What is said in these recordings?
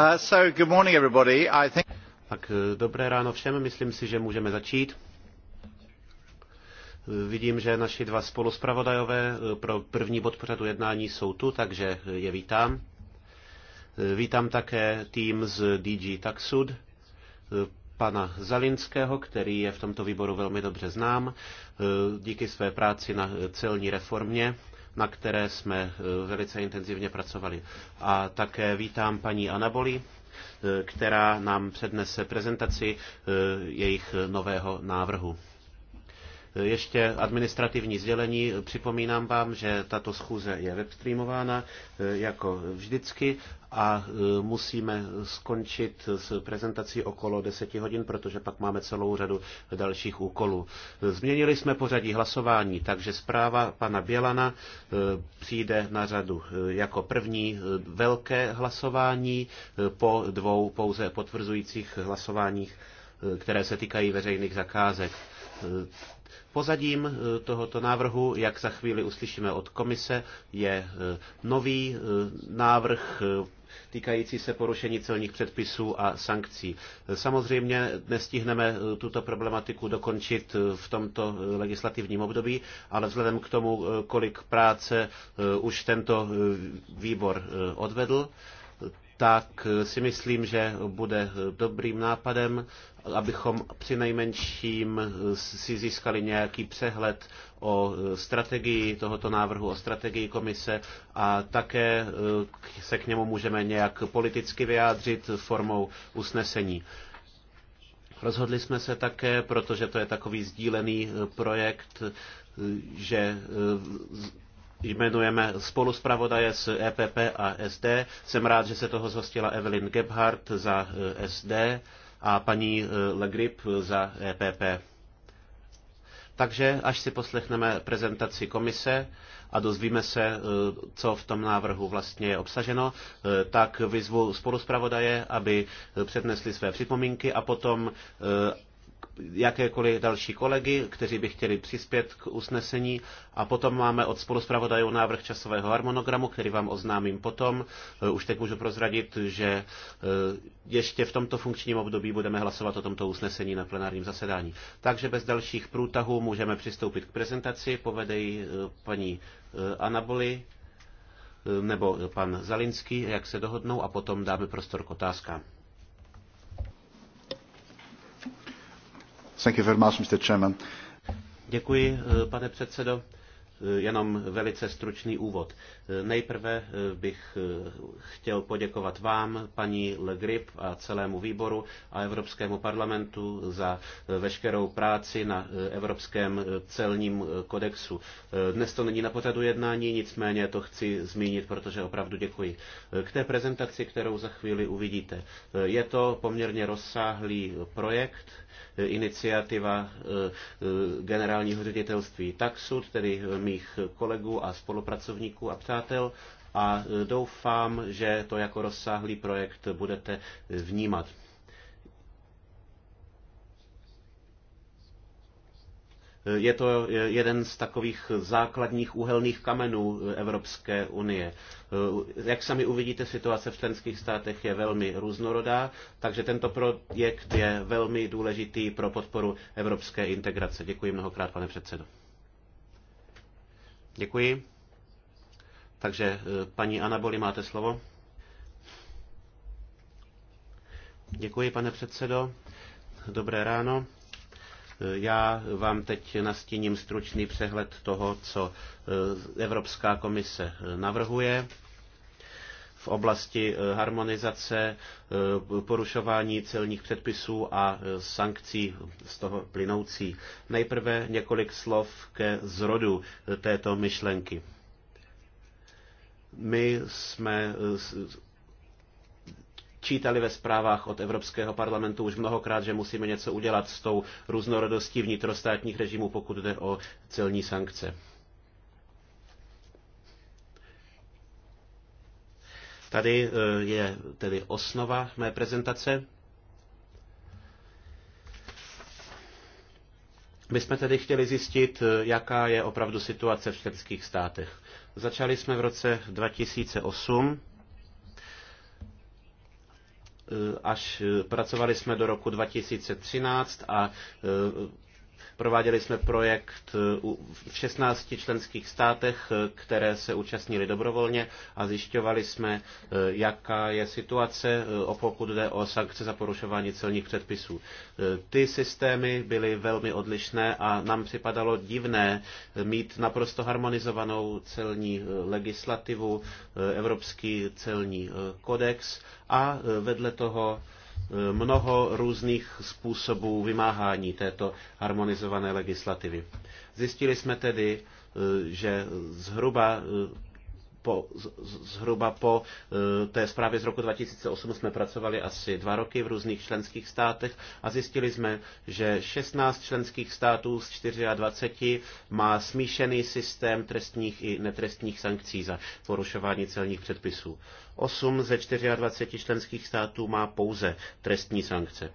Uh, eh, dobré ráno všem, myslím si, že můžeme začít. Vidím, že naši dva spoluspravodajové eh, pro první bod pořadu jednání jsou tu, takže eh, je vítám. Vítám také tým z DG Taxud, pana Zalinského, který je v tomto výboru velmi dobře znám, díky své práci na celní reformě na které jsme eh, velice intenzivně pracovali. A také vítám paní Anaboli, eh, která nám přednese prezentaci eh, jejich nového návrhu. Ještě administrativní sdělení. Připomínám vám, že tato schůze je webstreamována eh, jako vždycky a eh, musíme skončit s prezentací okolo 10 hodin, protože pak máme celou řadu dalších úkolů. Změnili jsme pořadí hlasování, takže zpráva pana Bělana eh, přijde na řadu jako první velké hlasování po dvou pouze potvrzujících hlasováních, které se týkají veřejných zakázek. Pozadím eh, tohoto návrhu, jak za chvíli uslyšíme od komise, je eh, nový eh, návrh týkající se porušení celních předpisů a sankcí. Samozřejmě nestihneme tuto problematiku dokončit v tomto legislativním období, ale vzhledem k tomu, kolik práce už tento výbor odvedl, tak si myslím, že bude dobrým nápadem, abychom při nejmenším si získali nějaký přehled o strategii tohoto návrhu, o strategii komise a také eh, se k němu můžeme nějak politicky vyjádřit formou usnesení. Rozhodli jsme se také, protože to je takový sdílený eh, projekt, eh, že jmenujeme spoluspravodaje z EPP a SD. Jsem rád, že se toho zhostila Evelyn Gebhardt za eh, SD a paní eh, Le Grip za EPP. Takže až si poslechneme prezentaci komise a dozvíme se, eh, co v tom návrhu vlastně je obsaženo, tak vyzvu spoluspravodaje, aby přednesli své připomínky a potom jakékoliv další kolegy, kteří by chtěli přispět k usnesení. A potom máme od spoluspravodajů návrh časového harmonogramu, který vám oznámím potom. E, už teď můžu prozradit, že e, ještě v tomto funkčním období budeme hlasovat o tomto usnesení na plenárním zasedání. Takže bez dalších průtahů můžeme přistoupit k prezentaci. Povede ji e, paní Anaboli nebo pan Zalinský, jak se dohodnou, a potom dáme prostor k otázkám. Thank já very much, Mr. Chairman. Děkuji, eh, pane předsedo. Eh, jenom velice stručný úvod. Eh, nejprve eh, bych chtěl poděkovat vám, paní Le Grip a celému výboru a Evropskému parlamentu za veškerou práci na Evropském celním kodexu. Dnes to není na pořadu jednání, nicméně to chci zmínit, protože opravdu děkuji. K té prezentaci, kterou za chvíli uvidíte. Je to poměrně rozsáhlý projekt, iniciativa generálního ředitelství Taxud, tedy mých kolegů a spolupracovníků a přátel a e, doufám, že to jako rozsáhlý projekt budete vnímat. E, je to e, jeden z takových základních úhelných kamenů Evropské unie. Jak sami uvidíte, situace v členských státech je velmi různorodá, takže tento projekt je velmi důležitý pro podporu evropské integrace. Děkuji mnohokrát, pane předsedo. Děkuji. Takže eh, paní Anaboli, máte slovo. Děkuji, pane předsedo. Dobré ráno. Eh, já vám teď nastíním stručný přehled toho, co eh, Evropská komise navrhuje v oblasti eh, harmonizace, eh, porušování celních předpisů a eh, sankcí z toho plynoucí. Nejprve několik slov ke zrodu této myšlenky. My jsme čítali ve zprávách od Evropského parlamentu už mnohokrát, že musíme něco udělat s tou různorodostí vnitrostátních režimů, pokud jde o celní sankce. Tady eh, je tedy osnova mé prezentace. My jsme tedy chtěli zjistit, eh, jaká je opravdu situace v členských státech. Začali jsme v roce 2008 eh, až pracovali jsme do roku 2013 a Prováděli jsme projekt eh, v 16 členských státech, eh, které se účastnili dobrovolně a zjišťovali jsme, eh, jaká je situace, pokud jde o sankce za porušování celních předpisů. Ty systémy byly velmi odlišné a nám připadalo divné mít naprosto harmonizovanou celní legislativu, Evropský celní kodex a vedle toho mnoho různých způsobů vymáhání této harmonizované legislativy. Zjistili jsme tedy, že zhruba po, zhruba po e, té zprávě z roku 2008 jsme pracovali asi dva roky v různých členských státech a zjistili jsme, že 16 členských států z 24 má smíšený systém trestních i netrestních sankcí za porušování celních předpisů. 8 ze 24 členských států má pouze trestní sankce e,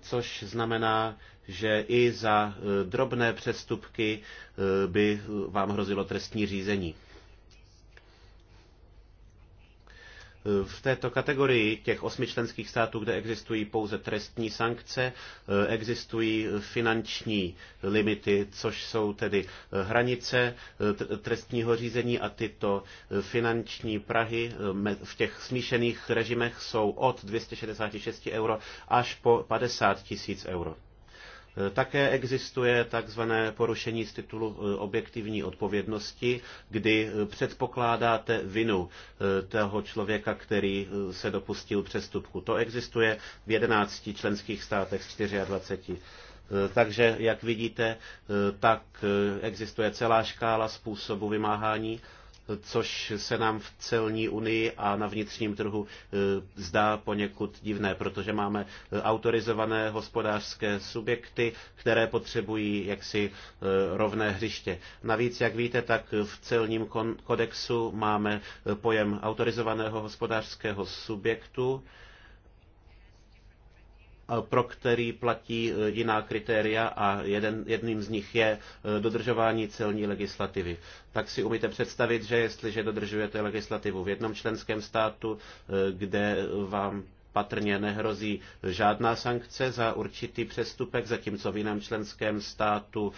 což znamená, že i za e, drobné přestupky by vám hrozilo trestní řízení. V této kategorii těch osmi členských států, kde existují pouze trestní sankce, eh, existují finanční limity, což jsou tedy eh, hranice eh, trestního řízení a tyto finanční prahy v těch smíšených režimech jsou od 266 euro až po 50 tisíc euro. Eh, také existuje takzvané porušení z titulu eh, objektivní odpovědnosti, kdy eh, předpokládáte vinu toho člověka, který se dopustil přestupku. To existuje v 11 členských státech z 24. Takže, jak vidíte, tak existuje celá škála způsobu vymáhání což se nám v celní unii a na vnitřním trhu e, zdá poněkud divné, protože máme e, autorizované hospodářské subjekty, které potřebují jaksi e, rovné hřiště. Navíc, jak víte, tak v celním kodexu máme pojem autorizovaného hospodářského subjektu, pro který platí e, jiná kritéria a jeden, jedním z nich je e, dodržování celní legislativy. Tak si umíte představit, že jestliže dodržujete legislativu v jednom členském státu, e, kde vám patrně nehrozí žádná sankce za určitý přestupek, zatímco v jiném členském státu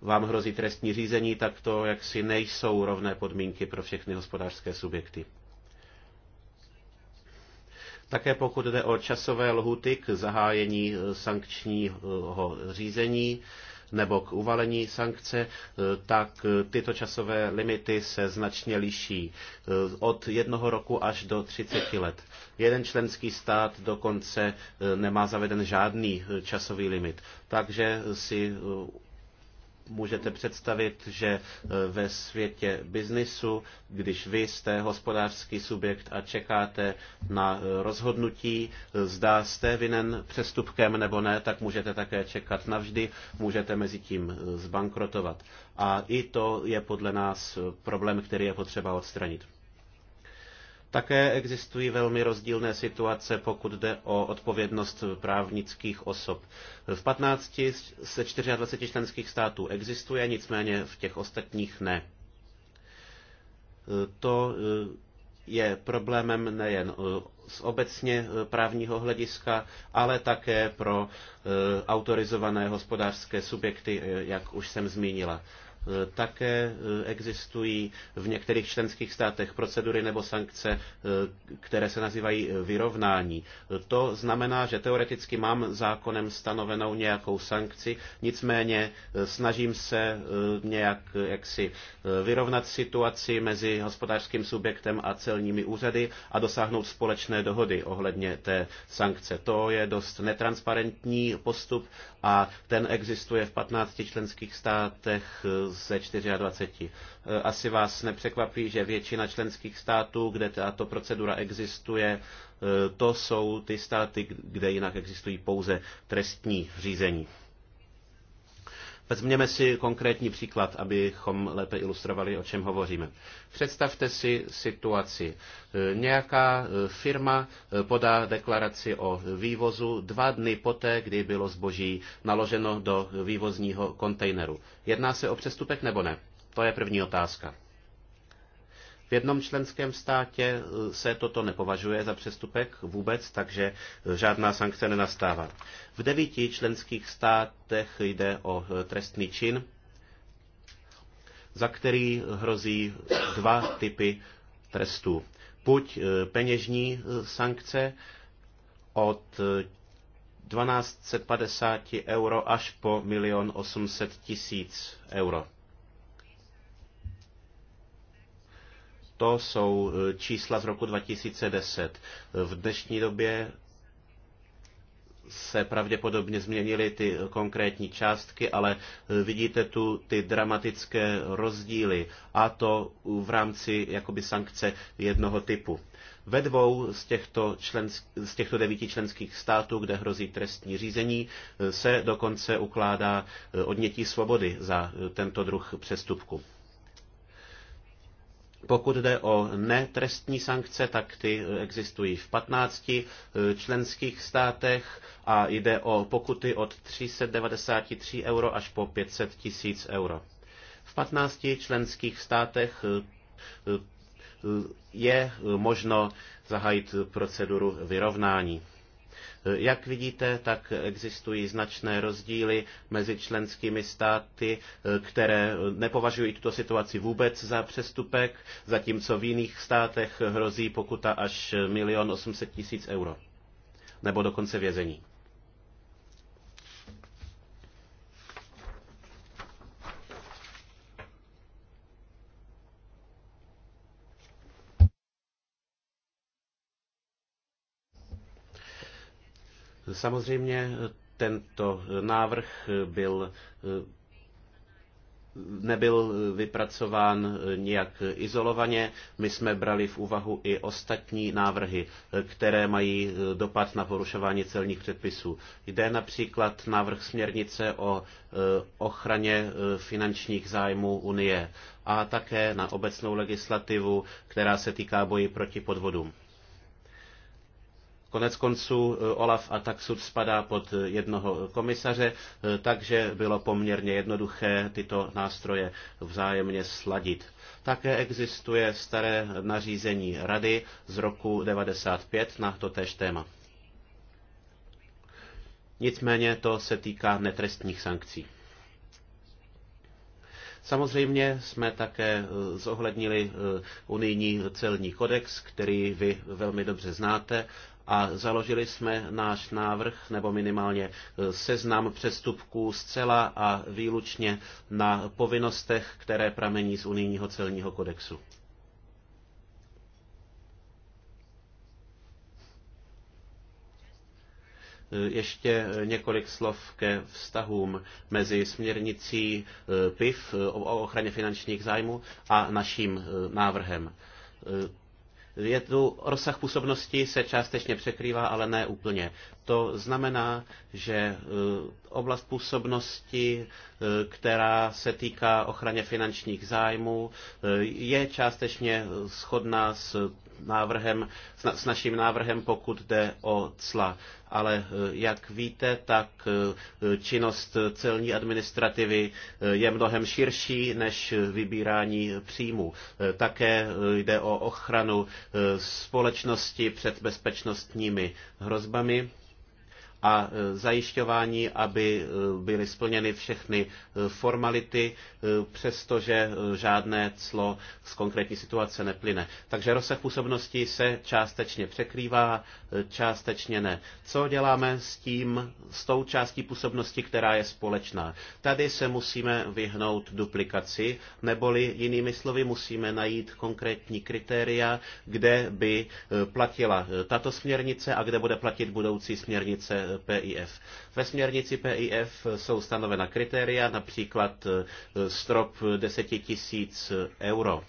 vám hrozí trestní řízení, tak to jaksi nejsou rovné podmínky pro všechny hospodářské subjekty. Také pokud jde o časové lhuty k zahájení eh, sankčního eh, řízení nebo k uvalení sankce, eh, tak tyto časové limity se značně liší od jednoho roku až do 30 let. Jeden členský stát dokonce nemá zaveden žádný časový limit. Takže si můžete představit, že eh, ve světě biznisu, když vy jste hospodářský subjekt a čekáte na eh, rozhodnutí, eh, zda jste vinen přestupkem nebo ne, tak můžete také čekat navždy, můžete mezi tím zbankrotovat. A i to je podle nás problém, který je potřeba odstranit. Také existují velmi rozdílné situace, pokud jde o odpovědnost právnických osob. V 15 ze 24 členských států existuje, nicméně v těch ostatních ne. To eh, je problémem nejen eh, z obecně eh, právního hlediska, ale také pro autorizované hospodářské subjekty, jak už jsem zmínila. Eh, také eh, existují v některých členských státech procedury nebo sankce, eh, které se nazývají vyrovnání. To znamená, že teoreticky mám zákonem stanovenou nějakou sankci, nicméně snažím se nějak jaksi vyrovnat situaci mezi hospodářským subjektem a celními úřady a dosáhnout společné dohody ohledně té sankce. To je dost netransparentní postup a ten existuje v 15 členských státech ze 24. Eh, asi vás nepřekvapí, že většina členských států, kde tato procedura existuje, eh, to jsou ty státy, kde jinak existují pouze trestní řízení. Vezměme si konkrétní příklad, abychom lépe ilustrovali, o čem hovoříme. Představte si situaci. Nějaká e, firma e, podá deklaraci o vývozu dva dny poté, kdy bylo zboží naloženo do vývozního kontejneru. Jedná se o přestupek nebo ne? To je první otázka. V jednom členském státě eh, se toto nepovažuje za přestupek vůbec, takže eh, žádná sankce nenastává. V devíti členských státech jde o eh, trestný čin, za který hrozí dva typy trestů. Buď peněžní sankce od 1250 euro až po 1 800 000 euro. To jsou e, čísla z roku 2010. V dnešní době se pravděpodobně změnily ty konkrétní částky, ale e, vidíte tu ty dramatické rozdíly a to v rámci jakoby sankce jednoho typu. Ve dvou z těchto, člensk- z těchto devíti členských států, kde hrozí trestní řízení, e, se dokonce ukládá odnětí svobody za tento druh přestupku. Pokud jde o netrestní sankce, tak ty eh, existují v 15 eh, členských státech a jde o pokuty od 393 euro až po 500 tisíc euro. V 15 členských státech eh, je možno zahájit proceduru vyrovnání. Jak vidíte, tak existují značné rozdíly mezi členskými státy, které nepovažují tuto situaci vůbec za přestupek, zatímco v jiných státech hrozí pokuta až 1 800 000 euro nebo dokonce vězení. Samozřejmě tento návrh byl nebyl vypracován nijak izolovaně. My jsme brali v úvahu i ostatní návrhy, které mají dopad na porušování celních předpisů. Jde například návrh směrnice o eh, ochraně eh, finančních zájmů Unie a také na obecnou legislativu, která se týká boji proti podvodům. Konec konců eh, Olaf a Taksud spadá pod eh, jednoho eh, komisaře, takže bylo poměrně jednoduché tyto nástroje vzájemně sladit. Také existuje staré nařízení Rady z roku 95 na totéž téma. Nicméně to se týká netrestních sankcí. Samozřejmě jsme také zohlednili unijní celní kodex, který vy velmi dobře znáte a založili jsme náš návrh, nebo minimálně e, seznam přestupků zcela a výlučně na povinnostech, které pramení z unijního celního kodexu. E, ještě několik slov ke vztahům mezi směrnicí e, PIF o ochraně finančních zájmů a naším návrhem. Je tu rozsah působnosti se částečně překrývá, ale ne úplně. To znamená, že e, oblast působnosti, e, která se týká ochraně finančních zájmů, e, je částečně shodná s návrhem, s naším návrhem, pokud jde o cla ale eh, jak víte, tak eh, činnost celní administrativy eh, je mnohem širší než vybírání příjmů. Také jde o ochranu společnosti před bezpečnostními hrozbami a e, zajišťování, aby e, byly splněny všechny e, formality, přestože žádné clo z konkrétní situace neplyne. Takže rozsah působnosti se částečně překrývá, částečně ne. Co děláme s tím, s tou částí působnosti, která je společná? Tady se musíme vyhnout duplikaci, neboli jinými slovy musíme najít konkrétní kritéria, kde by platila tato směrnice a kde bude platit budoucí směrnice PIF. Ve směrnici PIF jsou stanovena kritéria, například e, strop 10 tisíc euro.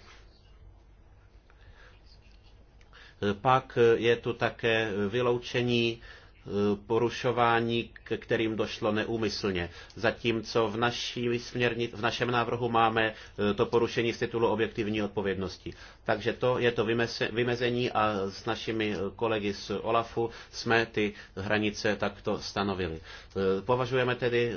E, pak je tu také vyloučení Eh, porušování, k kterým došlo neúmyslně. Zatímco v, naší směrni, v našem návrhu máme eh, to porušení z titulu objektivní odpovědnosti. Takže to je to vymezení a s našimi eh, kolegy z OLAFu jsme ty hranice takto stanovili. Považujeme tedy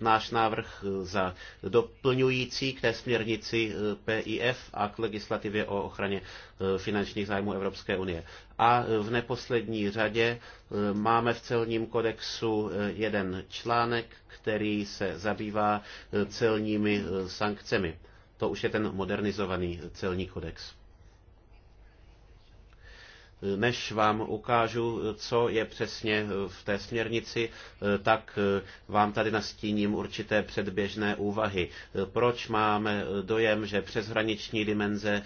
náš návrh za doplňující k té směrnici PIF a k legislativě o ochraně Eh, finančních zájmů Evropské unie. A eh, v neposlední řadě eh, máme v celním kodexu jeden článek, který se zabývá celními sankcemi. To už je ten modernizovaný celní kodex než vám ukážu, co je přesně v té směrnici, tak vám tady nastíním určité předběžné úvahy. Proč máme dojem, že přeshraniční dimenze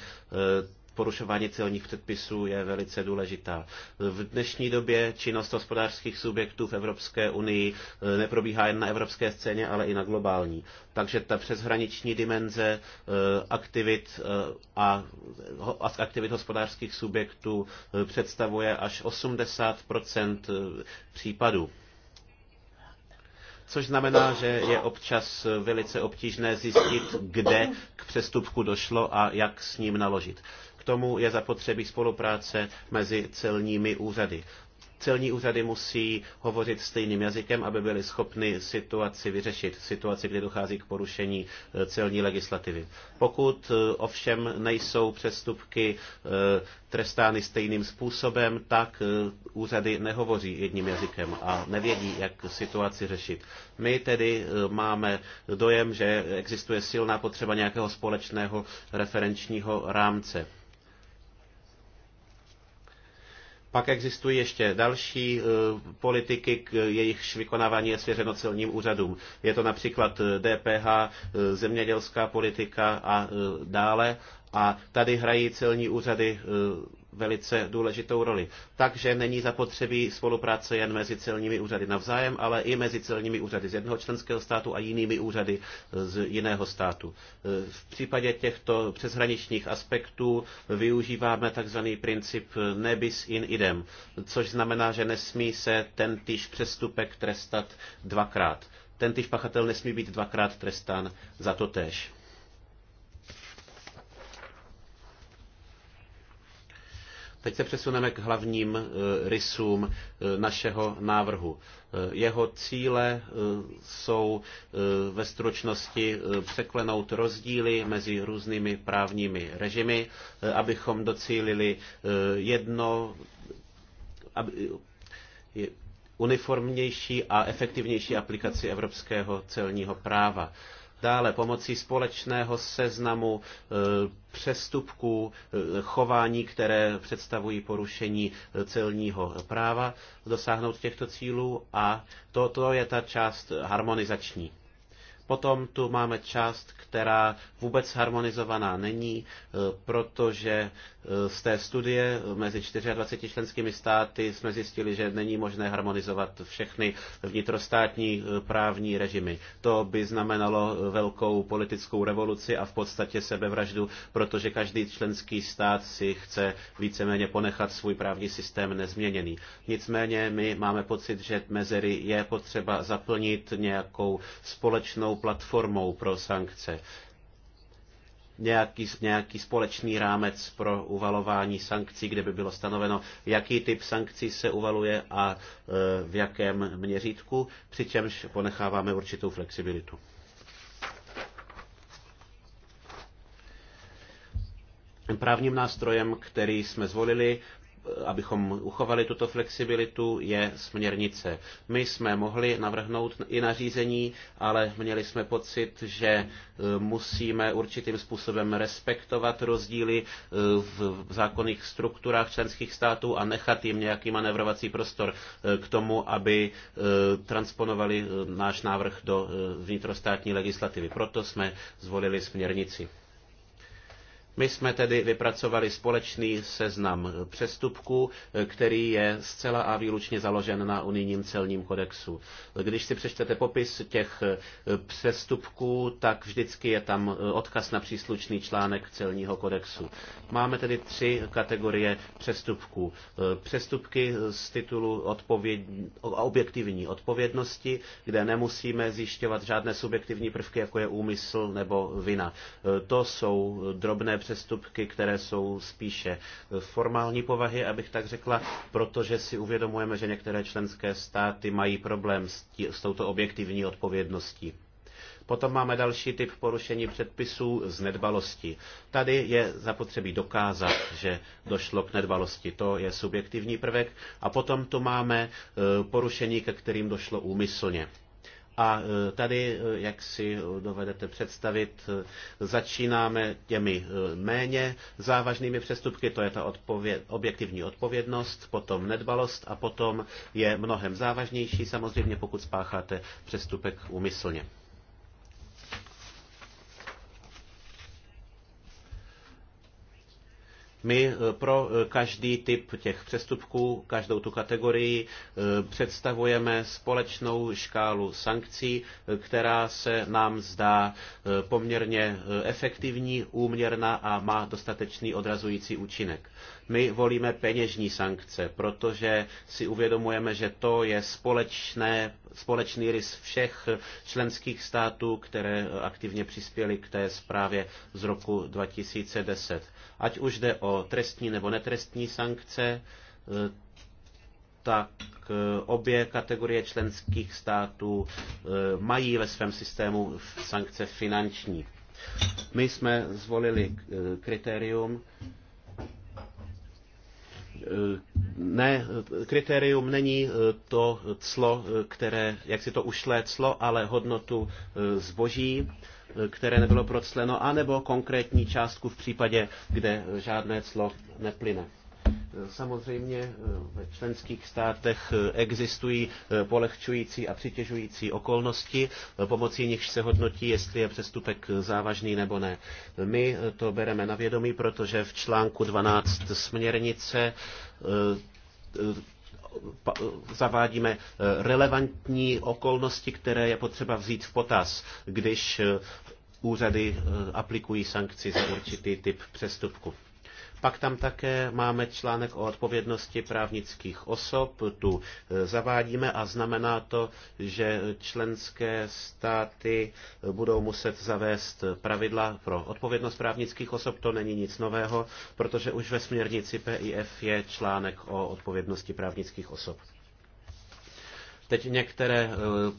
porušování celních předpisů je velice důležitá. V dnešní době činnost hospodářských subjektů v Evropské unii eh, neprobíhá jen na evropské scéně, ale i na globální. Takže ta přeshraniční dimenze eh, aktivit eh, a aktivit hospodářských subjektů představuje až 80 případů což znamená, že je občas velice obtížné zjistit, kde k přestupku došlo a jak s ním naložit. K tomu je zapotřebí spolupráce mezi celními úřady. Celní úřady musí hovořit stejným jazykem, aby byly schopny situaci vyřešit, situaci, kdy dochází k porušení eh, celní legislativy. Pokud eh, ovšem nejsou přestupky eh, trestány stejným způsobem, tak úřady nehovoří jedním jazykem a nevědí, jak situaci řešit. My tedy máme dojem, že existuje silná potřeba nějakého společného referenčního rámce Pak existují ještě další eh, politiky, k jejichž vykonávání je svěřeno celním úřadům. Je to například DPH, eh, eh, zemědělská politika a dále. A tady hrají celní úřady velice důležitou roli. Takže není zapotřebí spolupráce jen mezi celními úřady navzájem, ale i mezi celními úřady z jednoho členského státu a jinými úřady e, z jiného státu. E, v případě těchto přeshraničních aspektů využíváme tzv. princip e, nebis in idem, což znamená, že nesmí se ten týž přestupek trestat dvakrát. Ten týž pachatel nesmí být dvakrát trestán za to též. Teď se přesuneme k hlavním eh, rysům eh, našeho návrhu. Eh, jeho cíle jsou ve stručnosti překlenout rozdíly mezi různými právními režimy, abychom docílili jedno, uniformnější a efektivnější aplikaci evropského celního práva. Dále pomocí společného seznamu e, přestupků, e, chování, které představují porušení e, celního práva, dosáhnout těchto cílů a to, to je ta část harmonizační. Potom tu máme část, která vůbec harmonizovaná není, protože Eh, z té studie mezi 24 členskými státy jsme zjistili, že není možné harmonizovat všechny vnitrostátní eh, právní režimy. To by znamenalo eh, velkou politickou revoluci a v podstatě sebevraždu, protože každý členský stát si chce víceméně ponechat svůj právní systém nezměněný. Nicméně my máme pocit, že mezery je potřeba zaplnit nějakou společnou platformou pro sankce nějaký, nějaký společný rámec pro uvalování sankcí, kde by bylo stanoveno, jaký typ sankcí se uvaluje a e, v jakém měřítku, přičemž ponecháváme určitou flexibilitu. Právním nástrojem, který jsme zvolili, abychom uchovali tuto flexibilitu, je směrnice. My jsme mohli navrhnout i nařízení, ale měli jsme pocit, že e, musíme určitým způsobem respektovat rozdíly e, v zákonných strukturách členských států a nechat jim nějaký manevrovací prostor e, k tomu, aby transponovali náš návrh do vnitrostátní legislativy. Proto jsme zvolili směrnici. My jsme tedy vypracovali společný seznam přestupků, který je zcela a výlučně založen na unijním celním kodexu. Když si přečtete popis těch eh, přestupků, tak vždycky je tam eh, odkaz na příslušný článek celního kodexu. Máme tedy tři kategorie přestupků. Eh, přestupky z titulu odpověd... objektivní odpovědnosti, kde nemusíme zjišťovat žádné subjektivní prvky, jako je úmysl nebo vina. To jsou drobné přestupky, které jsou spíše formální povahy, abych tak řekla, protože si uvědomujeme, že některé členské státy mají problém s, tí, s touto objektivní odpovědností. Potom máme další typ porušení předpisů z nedbalosti. Tady je zapotřebí dokázat, že došlo k nedbalosti. To je subjektivní prvek. A potom tu máme e, porušení, ke kterým došlo úmyslně. A e, tady, e, jak si dovedete představit, e, začínáme těmi méně závažnými přestupky, to je ta odpověd, objektivní odpovědnost, potom nedbalost a potom je mnohem závažnější samozřejmě, pokud spácháte přestupek úmyslně. My eh, pro eh, každý typ těch přestupků, každou tu kategorii, eh, představujeme společnou škálu sankcí, která se nám zdá poměrně efektivní, úměrná a má dostatečný odrazující účinek. My volíme peněžní sankce, protože si uvědomujeme, že to je společné, společný rys všech členských států, které aktivně přispěly k té zprávě z roku 2010. Ať už jde o trestní nebo netrestní sankce, e, tak e, obě kategorie členských států e, mají ve svém systému sankce finanční. My jsme zvolili kritérium, ne, kritérium není to clo, které, jak si to ušlé clo, ale hodnotu zboží které nebylo procleno, anebo konkrétní částku v případě, kde žádné clo neplyne. Samozřejmě eh, ve členských státech eh, existují eh, polehčující a přitěžující okolnosti, pomocí nichž se hodnotí, jestli je přestupek závažný nebo ne. My to bereme na vědomí, protože v článku 12 směrnice zavádíme eh, relevantní okolnosti, které je potřeba vzít v potaz, když eh, úřady eh, aplikují sankci za určitý typ přestupku. Pak tam také máme článek o odpovědnosti právnických osob. Tu e, zavádíme a znamená to, že členské státy e, budou muset zavést pravidla pro odpovědnost právnických osob. To není nic nového, protože už ve směrnici PIF je článek o odpovědnosti právnických osob. Teď některé eh,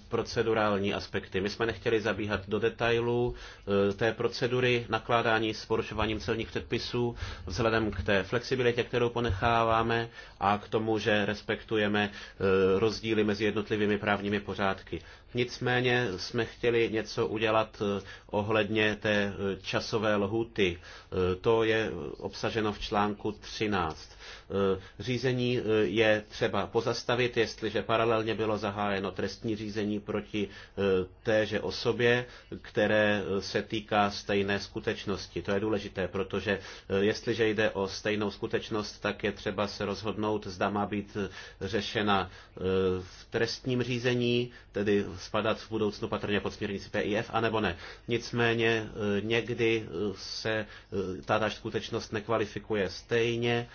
procedurální aspekty. My jsme nechtěli zabíhat do detailů eh, té procedury nakládání s porušováním celních předpisů vzhledem k té flexibilitě, kterou ponecháváme a k tomu, že respektujeme eh, rozdíly mezi jednotlivými právními pořádky. Nicméně jsme chtěli něco udělat eh, ohledně té eh, časové lhuty. Eh, to je obsaženo v článku 13. Řízení je třeba pozastavit, jestliže paralelně bylo zahájeno trestní řízení proti téže osobě, které se týká stejné skutečnosti. To je důležité, protože jestliže jde o stejnou skutečnost, tak je třeba se rozhodnout, zda má být řešena v trestním řízení, tedy spadat v budoucnu patrně pod směrnici PIF, anebo ne. Nicméně e, někdy e, se e, ta skutečnost nekvalifikuje stejně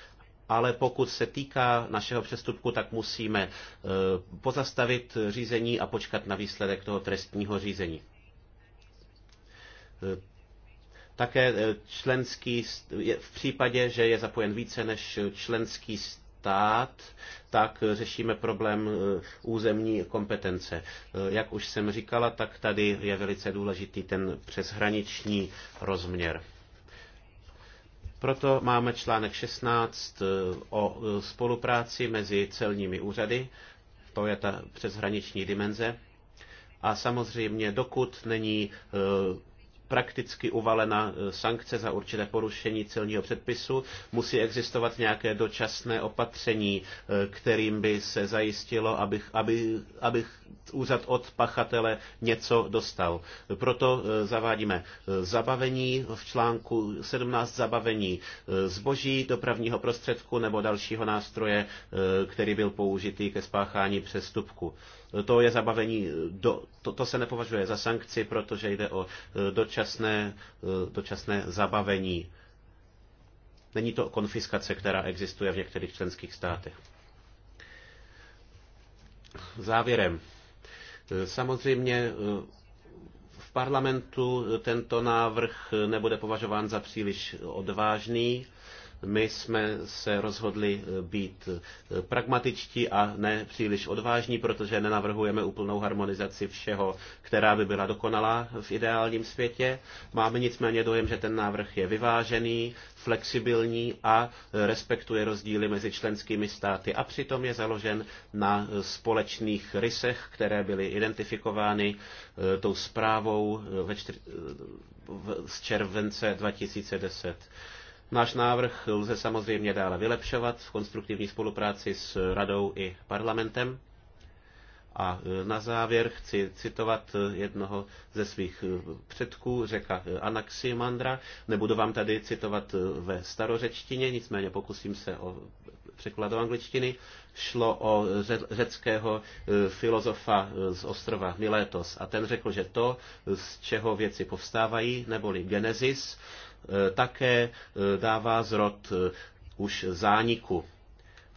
ale pokud se týká našeho přestupku, tak musíme pozastavit řízení a počkat na výsledek toho trestního řízení. Také členský, v případě, že je zapojen více než členský stát, tak řešíme problém eh, územní kompetence. Eh, jak už jsem říkala, tak tady je velice důležitý ten přeshraniční rozměr. Proto máme článek 16 eh, o spolupráci mezi celními úřady, to je ta přeshraniční dimenze. A samozřejmě, dokud není prakticky uvalena e, sankce za určité porušení celního předpisu. Musí existovat nějaké dočasné opatření, e, kterým by se zajistilo, aby, aby, abych úřad od pachatele něco dostal. Proto e, zavádíme zabavení v článku 17 zabavení zboží, dopravního prostředku nebo dalšího nástroje, který byl použitý ke spáchání přestupku to je zabavení, do, to, to se nepovažuje za sankci, protože jde o e, dočasné, e, dočasné zabavení. Není to konfiskace, která existuje v některých členských státech. Závěrem. E, samozřejmě v parlamentu tento návrh nebude považován za příliš odvážný my jsme se rozhodli eh, být eh, pragmatičtí a ne příliš odvážní, protože nenavrhujeme úplnou harmonizaci všeho, která by byla dokonalá v ideálním světě. Máme nicméně dojem, že ten návrh je vyvážený, flexibilní a respektuje rozdíly mezi členskými státy a přitom je založen na společných rysech, které byly identifikovány eh, tou zprávou ve čtyř... z července 2010. Náš návrh lze samozřejmě dále vylepšovat v konstruktivní spolupráci s radou i parlamentem. A e, na závěr chci citovat e, jednoho ze svých e, předků, řeka Anaximandra. Nebudu vám tady citovat ve starořečtině, nicméně pokusím se o překlad do angličtiny. Šlo o řeckého filozofa z ostrova Miletos a ten řekl, že to, z čeho věci povstávají, neboli genezis, Eh, také eh, dává zrod eh, už zániku.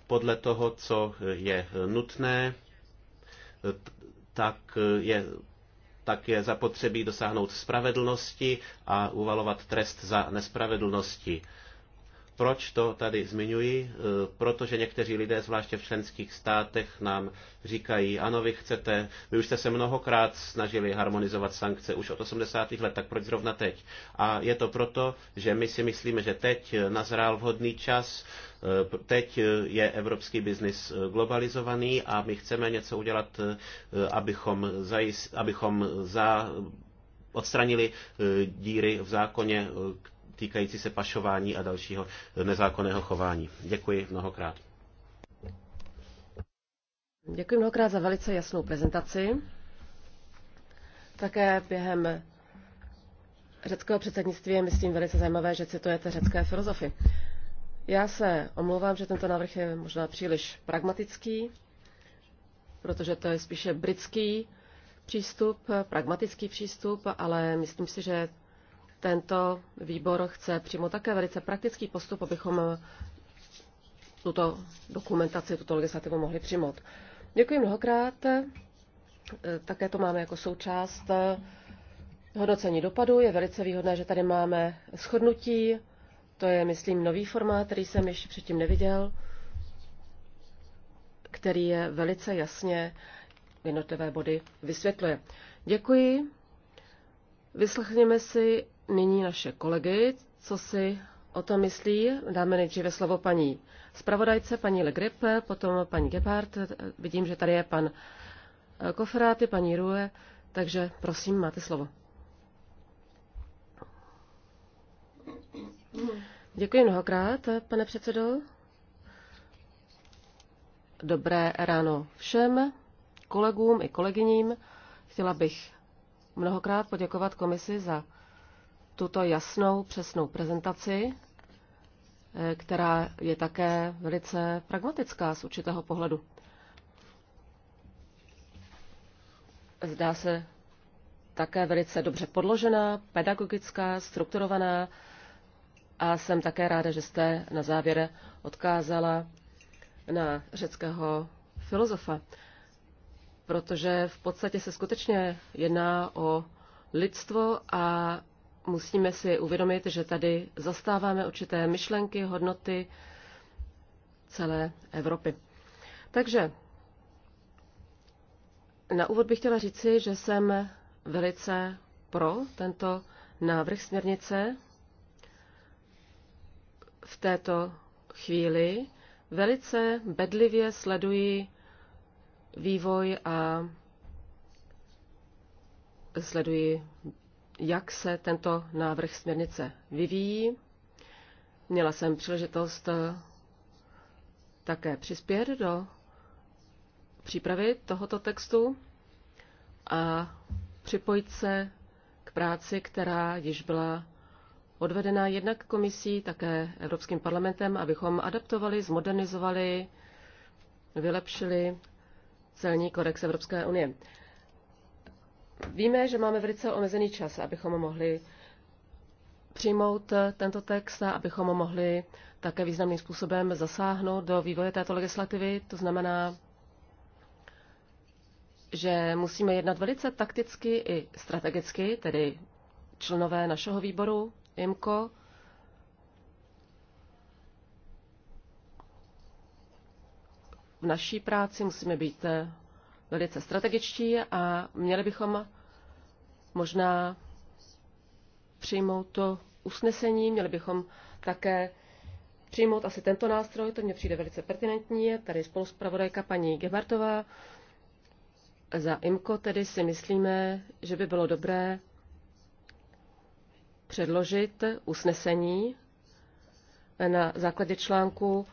Podle toho, co je nutné, tak je, tak je zapotřebí dosáhnout spravedlnosti a uvalovat trest za nespravedlnosti proč to tady zmiňuji? Eh, protože někteří lidé, zvláště v členských státech, nám říkají, ano, vy chcete, vy už jste se mnohokrát snažili harmonizovat sankce už od 80. let, tak proč zrovna teď? A je to proto, že my si myslíme, že teď nazrál vhodný čas, eh, teď je evropský biznis eh, globalizovaný a my chceme něco udělat, abychom, zajist, abychom za odstranili díry v zákoně, týkající se pašování a dalšího nezákonného chování. Děkuji mnohokrát. Děkuji mnohokrát za velice jasnou prezentaci. Také během řeckého předsednictví je, myslím, velice zajímavé, že citujete řecké filozofy. Já se omlouvám, že tento návrh je možná příliš pragmatický, protože to je spíše britský přístup, pragmatický přístup, ale myslím si, že tento výbor chce přímo také velice praktický postup, abychom tuto dokumentaci, tuto legislativu mohli přijmout. Děkuji mnohokrát. Také to máme jako součást hodnocení dopadu. Je velice výhodné, že tady máme shodnutí. To je, myslím, nový formát, který jsem ještě předtím neviděl, který je velice jasně jednotlivé body vysvětluje. Děkuji. Vyslechněme si nyní naše kolegy, co si o tom myslí. Dáme nejdříve slovo paní zpravodajce, paní Le Grip, potom paní Gebhardt. Vidím, že tady je pan eh, Kofráty, paní Rue, takže prosím, máte slovo. Děkuji mnohokrát, pane předsedo. Dobré ráno všem kolegům i kolegyním. Chtěla bych mnohokrát poděkovat komisi za tuto jasnou, přesnou prezentaci, eh, která je také velice pragmatická z určitého pohledu. Zdá se také velice dobře podložená, pedagogická, strukturovaná a jsem také ráda, že jste na závěr odkázala na řeckého filozofa, protože v podstatě se skutečně jedná o lidstvo a musíme si uvědomit, že tady zastáváme určité myšlenky, hodnoty celé Evropy. Takže na úvod bych chtěla říci, že jsem velice pro tento návrh směrnice v této chvíli. Velice bedlivě sleduji vývoj a sleduji jak se tento návrh směrnice vyvíjí. Měla jsem příležitost eh, také přispět do přípravy tohoto textu a připojit se k práci, která již byla odvedena jednak komisí, také Evropským parlamentem, abychom adaptovali, zmodernizovali, vylepšili celní kodex Evropské unie. Víme, že máme velice omezený čas, abychom mohli přijmout eh, tento text a abychom mohli také významným způsobem zasáhnout do vývoje této legislativy. To znamená, že musíme jednat velice takticky i strategicky, tedy členové našeho výboru IMCO. V naší práci musíme být eh, velice strategičtí a měli bychom možná přijmout to usnesení, měli bychom také přijmout asi tento nástroj, to mně přijde velice pertinentní. Je tady spoluspravodajka paní Gebartová. Za IMKO tedy si myslíme, že by bylo dobré předložit usnesení na základě článku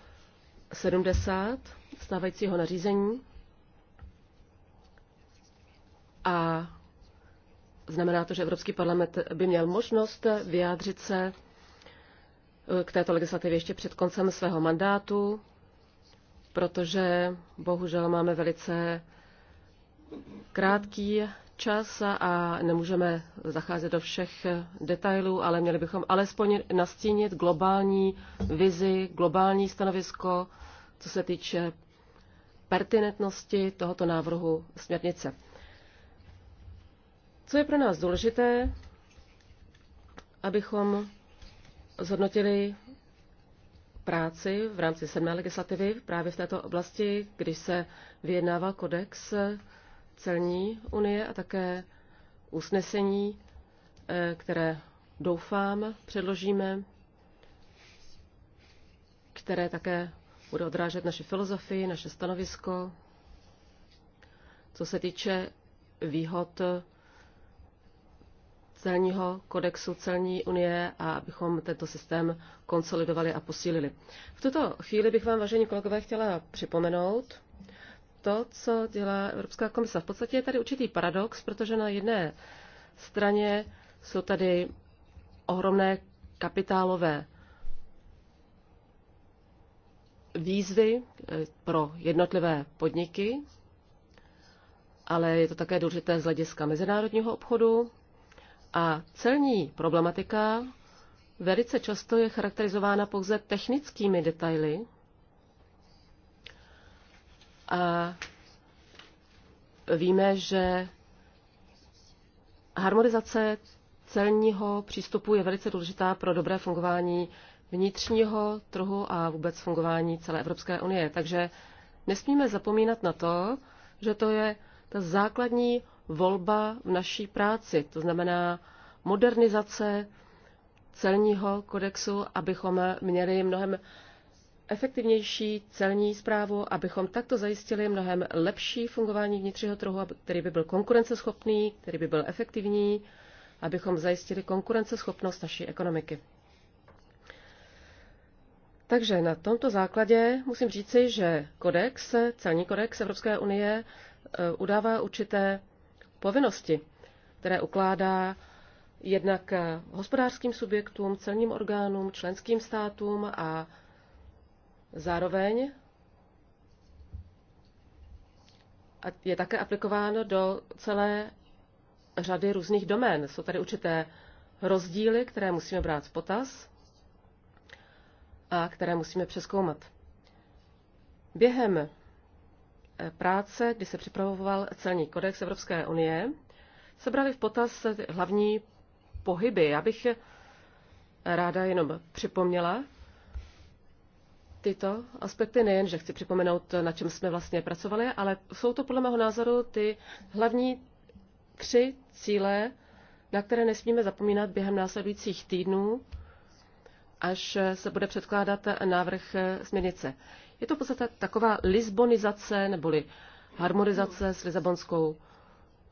70 stávajícího nařízení a znamená to, že Evropský parlament by měl možnost vyjádřit se eh, k této legislativě ještě před koncem svého mandátu, protože bohužel máme velice krátký čas a nemůžeme zacházet do všech detailů, ale měli bychom alespoň nastínit globální vizi, globální stanovisko, co se týče pertinentnosti tohoto návrhu směrnice. Co je pro nás důležité, abychom zhodnotili práci v rámci sedmé legislativy právě v této oblasti, když se vyjednával kodex celní unie a také usnesení, eh, které doufám předložíme, které také bude odrážet naši filozofii, naše stanovisko, co se týče výhod celního kodexu celní unie a abychom tento systém konsolidovali a posílili. V tuto chvíli bych vám, vážení kolegové, chtěla připomenout to, co dělá Evropská komise. V podstatě je tady určitý paradox, protože na jedné straně jsou tady ohromné kapitálové výzvy eh, pro jednotlivé podniky, ale je to také důležité z hlediska mezinárodního obchodu, a celní problematika velice často je charakterizována pouze technickými detaily a víme, že harmonizace celního přístupu je velice důležitá pro dobré fungování vnitřního trhu a vůbec fungování celé Evropské unie. Takže nesmíme zapomínat na to, že to je ta základní volba v naší práci, to znamená modernizace celního kodexu, abychom měli mnohem efektivnější celní zprávu, abychom takto zajistili mnohem lepší fungování vnitřního trhu, který by byl konkurenceschopný, který by byl efektivní, abychom zajistili konkurenceschopnost naší ekonomiky. Takže na tomto základě musím říci, že kodex, celní kodex Evropské unie eh, udává určité povinnosti, které ukládá jednak hospodářským subjektům, celním orgánům, členským státům a zároveň je také aplikováno do celé řady různých domén. Jsou tady určité rozdíly, které musíme brát v potaz a které musíme přeskoumat. Během práce, kdy se připravoval celní kodex Evropské unie, sebrali v potaz hlavní pohyby. Já bych ráda jenom připomněla tyto aspekty, nejen, že chci připomenout, na čem jsme vlastně pracovali, ale jsou to podle mého názoru ty hlavní tři cíle, na které nesmíme zapomínat během následujících týdnů, až se bude předkládat návrh směrnice. Je to v podstatě taková lisbonizace neboli harmonizace s Lisabonskou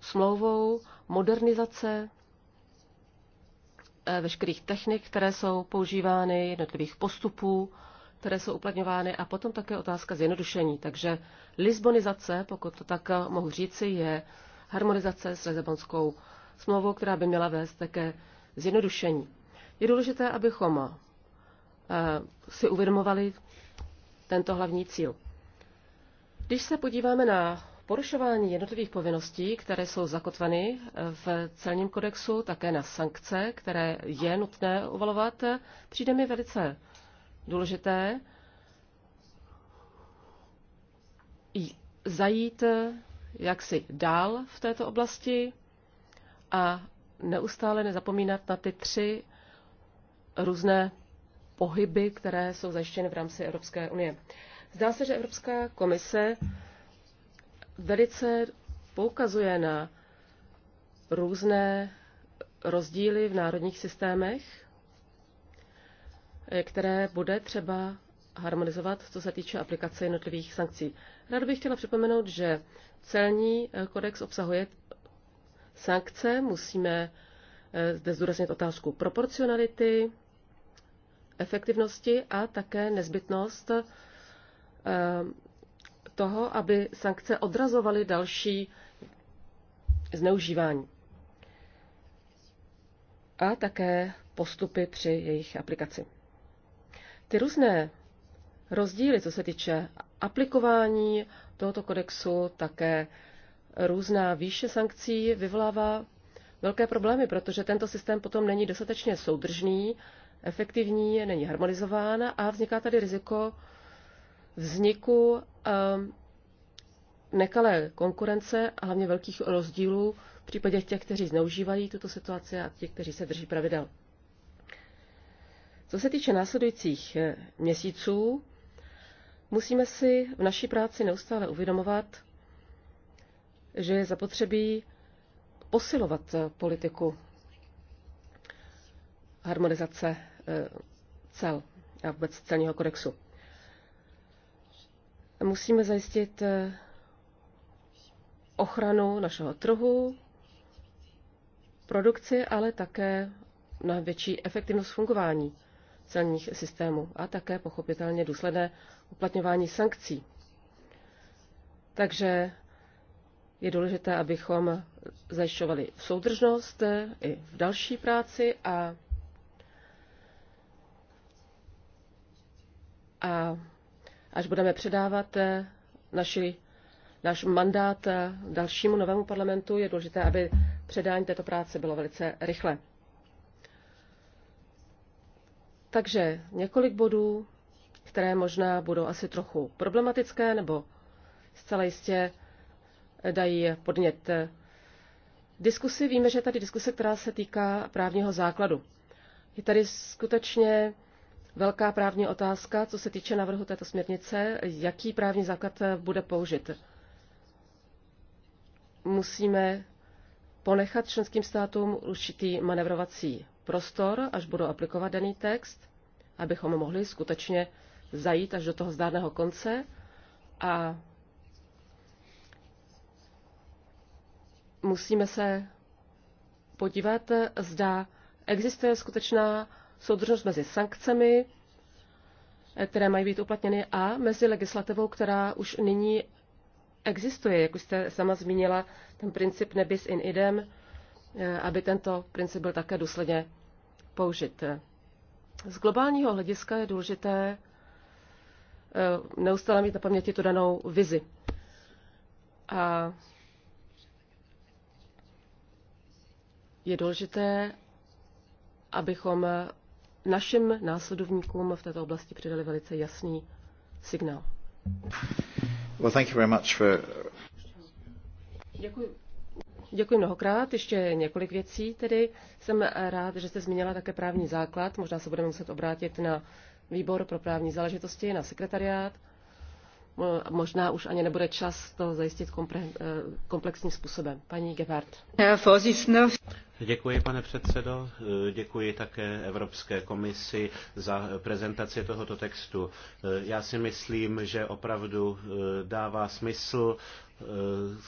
smlouvou, modernizace eh, veškerých technik, které jsou používány, jednotlivých postupů, které jsou uplatňovány a potom také otázka zjednodušení. Takže lisbonizace, pokud to tak eh, mohu říci, je harmonizace s Lisabonskou smlouvou, která by měla vést také zjednodušení. Je důležité, abychom eh, si uvědomovali tento hlavní cíl. Když se podíváme na porušování jednotlivých povinností, které jsou zakotveny eh, v celním kodexu, také na sankce, které je nutné uvalovat, přijde mi velice důležité zajít eh, jaksi dál v této oblasti a neustále nezapomínat na ty tři různé pohyby, které jsou zajištěny v rámci Evropské unie. Zdá se, že Evropská komise velice poukazuje na různé rozdíly v národních systémech, které bude třeba harmonizovat, co se týče aplikace jednotlivých sankcí. Rád bych chtěla připomenout, že celní eh, kodex obsahuje sankce. Musíme eh, zde zdůraznit otázku proporcionality, efektivnosti a také nezbytnost eh, toho, aby sankce odrazovaly další zneužívání a také postupy při jejich aplikaci. Ty různé rozdíly, co se týče aplikování tohoto kodexu, také různá výše sankcí vyvolává velké problémy, protože tento systém potom není dostatečně soudržný, efektivní, není harmonizován a vzniká tady riziko vzniku ehm, nekalé konkurence a hlavně velkých rozdílů v případě těch, kteří zneužívají tuto situaci a těch, kteří se drží pravidel. Co se týče následujících eh, měsíců, musíme si v naší práci neustále uvědomovat, že je zapotřebí posilovat politiku harmonizace Eh, cel a vůbec celního kodexu. Musíme zajistit eh, ochranu našeho trhu, produkci, ale také na větší efektivnost fungování celních systémů a také pochopitelně důsledné uplatňování sankcí. Takže je důležité, abychom zajišťovali soudržnost eh, i v další práci a a až budeme předávat eh, naši, náš mandát eh, dalšímu novému parlamentu, je důležité, aby předání této práce bylo velice rychle. Takže několik bodů, které možná budou asi trochu problematické nebo zcela jistě dají podnět eh, diskusi. Víme, že je tady diskuse, která se týká právního základu. Je tady skutečně velká právní otázka, co se týče návrhu této směrnice, jaký právní základ bude použit. Musíme ponechat členským státům určitý manevrovací prostor, až budou aplikovat daný text, abychom mohli skutečně zajít až do toho zdárného konce a musíme se podívat, zda existuje skutečná soudržnost mezi sankcemi, eh, které mají být uplatněny, a mezi legislativou, která už nyní existuje. Jak už jste sama zmínila, ten princip nebis in idem, eh, aby tento princip byl také důsledně použit. Z globálního hlediska je důležité eh, neustále mít na paměti tu danou vizi. A je důležité, abychom našim následovníkům v této oblasti předali velice jasný signál. Well, thank you very much for... Děkuji. Děkuji mnohokrát. Ještě několik věcí tedy. Jsem rád, že jste zmínila také právní základ. Možná se budeme muset obrátit na výbor pro právní záležitosti, na sekretariát. Eh, možná už ani nebude čas to zajistit eh, komplexním způsobem. Paní Gebhardt. Děkuji, pane předsedo. Eh, děkuji také Evropské komisi za prezentaci tohoto textu. Já si myslím, že opravdu dává smysl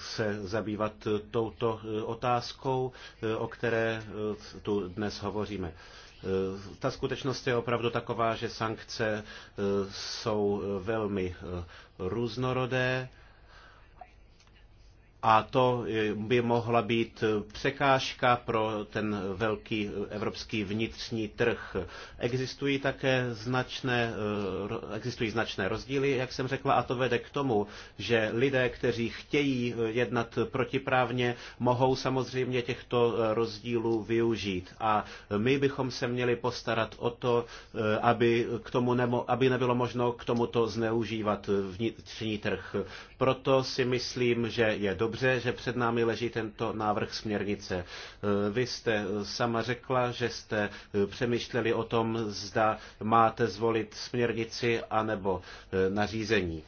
se zabývat touto otázkou, o které tu dnes hovoříme. Eh, ta skutečnost je opravdu taková, že sankce eh, jsou eh, velmi různorodé a to eh, by mohla být eh, překážka pro ten velký eh, evropský vnitřní trh. Existují také značné, existují značné rozdíly, jak jsem řekla, a to vede k tomu, že lidé, kteří chtějí jednat protiprávně, mohou samozřejmě těchto rozdílů využít. A my bychom se měli postarat o to, aby, k tomu nemo, aby nebylo možno k tomuto zneužívat vnitřní trh. Proto si myslím, že je dobré, dobře, že před námi leží tento návrh směrnice. Eh, vy jste eh, sama řekla, že jste eh, přemýšleli o tom, zda máte zvolit směrnici anebo nařízení.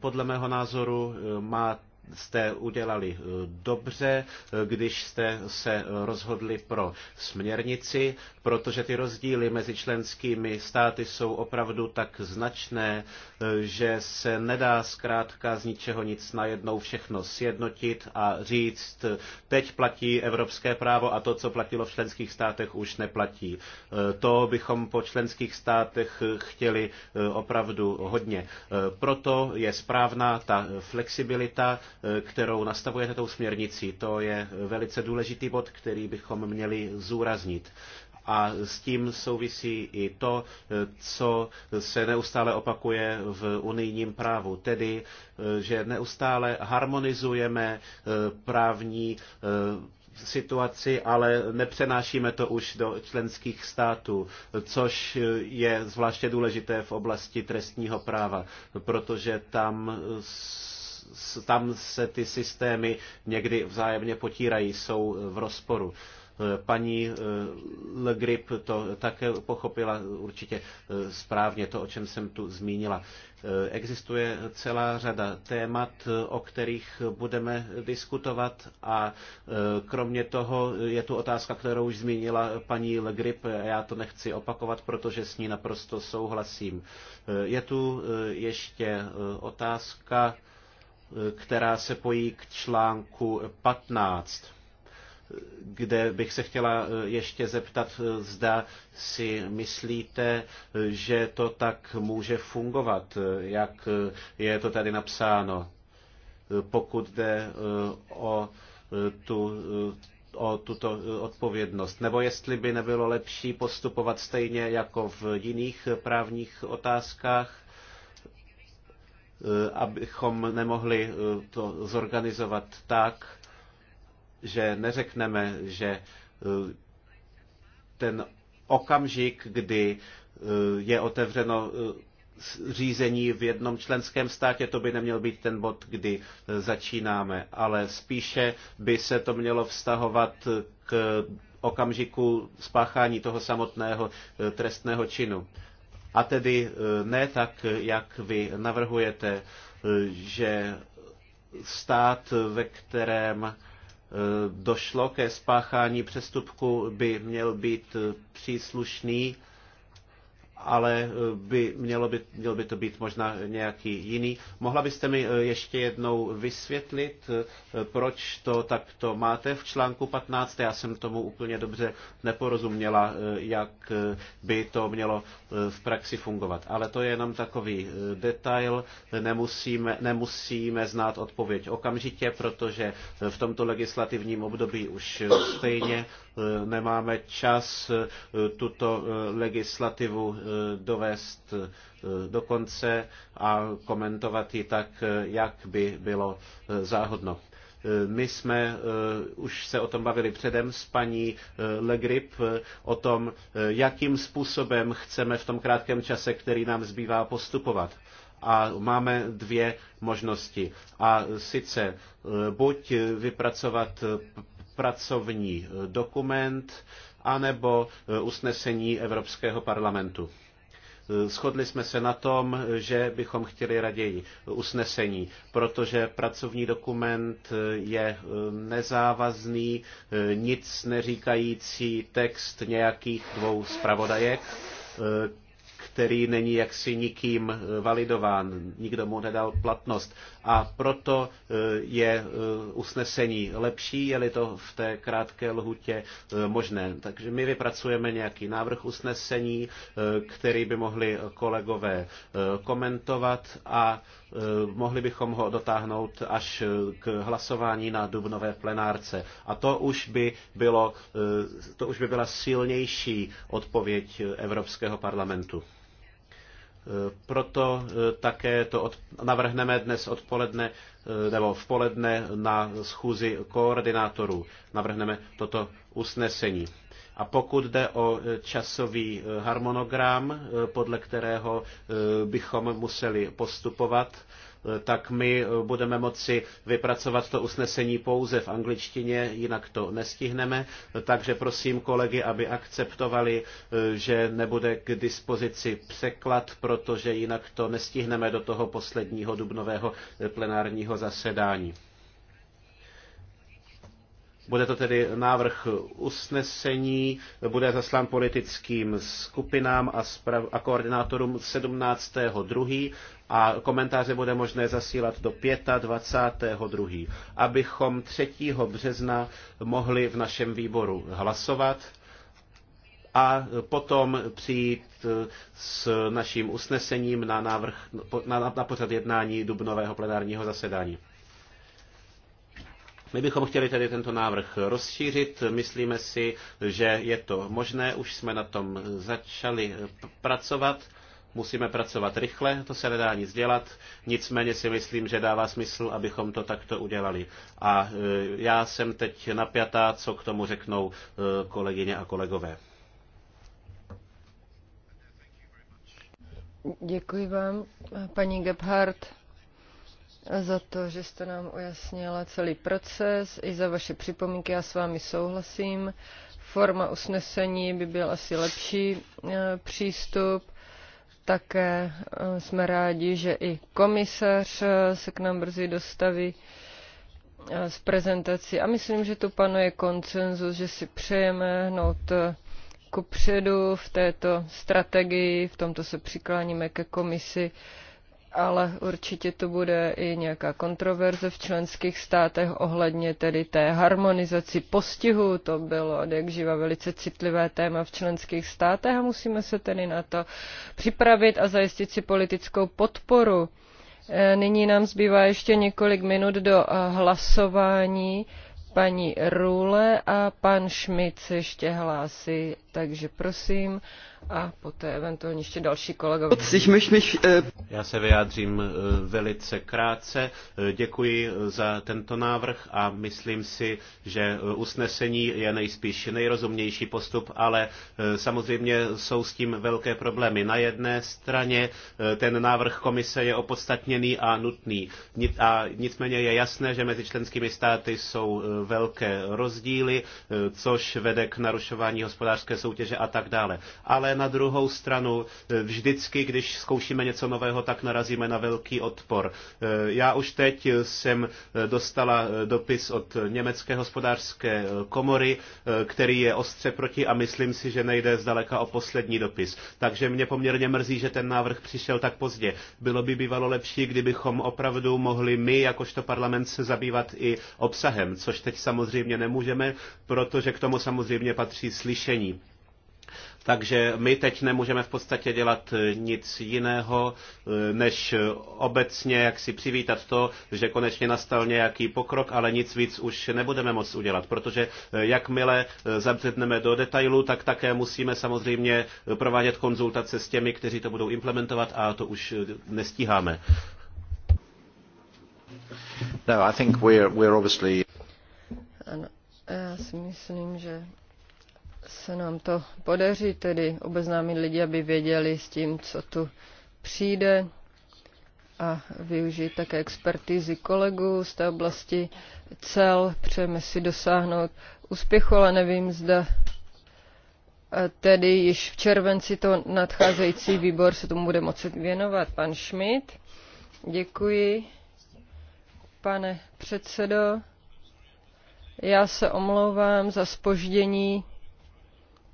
Podle mého názoru má jste udělali eh, dobře, eh, když jste se rozhodli pro směrnici, protože ty rozdíly mezi členskými státy jsou opravdu tak značné, eh, že se nedá zkrátka z ničeho nic najednou všechno sjednotit a říct, teď platí evropské právo a to, co platilo v členských státech, už neplatí. To bychom po členských státech chtěli opravdu hodně. Proto je správná ta flexibilita, kterou nastavujete tou směrnicí. To je velice důležitý bod, který bychom měli zúraznit a s tím souvisí i to, co se neustále opakuje v unijním právu, tedy, že neustále harmonizujeme eh, právní eh, situaci, ale nepřenášíme to už do členských států, což je zvláště důležité v oblasti trestního práva, protože tam tam se ty systémy někdy vzájemně potírají, jsou v rozporu. Paní eh, Le Grip to také pochopila určitě eh, správně, to, o čem jsem tu zmínila. Eh, existuje celá řada témat, o kterých budeme diskutovat a kromě toho je tu otázka, kterou už zmínila paní Le Grip, já to nechci opakovat, protože s ní naprosto souhlasím. Je tu ještě otázka, která se pojí k článku 15 kde bych se chtěla eh, ještě zeptat, eh, zda si myslíte, že to tak může fungovat, eh, jak je to tady napsáno, pokud jde o tu o tuto odpovědnost, nebo jestli by nebylo lepší postupovat stejně jako v jiných právních otázkách, Eh, abychom nemohli eh, to zorganizovat tak, že neřekneme, že eh, ten okamžik, kdy je otevřeno řízení v jednom členském státě, to by neměl být ten bod, kdy začínáme, ale spíše by se to mělo vztahovat k okamžiku spáchání toho samotného trestného činu. A tedy eh, ne tak, jak vy navrhujete, eh, že stát, ve kterém eh, došlo ke spáchání přestupku, by měl být příslušný ale eh, by mělo by, měl by to být možná nějaký jiný. Mohla byste mi eh, ještě jednou vysvětlit, eh, proč to takto máte v článku 15? Já jsem tomu úplně dobře neporozuměla, jak by to mělo v praxi fungovat. Ale to je jenom takový detail, nemusíme, nemusíme znát odpověď okamžitě, protože v tomto legislativním období už stejně nemáme čas tuto legislativu Eh, dovést eh, do konce a komentovat ji tak, eh, jak by bylo záhodno. My jsme už se o tom bavili předem s paní Legrip o tom, jakým způsobem chceme v tom krátkém čase, který nám zbývá, postupovat a máme dvě možnosti. A sice buď vypracovat pracovní dokument, anebo e, usnesení Evropského parlamentu. E, shodli jsme se na tom, že bychom chtěli raději usnesení, protože pracovní dokument e, je nezávazný, nic neříkající text nějakých dvou zpravodajek, který není jaksi nikým eh, validován, nikdo mu nedal platnost. A proto eh, je eh, usnesení lepší, je-li to v té krátké lhutě možné. Takže my vypracujeme nějaký návrh usnesení, který by mohli kolegové komentovat a mohli bychom ho dotáhnout až k hlasování na dubnové plenárce. A to už by, bylo, to už by byla silnější odpověď Evropského parlamentu. Proto eh, také to od, navrhneme dnes odpoledne eh, nebo v poledne na schůzi koordinátorů. Navrhneme toto usnesení. A pokud jde o eh, časový harmonogram, podle kterého bychom museli postupovat, tak my budeme moci vypracovat to usnesení pouze v angličtině, jinak to nestihneme. Takže prosím kolegy, aby akceptovali, že nebude k dispozici překlad, protože jinak to nestihneme do toho posledního dubnového plenárního zasedání. Bude to tedy návrh usnesení, bude zaslán politickým skupinám a, a koordinátorům 17.2 a komentáře bude možné zasílat do 25.2., abychom 3. března mohli v našem výboru hlasovat a potom přijít eh, s naším usnesením na, návrh, na, na, na pořad jednání dubnového plenárního zasedání. My bychom chtěli tedy tento návrh rozšířit. Myslíme si, že je to možné. Už jsme na tom začali pracovat musíme pracovat rychle, to se nedá nic dělat, nicméně si myslím, že dává smysl, abychom to takto udělali. A e, já jsem teď napjatá, co k tomu řeknou e, kolegyně a kolegové. Děkuji vám, paní Gebhardt, za to, že jste nám ujasnila celý proces i za vaše připomínky. Já s vámi souhlasím. Forma usnesení by byl asi lepší e, přístup také eh, jsme rádi, že i komisař eh, se k nám brzy dostaví eh, s prezentací. A myslím, že tu panuje koncenzus, že si přejeme hnout ku předu v této strategii, v tomto se přikláníme ke komisi ale určitě to bude i nějaká kontroverze v členských státech ohledně tedy té harmonizaci postihu. To bylo jak živa velice citlivé téma v členských státech a musíme se tedy na to připravit a zajistit si politickou podporu. E, nyní nám zbývá ještě několik minut do e, hlasování. Paní Rule a pan Šmit se ještě hlásí, takže prosím a poté eventuálně ještě další kolegové. Äh, Já se vyjádřím äh, velice krátce. Äh, děkuji za tento návrh a myslím si, že usnesení je nejspíš nejrozumnější postup, ale samozřejmě jsou s tím velké problémy. Na jedné straně ten návrh komise je opodstatněný a nutný. A nicméně je jasné, že mezi členskými státy jsou velké rozdíly, což vede k narušování hospodářské soutěže a tak dále. Ale na druhou stranu eh, vždycky, když zkoušíme něco nového, tak narazíme na velký odpor. Eh, já už teď jsem eh, dostala dopis od Německé hospodářské komory, který je ostře proti a myslím si, že nejde zdaleka o poslední dopis. Takže mě poměrně mrzí, že ten návrh přišel tak pozdě. Bylo by bývalo lepší, kdybychom opravdu mohli my, jakožto parlament, se zabývat i obsahem, což teď samozřejmě nemůžeme, protože k tomu samozřejmě patří slyšení takže my teď nemůžeme v podstatě dělat eh, nic jiného, eh, než obecně jak si přivítat to, že konečně nastal nějaký pokrok, ale nic víc už nebudeme moc udělat, protože eh, jakmile zabředneme do detailu, tak také musíme samozřejmě provádět konzultace s těmi, kteří to budou implementovat a to už nestíháme. No, I think we're, we're obviously... Ano, já si myslím, že se nám to podaří, tedy obeznámit lidi, aby věděli s tím, co tu přijde a využít také expertízy kolegů z té oblasti cel. Přejeme si dosáhnout úspěchu, ale nevím, zda eh, tedy již v červenci to nadcházející výbor se tomu bude moci věnovat. Pan Schmidt, děkuji. Pane předsedo, já se omlouvám za spoždění.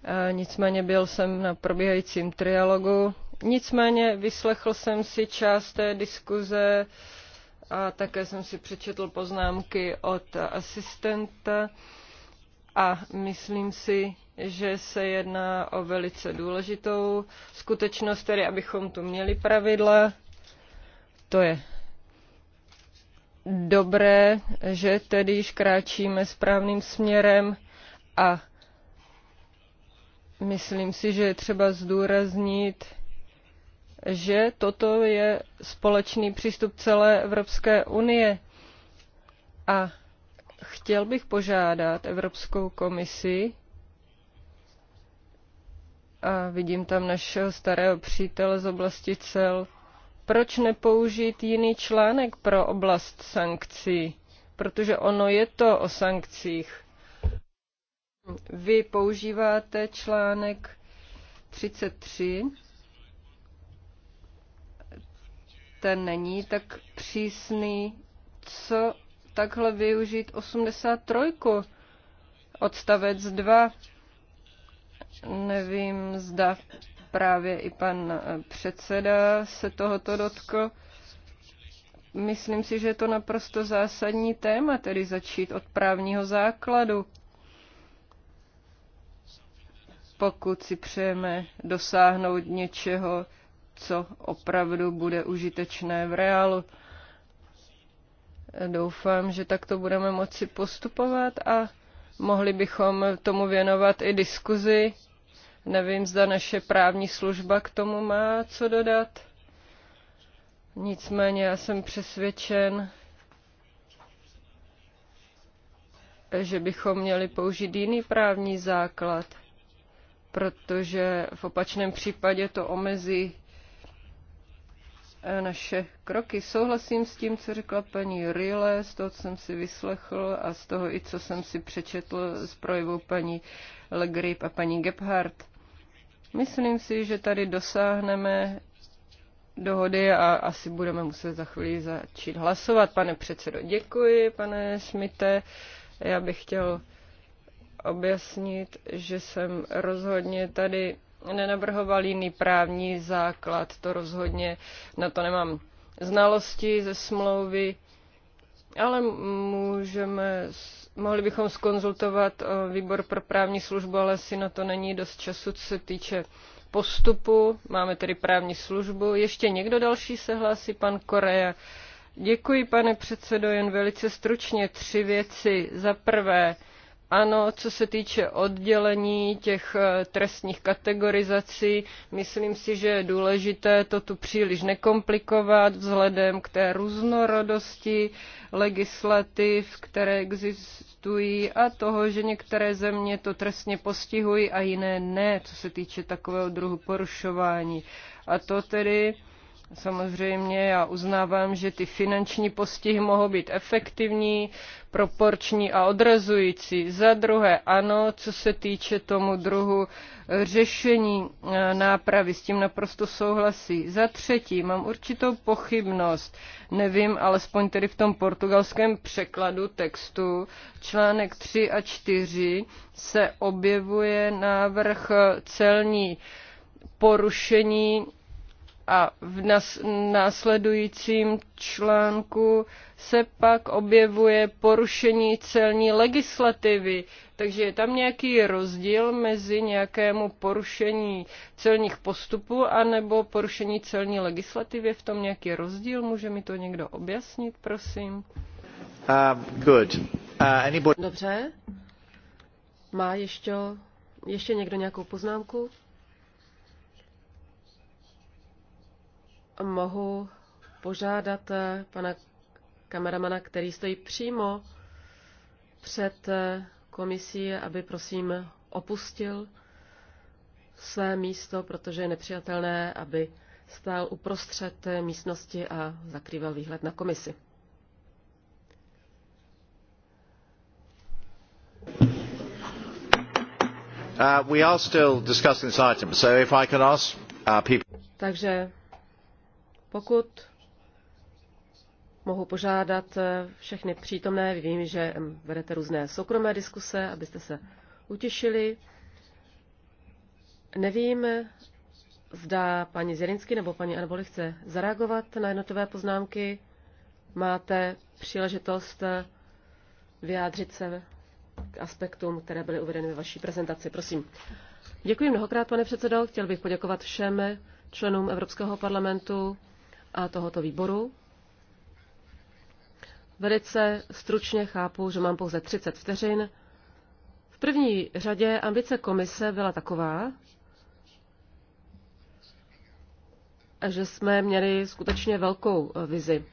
Eh, nicméně byl jsem na probíhajícím trialogu. Nicméně vyslechl jsem si část té diskuze a také jsem si přečetl poznámky od asistenta a myslím si, že se jedná o velice důležitou skutečnost, tedy abychom tu měli pravidla. To je dobré, že tedy již kráčíme správným směrem a Myslím si, že je třeba zdůraznit, že toto je společný přístup celé Evropské unie. A chtěl bych požádat Evropskou komisi, a vidím tam našeho starého přítele z oblasti cel, proč nepoužít jiný článek pro oblast sankcí? Protože ono je to o sankcích. Vy používáte článek 33. Ten není tak přísný. Co takhle využít 83? Odstavec 2. Nevím, zda právě i pan eh, předseda se tohoto dotkl. Myslím si, že je to naprosto zásadní téma, tedy začít od právního základu pokud si přejeme dosáhnout něčeho, co opravdu bude užitečné v reálu. Doufám, že takto budeme moci postupovat a mohli bychom tomu věnovat i diskuzi. Nevím, zda naše právní služba k tomu má co dodat. Nicméně já jsem přesvědčen, že bychom měli použít jiný právní základ – protože v opačném případě to omezí eh, naše kroky. Souhlasím s tím, co řekla paní Rille, z toho, co jsem si vyslechl a z toho i, co jsem si přečetl z projevu paní Legrip a paní Gebhardt. Myslím si, že tady dosáhneme dohody a asi budeme muset za chvíli začít hlasovat. Pane předsedo, děkuji, pane Šmite. Já bych chtěl objasnit, že jsem rozhodně tady nenabrhoval jiný právní základ. To rozhodně na to nemám znalosti ze smlouvy, ale můžeme, mohli bychom skonzultovat výbor pro právní službu, ale si na to není dost času, co se týče postupu. Máme tedy právní službu. Ještě někdo další se hlásí? Pan Korea. Děkuji, pane předsedo, jen velice stručně tři věci. Za prvé, ano, co se týče oddělení těch eh, trestních kategorizací, myslím si, že je důležité to tu příliš nekomplikovat vzhledem k té různorodosti legislativ, které existují a toho, že některé země to trestně postihují a jiné ne, co se týče takového druhu porušování. A to tedy Samozřejmě já uznávám, že ty finanční postihy mohou být efektivní, proporční a odrazující. Za druhé, ano, co se týče tomu druhu eh, řešení eh, nápravy, s tím naprosto souhlasí. Za třetí, mám určitou pochybnost, nevím, alespoň tedy v tom portugalském překladu textu, článek 3 a 4 se objevuje návrh eh, celní porušení a v nas, následujícím článku se pak objevuje porušení celní legislativy. Takže je tam nějaký rozdíl mezi nějakému porušení celních postupů anebo porušení celní legislativy? Je v tom nějaký rozdíl? Může mi to někdo objasnit, prosím? Uh, good. Uh, anybody... Dobře. Má ještě, ještě někdo nějakou poznámku? mohu požádat eh, pana kameramana, který stojí přímo před eh, komisí, aby prosím opustil své místo, protože je nepřijatelné, aby stál uprostřed eh, místnosti a zakrýval výhled na komisi. Uh, we are still discussing this item, so if I can ask uh, people... Takže pokud mohu požádat eh, všechny přítomné, vím, že vedete různé soukromé diskuse, abyste se utěšili. Nevím, zda paní Zjerinsky nebo paní Anaboli chce zareagovat na jednotové poznámky. Máte příležitost eh, vyjádřit se k aspektům, které byly uvedeny ve vaší prezentaci. Prosím. Děkuji mnohokrát, pane předsedo. Chtěl bych poděkovat všem členům Evropského parlamentu a tohoto výboru. Velice stručně chápu, že mám pouze 30 vteřin. V první řadě ambice komise byla taková, že jsme měli skutečně velkou eh, vizi.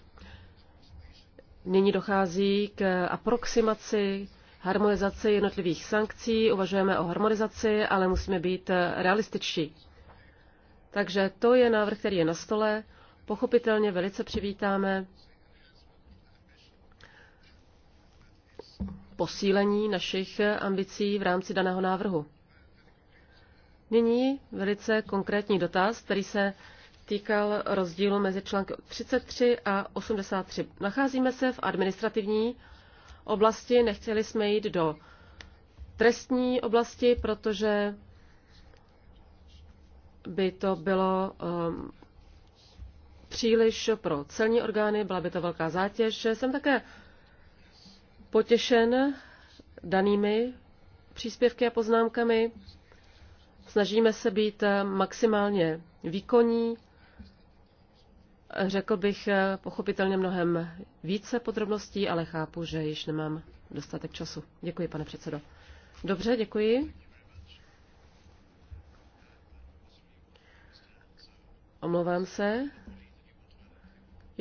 Nyní dochází k aproximaci, harmonizaci jednotlivých sankcí, uvažujeme o harmonizaci, ale musíme být eh, realističtí. Takže to je návrh, který je na stole pochopitelně velice přivítáme posílení našich ambicí v rámci daného návrhu. Nyní velice konkrétní dotaz, který se týkal rozdílu mezi články 33 a 83. Nacházíme se v administrativní oblasti, nechtěli jsme jít do trestní oblasti, protože by to bylo um, příliš pro celní orgány, byla by to velká zátěž. Jsem také potěšen danými příspěvky a poznámkami. Snažíme se být maximálně výkonní. Řekl bych pochopitelně mnohem více podrobností, ale chápu, že již nemám dostatek času. Děkuji, pane předsedo. Dobře, děkuji. Omlouvám se.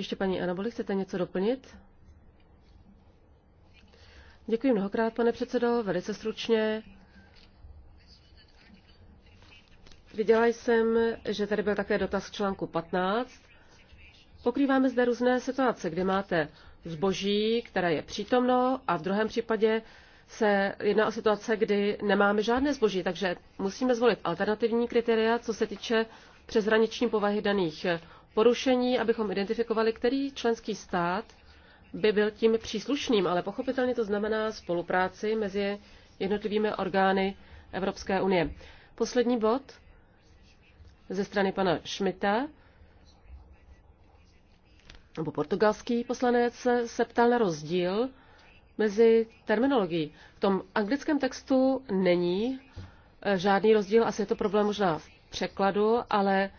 Ještě paní Anaboli, chcete něco doplnit? Děkuji mnohokrát, pane předsedo, velice stručně. Viděla jsem, že tady byl také dotaz k článku 15. Pokrýváme zde různé situace, kde máte zboží, které je přítomno a v druhém případě se jedná o situace, kdy nemáme žádné zboží, takže musíme zvolit alternativní kritéria, co se týče přeshraniční povahy daných porušení, abychom identifikovali, který členský stát by byl tím příslušným, ale pochopitelně to znamená spolupráci mezi jednotlivými orgány Evropské unie. Poslední bod ze strany pana Šmita, nebo portugalský poslanec, se ptal na rozdíl mezi terminologií. V tom anglickém textu není eh, žádný rozdíl, asi je to problém možná v překladu, ale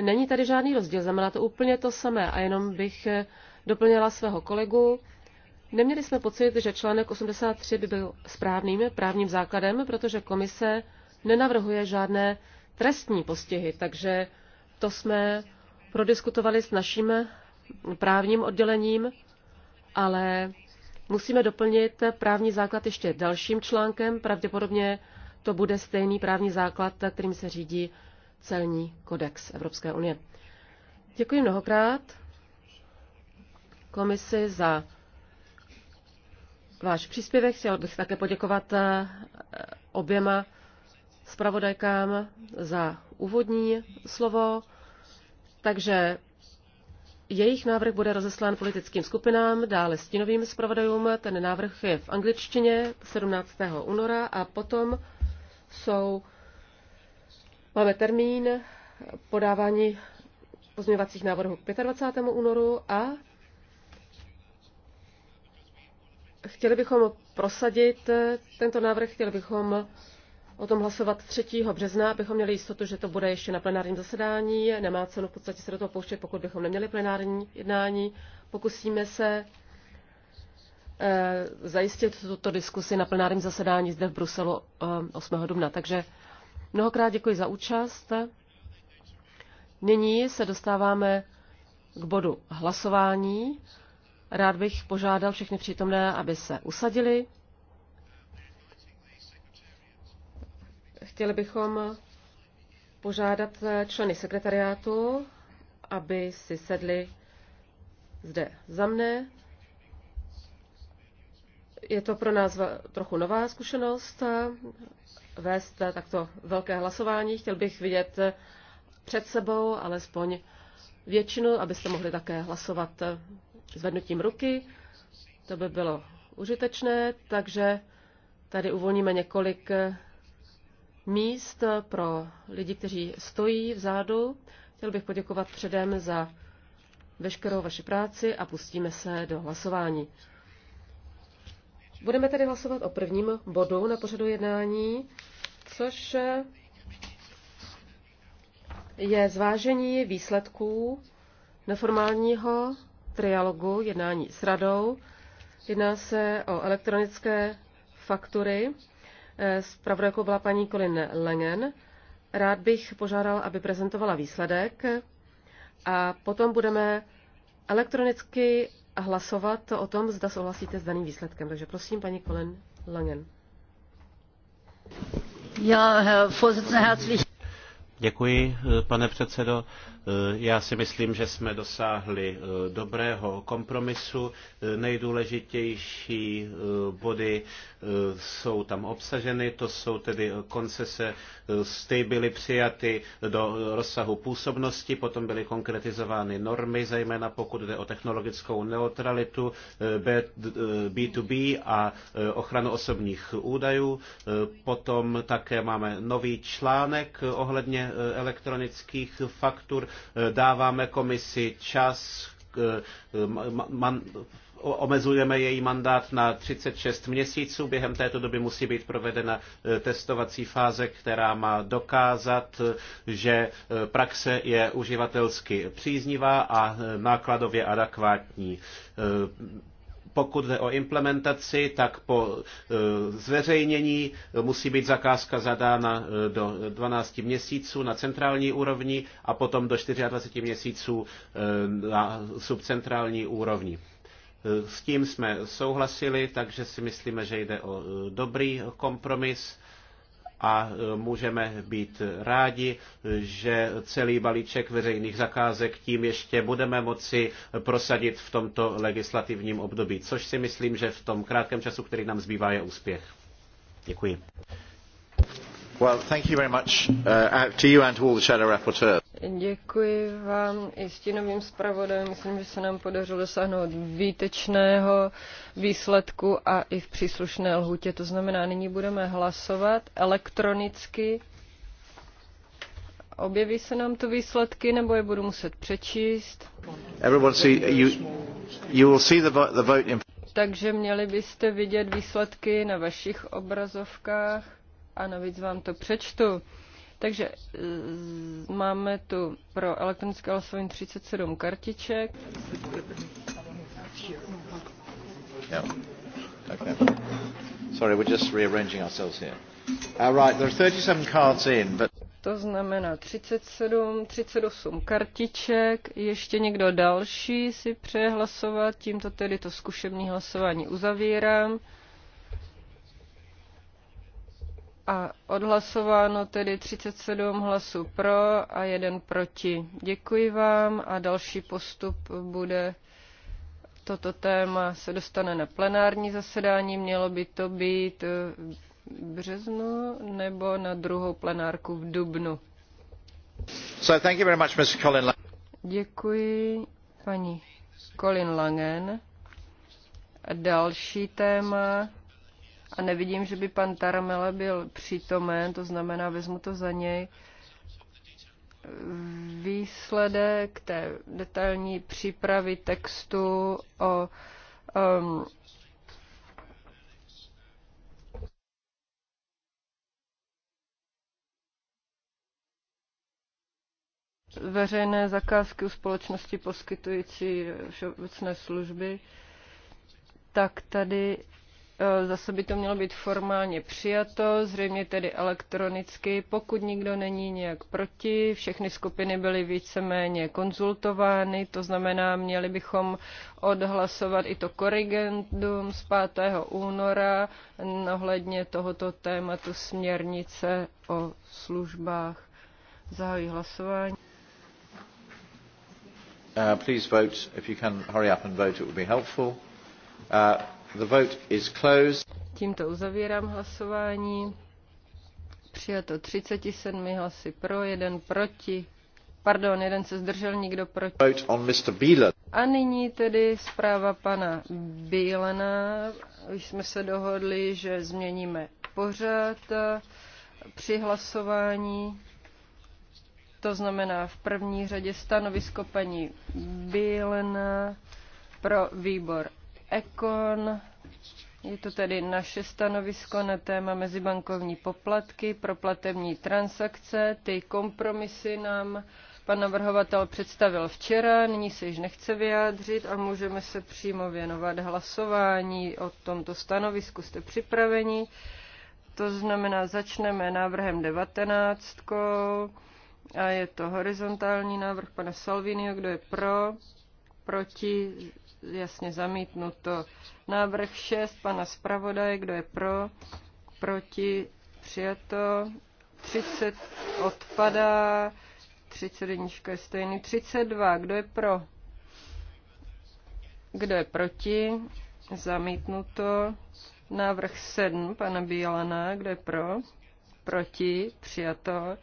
Není tady žádný rozdíl, znamená to úplně to samé a jenom bych eh, doplnila svého kolegu. Neměli jsme pocit, že článek 83 by byl správným právním základem, protože komise nenavrhuje žádné trestní postihy, takže to jsme prodiskutovali s naším právním oddělením, ale musíme doplnit právní základ ještě dalším článkem. Pravděpodobně to bude stejný právní základ, kterým se řídí celní kodex Evropské unie. Děkuji mnohokrát komisi za váš příspěvek. Chtěl bych také poděkovat eh, oběma zpravodajkám za úvodní slovo. Takže jejich návrh bude rozeslán politickým skupinám, dále stínovým zpravodajům. Ten návrh je v angličtině 17. února a potom jsou Máme termín podávání pozměňovacích návrhů k 25. únoru a chtěli bychom prosadit tento návrh, chtěli bychom o tom hlasovat 3. března, abychom měli jistotu, že to bude ještě na plenárním zasedání. Nemá cenu v podstatě se do toho pouštět, pokud bychom neměli plenární jednání. Pokusíme se eh, zajistit tuto diskusi na plenárním zasedání zde v Bruselu 8. Eh, dubna. Takže Mnohokrát děkuji za účast. Nyní se dostáváme k bodu hlasování. Rád bych požádal všechny přítomné, aby se usadili. Chtěli bychom požádat členy sekretariátu, aby si sedli zde za mne. Je to pro nás trochu nová zkušenost vést takto velké hlasování. Chtěl bych vidět před sebou alespoň většinu, abyste mohli také hlasovat zvednutím ruky. To by bylo užitečné, takže tady uvolníme několik míst pro lidi, kteří stojí vzadu. Chtěl bych poděkovat předem za veškerou vaši práci a pustíme se do hlasování. Budeme tedy hlasovat o prvním bodu na pořadu jednání, což je zvážení výsledků neformálního trialogu jednání s radou. Jedná se o elektronické faktury. jako byla paní Colin Lengen. Rád bych požádal, aby prezentovala výsledek a potom budeme elektronicky hlasovat o tom, zda souhlasíte s daným výsledkem. Takže prosím, paní Kolen Langen. Já, eh, Děkuji, eh, pane předsedo. Eh, já si myslím, že jsme dosáhli eh, dobrého kompromisu. Eh, nejdůležitější body jsou tam obsaženy, to jsou tedy koncese, ty byly přijaty do rozsahu působnosti, potom byly konkretizovány normy, zejména pokud jde o technologickou neutralitu, B2B a ochranu osobních údajů. Potom také máme nový článek ohledně elektronických faktur, Eh, dáváme komisi čas, eh, omezujeme její mandát na 36 měsíců. Během této doby musí být provedena eh, testovací fáze, která má dokázat, že praxe je uživatelsky příznivá a nákladově adekvátní pokud jde o implementaci, tak po e, zveřejnění musí být zakázka zadána e, do 12 měsíců na centrální úrovni a potom do 24 měsíců e, na subcentrální úrovni. S tím jsme souhlasili, takže si myslíme, že jde o dobrý kompromis a e, můžeme být rádi, že celý balíček veřejných zakázek tím ještě budeme moci prosadit v tomto legislativním období, což si myslím, že v tom krátkém času, který nám zbývá, je úspěch. Děkuji. Well, thank you very much uh, to you and to all the shadow rapporteurs. Děkuji vám i stínovým zpravodajům. Myslím, že se nám podařilo dosáhnout výtečného výsledku a i v příslušné lhutě. To znamená, nyní budeme hlasovat elektronicky. Objeví se nám tu výsledky, nebo je budu muset přečíst? Takže měli byste vidět výsledky na vašich obrazovkách a navíc vám to přečtu. Takže eh, máme tu pro elektronické hlasování 37 kartiček. Yeah. Okay. Sorry, we're just rearranging ourselves here. Uh, right, there are 37 cards in, but... To znamená 37, 38 kartiček, ještě někdo další si přehlasovat? tímto tedy to zkušební hlasování uzavírám. A odhlasováno tedy 37 hlasů pro a jeden proti. Děkuji vám a další postup bude toto téma se dostane na plenární zasedání. Mělo by to být v březnu nebo na druhou plenárku v dubnu. So thank you very much, Mr. Colin Děkuji paní Colin Langen. A další téma a nevidím, že by pan Taramela byl přítomen, to znamená, vezmu to za něj. Výsledek té detailní přípravy textu o um, veřejné zakázky u společnosti poskytující všeobecné služby, tak tady Eh, zase by to mělo být formálně přijato, zřejmě tedy elektronicky, pokud nikdo není nějak proti. Všechny skupiny byly víceméně konzultovány, to znamená, měli bychom odhlasovat i to korrigendum z 5. února ohledně tohoto tématu směrnice o službách. Zahajuji hlasování. Uh, please vote, if you can hurry up and vote, it would be helpful. Uh, The vote is closed. Tímto uzavírám hlasování. Přijato 37 hlasy pro, jeden proti. Pardon, jeden se zdržel, nikdo proti. Vote on Mr. A nyní tedy zpráva pana Bílena. Už jsme se dohodli, že změníme pořad při hlasování. To znamená v první řadě stanovisko paní Bílena pro výbor Ekon. Je to tedy naše stanovisko na téma mezibankovní poplatky pro platební transakce. Ty kompromisy nám pan navrhovatel představil včera, nyní se již nechce vyjádřit a můžeme se přímo věnovat hlasování o tomto stanovisku. Jste připraveni? To znamená, začneme návrhem 19. A je to horizontální návrh pana Salviniho, kdo je pro, proti, jasně zamítnuto. Návrh 6 pana zpravodaje, kdo je pro, proti, přijato. 30 odpadá, 31 je stejný. 32, kdo je pro, kdo je proti, zamítnuto. Návrh 7 pana Bílana, kdo je pro, proti, přijato.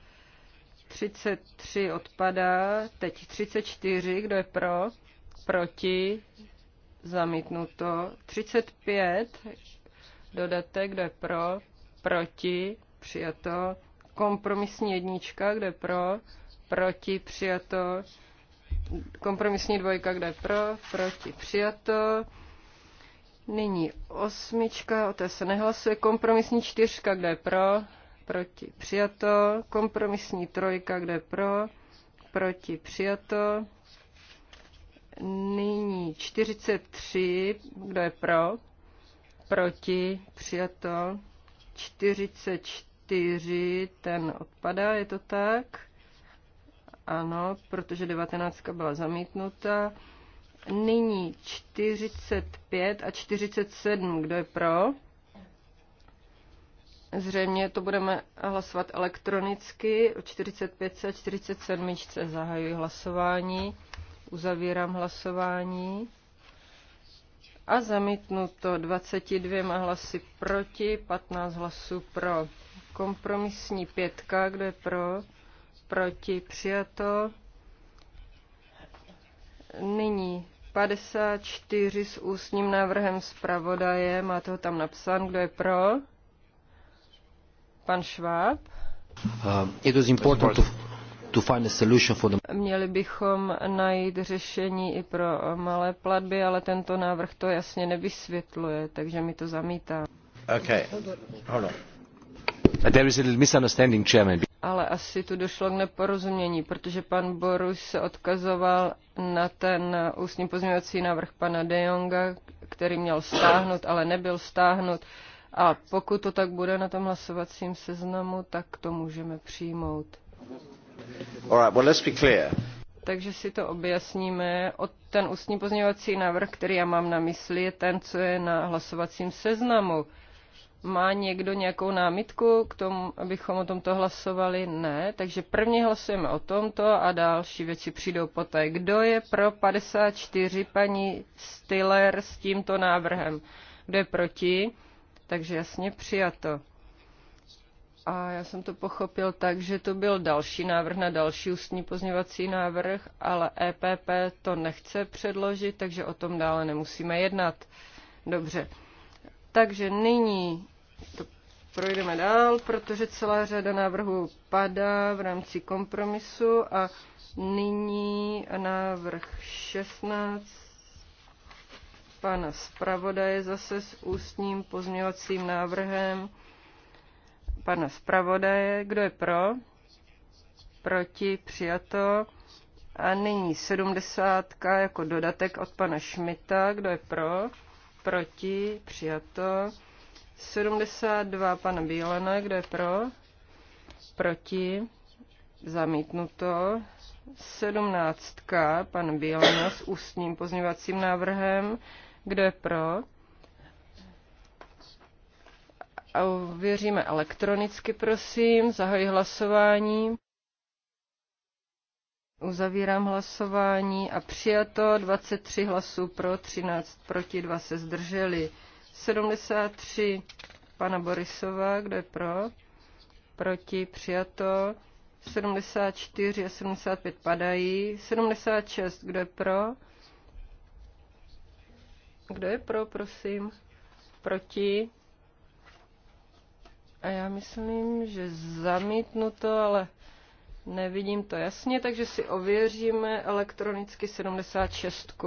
33 odpadá, teď 34, kdo je pro, proti, zamítnuto. 35, dodatek, kde pro, proti, přijato. Kompromisní jednička, kde pro, proti, přijato. Kompromisní dvojka, kde pro, proti, přijato. Nyní osmička, o té se nehlasuje. Kompromisní čtyřka, kde pro, proti, přijato. Kompromisní trojka, kde pro, proti, přijato. Nyní 43, kdo je pro? Proti, přijato. 44, ten odpadá, je to tak? Ano, protože 19 byla zamítnuta. Nyní 45 a 47, kdo je pro? Zřejmě to budeme hlasovat elektronicky. O 45 a 47 zahajuji hlasování. Uzavírám hlasování. A zamítnuto 22 hlasy proti, 15 hlasů pro. Kompromisní pětka, kdo je pro, proti, přijato. Nyní 54 s ústním návrhem zpravodaje, má to tam napsán, kdo je pro? Pan Šváb. Uh, it was important to Měli bychom najít řešení i pro malé platby, ale tento návrh to jasně nevysvětluje, takže mi to zamítá. Okay. Hold on. There is a little misunderstanding, Chairman. Ale asi tu došlo k neporozumění, protože pan Borus se odkazoval na ten ústní pozměňovací návrh pana De Jonga, který měl stáhnout, ale nebyl stáhnut. A pokud to tak bude na tom hlasovacím seznamu, tak to můžeme přijmout. Takže si to objasníme. Od ten ústní pozměňovací návrh, který já mám na mysli, je ten, co je na hlasovacím seznamu. Má někdo nějakou námitku k tomu, abychom o tomto hlasovali? Ne. Takže první hlasujeme o tomto a další věci přijdou poté. Kdo je pro 54 paní Stiller s tímto návrhem? Kdo je proti? Takže jasně přijato. A já jsem to pochopil tak, že to byl další návrh na další ústní pozměvací návrh, ale EPP to nechce předložit, takže o tom dále nemusíme jednat. Dobře. Takže nyní to projdeme dál, protože celá řada návrhů padá v rámci kompromisu a nyní návrh 16 pana zpravodaje zase s ústním pozměvacím návrhem pana zpravodaje. Kdo je pro? Proti? Přijato. A nyní sedmdesátka jako dodatek od pana Šmita. Kdo je pro? Proti? Přijato. 72 pana Bílana. Kdo je pro? Proti? Zamítnuto. 17 pan Bílana s ústním pozměvacím návrhem. Kdo je pro? Věříme elektronicky, prosím. Zahajuji hlasování. Uzavírám hlasování a přijato 23 hlasů pro, 13 proti, 2 se zdrželi. 73 pana Borisova, kdo je pro? Proti, přijato. 74 a 75 padají. 76, kdo je pro? Kdo je pro, prosím? Proti. A já myslím, že zamítnuto, ale nevidím to jasně, takže si ověříme elektronicky 76.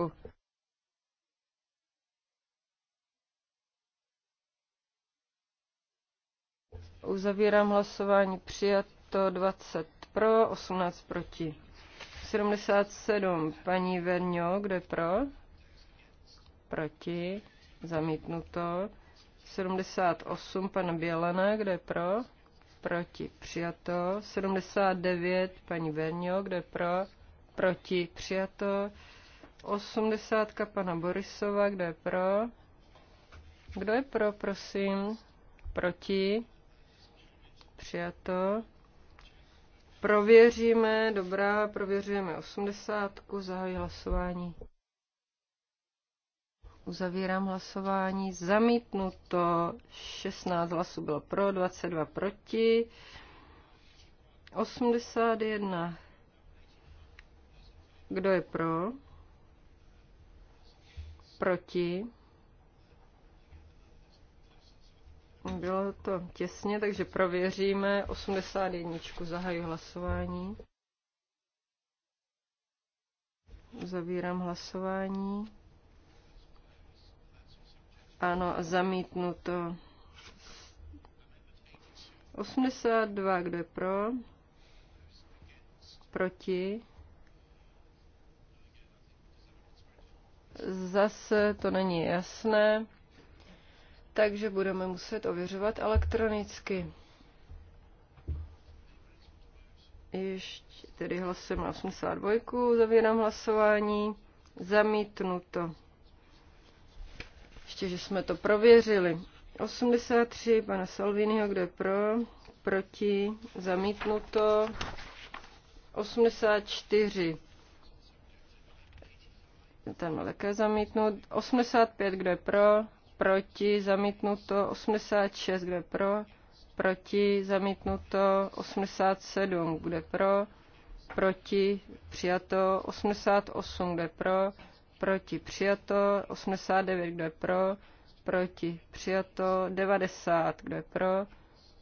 Uzavírám hlasování přijato 20 pro, 18 proti. 77. Paní Verňo, kde pro? Proti. Zamítnuto. 78 pana Bělana, kde je pro? Proti přijato. 79 paní Verňo, kde je pro? Proti přijato. 80 pana Borisova, kde je pro? Kdo je pro, prosím? Proti? Přijato. Prověříme, dobrá, prověřujeme 80. zahájí hlasování. Uzavírám hlasování. Zamítnuto 16 hlasů bylo pro, 22 proti. 81. Kdo je pro? Proti? Bylo to těsně, takže prověříme. 81. Zahajuji hlasování. Zavírám hlasování. Ano, zamítnuto. 82, kdo je pro? Proti? Zase to není jasné, takže budeme muset ověřovat elektronicky. Ještě tedy hlasujeme 82, zavírám hlasování, zamítnuto. Ještě, že jsme to prověřili. 83 pana Salviniho, kde pro, proti, zamítnuto. 84 ten byl také zamítnut. 85, kdo je pro, proti, zamítnuto. 86, kdo je pro, proti, zamítnuto. 87, kdo je pro, proti, přijato. 88, kdo je pro, proti přijato, 89, kdo je pro, proti přijato, 90, kdo je pro,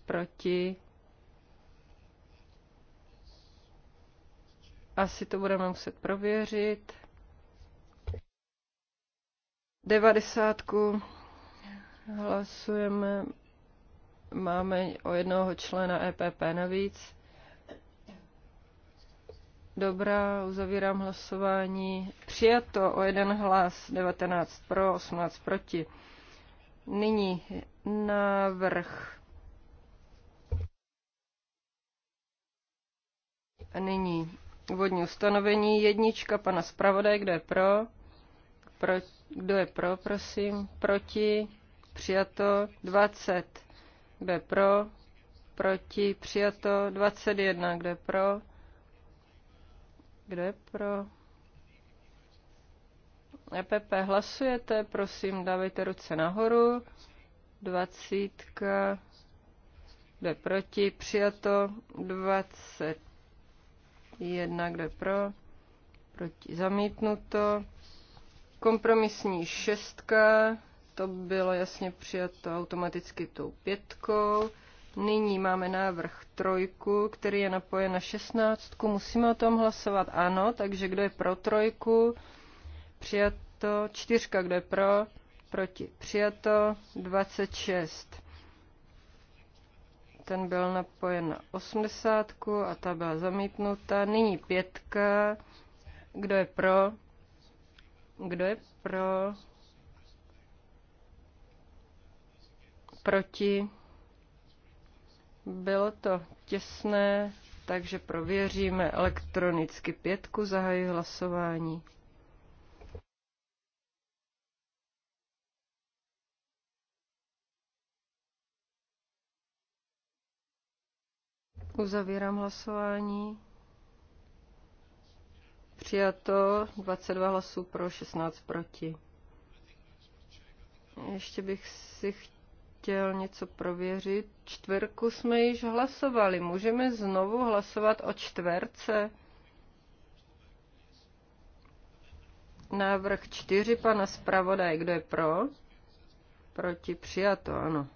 proti. Asi to budeme muset prověřit. 90. Hlasujeme. Máme o jednoho člena EPP navíc. Dobrá, uzavírám hlasování. Přijato o jeden hlas, 19 pro, 18 proti. Nyní návrh. A nyní úvodní ustanovení. Jednička pana zpravodaje, kdo je pro? pro? Kdo je pro, prosím? Proti? Přijato. 20. Kdo je pro? Proti? Přijato. 21. Kdo je pro? Kdo je pro? EPP hlasujete, prosím, dávejte ruce nahoru. Dvacítka. Kdo je proti? Přijato. 21. Kdo je pro? Proti. Zamítnuto. Kompromisní šestka. To bylo jasně přijato automaticky tou pětkou. Nyní máme návrh trojku, který je napojen na šestnáctku. Musíme o tom hlasovat ano, takže kdo je pro trojku? Přijato. Čtyřka, kdo je pro? Proti. Přijato. 26. Ten byl napojen na osmdesátku a ta byla zamítnuta. Nyní pětka. Kdo je pro? Kdo je pro? Proti. Bylo to těsné, takže prověříme elektronicky pětku, zahají hlasování. Uzavírám hlasování. Přijato 22 hlasů pro, 16 proti. Ještě bych si chtěl chtěl něco prověřit. Čtvrku jsme již hlasovali. Můžeme znovu hlasovat o čtverce? Návrh čtyři pana zpravodaje. Kdo je pro? Proti přijato, ano.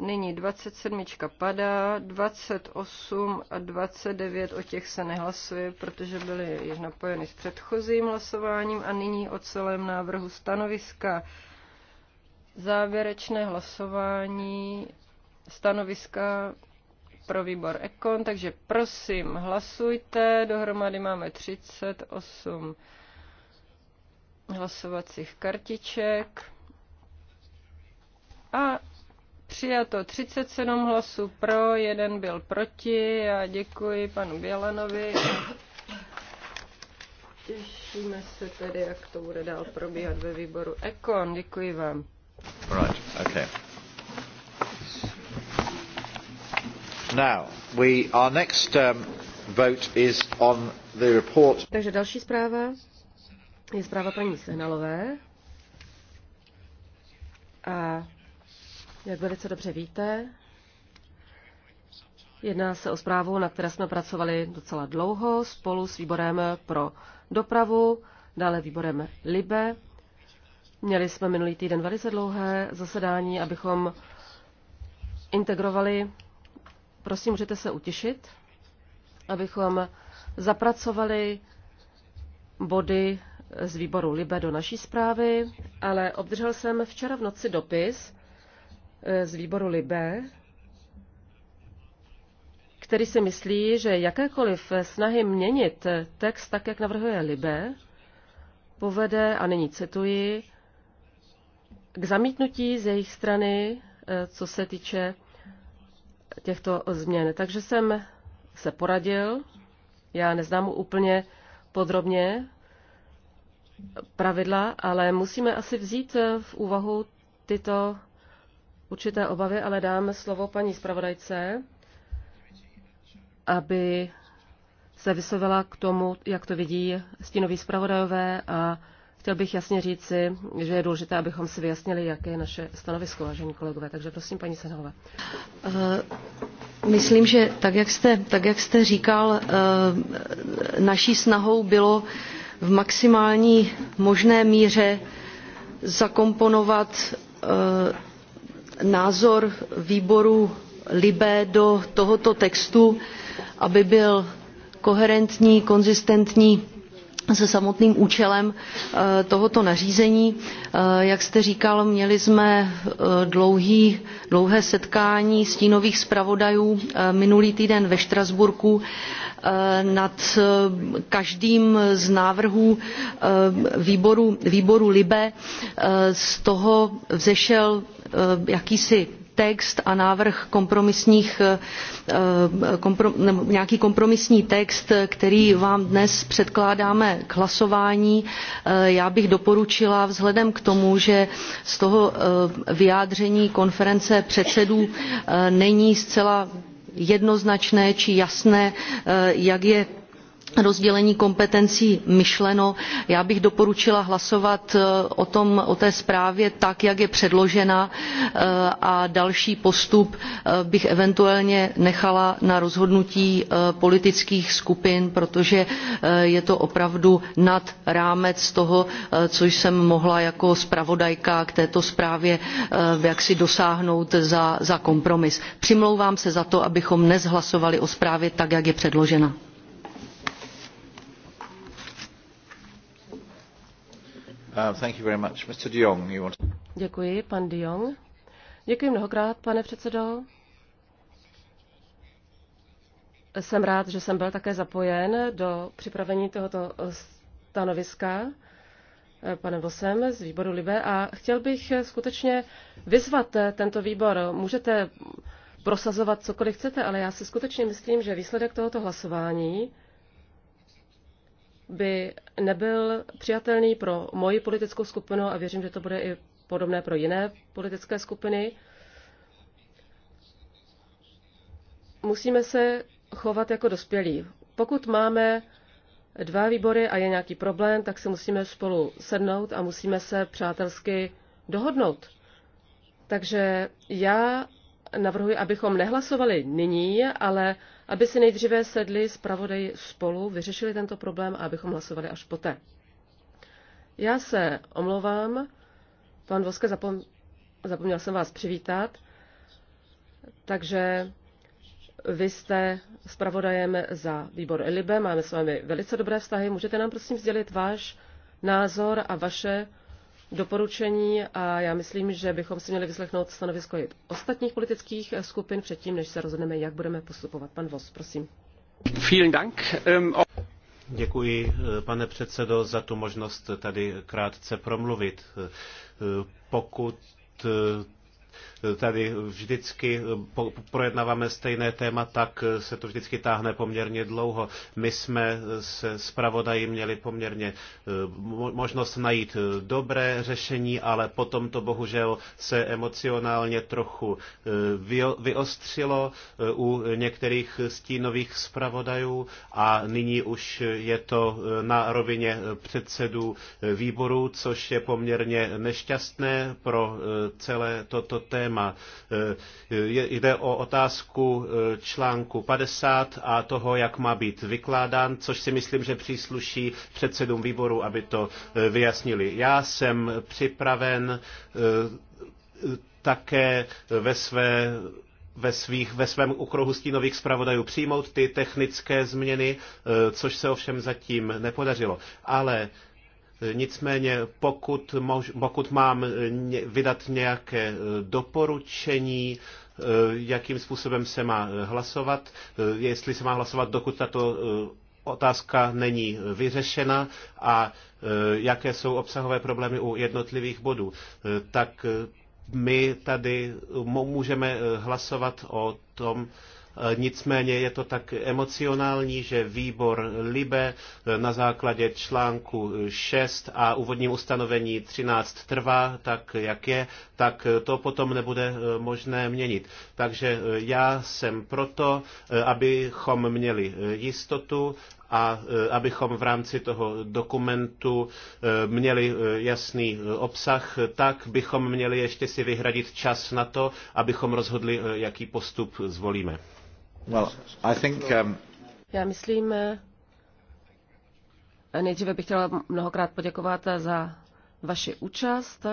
Nyní 27 padá, 28 a 29 o těch se nehlasuje, protože byly již napojeny s předchozím hlasováním a nyní o celém návrhu stanoviska závěrečné hlasování stanoviska pro výbor Ekon, takže prosím, hlasujte. Dohromady máme 38 hlasovacích kartiček. A přijato 37 hlasů pro, jeden byl proti. Já děkuji panu Bělanovi. Těšíme se tedy, jak to bude dál probíhat ve výboru Ekon. Děkuji vám. Right, okay. Now, we, our next um, vote is on the report. Takže další zpráva je zpráva paní Sehnalové. A jak velice dobře víte, jedná se o zprávu, na které jsme pracovali docela dlouho spolu s výborem pro dopravu, dále výborem LIBE Měli jsme minulý týden velice dlouhé zasedání, abychom integrovali. Prosím, můžete se utěšit, abychom zapracovali body z výboru Libe do naší zprávy, ale obdržel jsem včera v noci dopis eh, z výboru Libe, který si myslí, že jakékoliv snahy měnit text tak, jak navrhuje Libe, povede, a nyní cituji, k zamítnutí z jejich strany, eh, co se týče těchto změn. Takže jsem se poradil, já neznám úplně podrobně pravidla, ale musíme asi vzít eh, v úvahu tyto určité obavy, ale dám slovo paní zpravodajce, aby se vyslovila k tomu, jak to vidí stínoví zpravodajové a Chtěl bych jasně říci, že je důležité, abychom si vyjasnili, jaké je naše stanovisko, vážení kolegové. Takže prosím, paní Senhova. Eh, myslím, že tak jak, jste, tak, jak jste říkal, eh, naší snahou bylo v maximální možné míře zakomponovat eh, názor výboru libe do tohoto textu aby byl koherentní konzistentní se samotným účelem eh, tohoto nařízení. Eh, jak jste říkal měli jsme eh, dlouhý, dlouhé setkání stínových zpravodajů minulý týden ve štrasburku nad každým z návrhů výboru, výboru libe z toho vzešel jakýsi text a návrh kompromisních, eh, eh, nějaký kompromisní text, který vám dnes předkládáme k hlasování, eh, já bych doporučila vzhledem k tomu, že z toho vyjádření konference předsedů není zcela jednoznačné či jasné, jak je rozdělení kompetencí myšleno já bych doporučila hlasovat eh, o, tom, o té zprávě tak jak je předložena eh, a další postup eh, bych eventuálně nechala na rozhodnutí politických skupin protože je to opravdu nad rámec toho co jsem mohla jako zpravodajka k této zprávě jaksi dosáhnout za, za kompromis. přimlouvám se za to abychom dnes hlasovali o zprávě tak jak je předložena. Uh, Děkuji, pan De Jong. Děkuji mnohokrát, pane předsedo. Jsem rád, že jsem byl také zapojen do připravení tohoto eh, stanoviska eh, panem Vosem z výboru Libe a chtěl bych eh, skutečně vyzvat tento výbor. Můžete prosazovat cokoliv chcete, ale já si skutečně myslím, že výsledek tohoto hlasování by nebyl přijatelný pro moji politickou skupinu a věřím, že to bude i podobné pro jiné politické skupiny. Musíme se chovat jako dospělí. Pokud máme dva výbory a je nějaký problém, tak si musíme spolu sednout a musíme se přátelsky dohodnout. Takže já navrhuji, abychom nehlasovali nyní, ale aby si nejdříve sedli zpravodaji spolu, vyřešili tento problém a abychom hlasovali až poté. Já se omlouvám, pan Voske, zapom- zapomněl jsem vás přivítat, takže vy jste zpravodajem za výbor Elibe, máme s vámi velice dobré vztahy. Můžete nám prosím sdělit váš názor a vaše doporučení a já myslím, že bychom si měli vyslechnout stanovisko i ostatních politických skupin předtím, než se rozhodneme, jak budeme postupovat. Pan Vos, prosím. Vielen Dank. Ähm, Děkuji, eh, pane předsedo, za tu možnost tady krátce promluvit. Eh, pokud eh, tady vždycky eh, projednáváme stejné téma, tak eh, se to vždycky táhne poměrně dlouho. My jsme eh, se zpravodají měli poměrně možnost najít dobré řešení, ale potom to bohužel se emocionálně trochu vyostřilo u některých stínových zpravodajů a nyní už je to na rovině předsedů výboru, což je poměrně nešťastné pro celé toto téma téma. Eh, jde o otázku eh, článku 50 a toho, jak má být vykládán, což si myslím, že přísluší předsedům výboru, aby to eh, vyjasnili. Já jsem připraven také ve své ve, svých, ve svém okruhu stínových zpravodajů přijmout ty technické změny, což se ovšem zatím nepodařilo. Ale Nicméně pokud, mož, pokud mám vydat nějaké e, doporučení, e, jakým způsobem se má e, hlasovat, jestli se má hlasovat, dokud tato otázka není vyřešena a jaké jsou obsahové problémy u jednotlivých bodů, tak my tady můžeme hlasovat o tom, Nicméně je to tak emocionální, že výbor Libe na základě článku 6 a úvodním ustanovení 13 trvá tak, jak je, tak to potom nebude eh, možné měnit. Takže eh, já jsem proto, eh, abychom měli jistotu a abychom v rámci toho dokumentu měli jasný obsah, tak bychom měli ještě si vyhradit čas na to, abychom rozhodli, jaký postup zvolíme. Um, Já myslím, nejdříve bych chtěla mnohokrát poděkovat za vaši účast.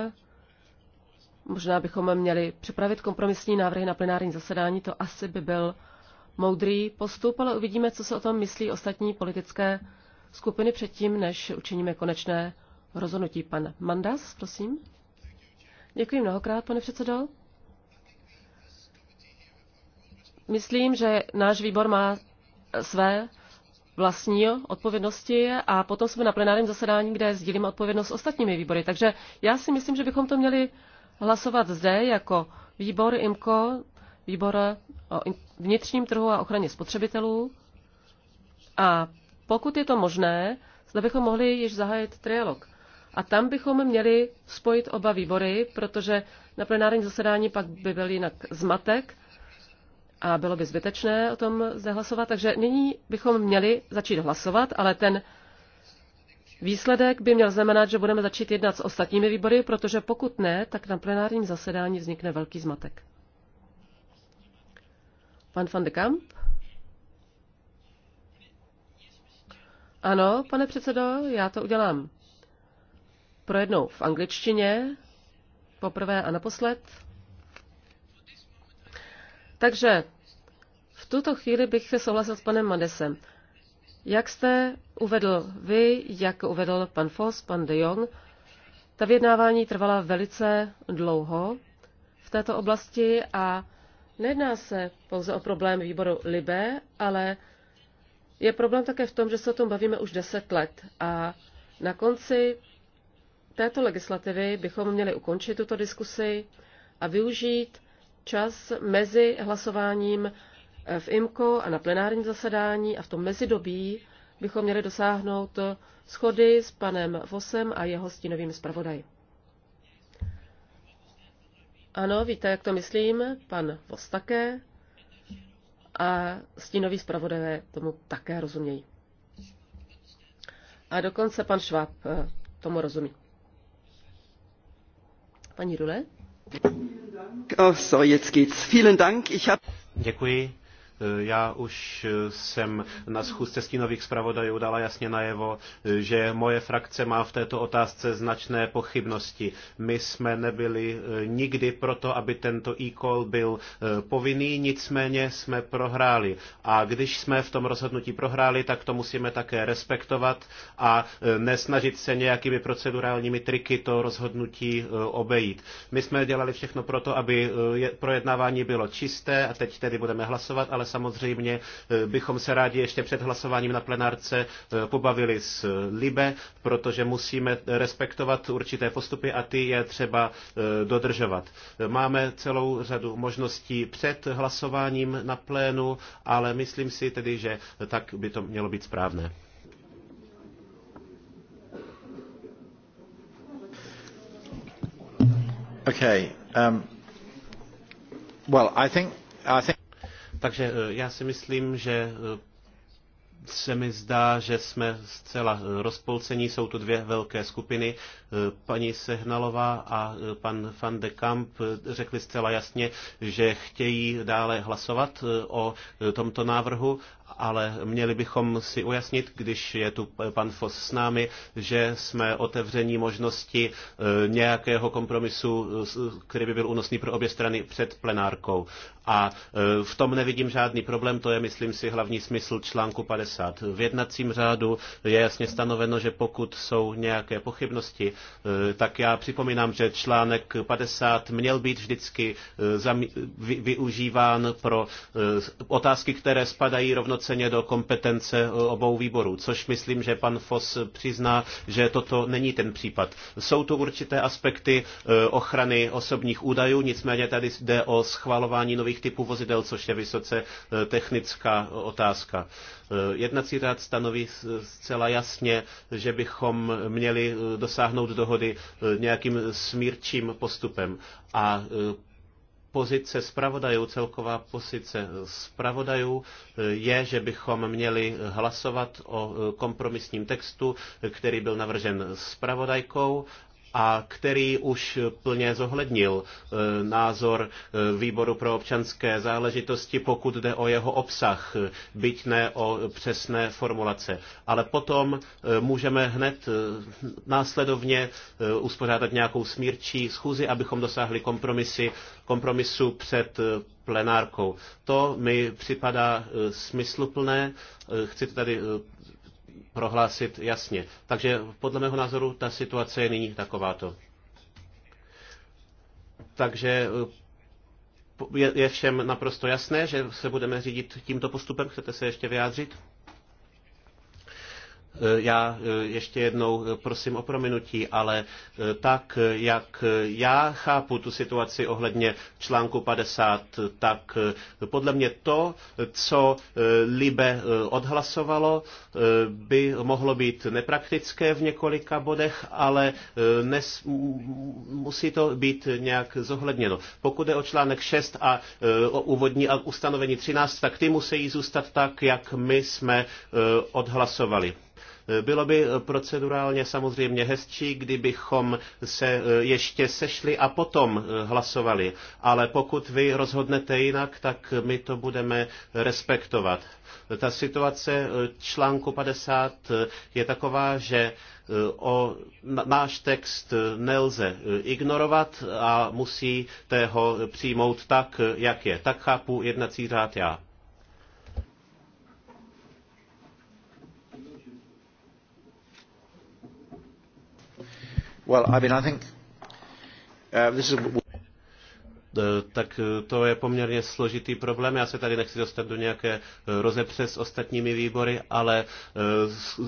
Možná bychom měli připravit kompromisní návrhy na plenární zasedání, to asi by byl moudrý postup, ale uvidíme, co se o tom myslí ostatní politické skupiny předtím, než učiníme konečné rozhodnutí. Pan Mandas, prosím. Děkuji mnohokrát, pane předsedo. Myslím, že náš výbor má své vlastní odpovědnosti a potom jsme na plenárním zasedání, kde sdílíme odpovědnost s ostatními výbory. Takže já si myslím, že bychom to měli hlasovat zde jako výbor IMCO, výbor o vnitřním trhu a ochraně spotřebitelů. A pokud je to možné, zda bychom mohli již zahájit trialog. A tam bychom měli spojit oba výbory, protože na plenárním zasedání pak by byl jinak zmatek a bylo by zbytečné o tom zde hlasovat. Takže nyní bychom měli začít hlasovat, ale ten výsledek by měl znamenat, že budeme začít jednat s ostatními výbory, protože pokud ne, tak na plenárním zasedání vznikne velký zmatek. Pan van de Kamp? Ano, pane předsedo, já to udělám. Projednou v angličtině, poprvé a naposled. Takže v tuto chvíli bych se souhlasil s panem Madesem. Jak jste uvedl vy, jak uvedl pan Foss, pan de Jong, ta vyjednávání trvala velice dlouho v této oblasti a nejedná se pouze o problém výboru Libé, ale je problém také v tom, že se o tom bavíme už deset let a na konci této legislativy bychom měli ukončit tuto diskusi a využít čas mezi hlasováním eh, v IMKO a na plenárním zasedání a v tom mezidobí bychom měli dosáhnout schody s panem Vosem a jeho stínovým zpravodaji. Ano, víte, jak to myslím, pan Vos také a stínový zpravodajé tomu také rozumějí. A dokonce pan Šváb eh, tomu rozumí. Paní Rule? Oh, Děkuji. Já už jsem na schůzce stínových zpravodajů dala jasně najevo, že moje frakce má v této otázce značné pochybnosti. My jsme nebyli eh, nikdy proto, aby tento e-call byl eh, povinný, nicméně jsme prohráli. A když jsme v tom rozhodnutí prohráli, tak to musíme také respektovat a eh, nesnažit se nějakými procedurálními triky to rozhodnutí obejít. My jsme dělali všechno proto, aby projednávání bylo čisté a teď tedy budeme hlasovat, ale samozřejmě eh, bychom se rádi ještě před hlasováním na plenárce eh, pobavili s Libe, protože musíme respektovat určité postupy a ty je třeba eh, dodržovat. Máme celou řadu možností před hlasováním na plénu, ale myslím si tedy, že tak by to mělo být správné. Okay. Um, well, I think, I think... Takže e, já si myslím, že e, se mi zdá, že jsme zcela e, rozpolcení. Jsou tu dvě velké skupiny. Paní Sehnalová a pan van de Kamp řekli zcela jasně, že chtějí dále hlasovat o tomto návrhu ale měli bychom si ujasnit, když je tu pan Fos s námi, že jsme otevření možnosti eh, nějakého kompromisu, který by byl únosný pro obě strany před plenárkou. A eh, v tom nevidím žádný problém, to je, myslím si, hlavní smysl článku 50. V jednacím řádu je jasně stanoveno, že pokud jsou nějaké pochybnosti, eh, tak já připomínám, že článek 50 měl být vždycky využíván pro otázky, které spadají rovno rovnoceně do kompetence e, obou výborů, což myslím, že pan Fos přizná, že toto není ten případ. Jsou tu určité aspekty e, ochrany osobních údajů, nicméně tady jde o schvalování nových typů vozidel, což je vysoce e, technická otázka. Jednací řád stanoví zcela jasně, že bychom měli dosáhnout dohody nějakým smírčím postupem. A pozice zpravodajů, celková pozice zpravodajů eh, je, že bychom měli hlasovat o eh, kompromisním textu, eh, který byl navržen zpravodajkou a který už plně zohlednil eh, názor eh, výboru pro občanské záležitosti, pokud jde o jeho obsah, byť ne o přesné formulace. Ale potom eh, můžeme hned následovně uspořádat nějakou smírčí schůzi, abychom dosáhli kompromisy, kompromisu před plenárkou. To mi připadá smysluplné. Chci to tady prohlásit jasně. Takže podle mého názoru ta situace je nyní takováto. Takže eh, je, je všem naprosto jasné, že se budeme řídit tímto postupem. Chcete se ještě vyjádřit? Eh, já eh, ještě jednou eh, prosím o prominutí, ale tak, jak já chápu tu situaci ohledně článku 50, tak podle mě to, co Libe odhlasovalo, by mohlo být nepraktické v několika bodech, ale nes, musí to být nějak zohledněno. Pokud je o článek 6 a o úvodní a ustanovení 13, tak ty musí zůstat tak, jak my jsme odhlasovali. Bylo by procedurálně samozřejmě hezčí, kdybychom se eh, ještě sešli a potom eh, hlasovali, ale pokud vy rozhodnete jinak, tak my to budeme respektovat. Ta situace eh, článku 50 je taková, že o náš text nelze ignorovat a musíte ho přijmout tak, jak je. Tak chápu jednací řád já. Well, I mean, I think uh, this is Eh, tak eh, to je poměrně složitý problém. Já se tady nechci dostat do nějaké eh, rozepře s ostatními výbory, ale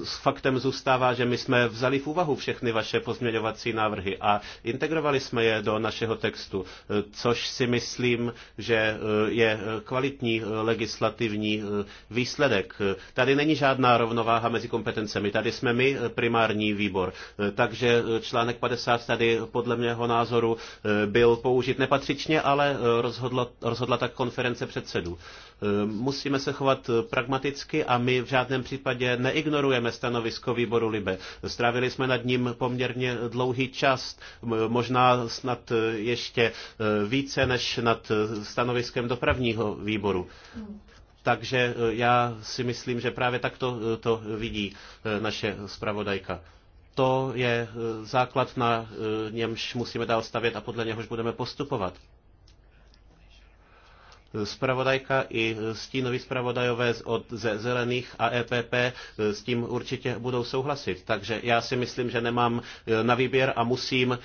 s faktem zůstává, že my jsme vzali v úvahu všechny vaše pozměňovací návrhy a integrovali jsme je do našeho textu, což si myslím, že je kvalitní legislativní výsledek. Tady není žádná rovnováha mezi kompetencemi. Tady jsme my primární výbor. Takže článek 50 tady podle mého názoru byl použit nepatřičně Konečně vlastně ale eh, rozhodla, rozhodla tak konference předsedů. Eh, musíme se chovat eh, pragmaticky a my v žádném případě neignorujeme stanovisko výboru Libe. Strávili jsme nad ním poměrně dlouhý čas, možná snad ještě více než nad stanoviskem dopravního výboru. Takže já si myslím, že právě to, to vidí naše zpravodajka. To je základ, na němž musíme dál stavět a podle něhož budeme postupovat. Spravodajka i stínoví spravodajové od ze Zelených a EPP eh, s tím určitě budou souhlasit. Takže já si myslím, že nemám eh, na výběr a musím eh,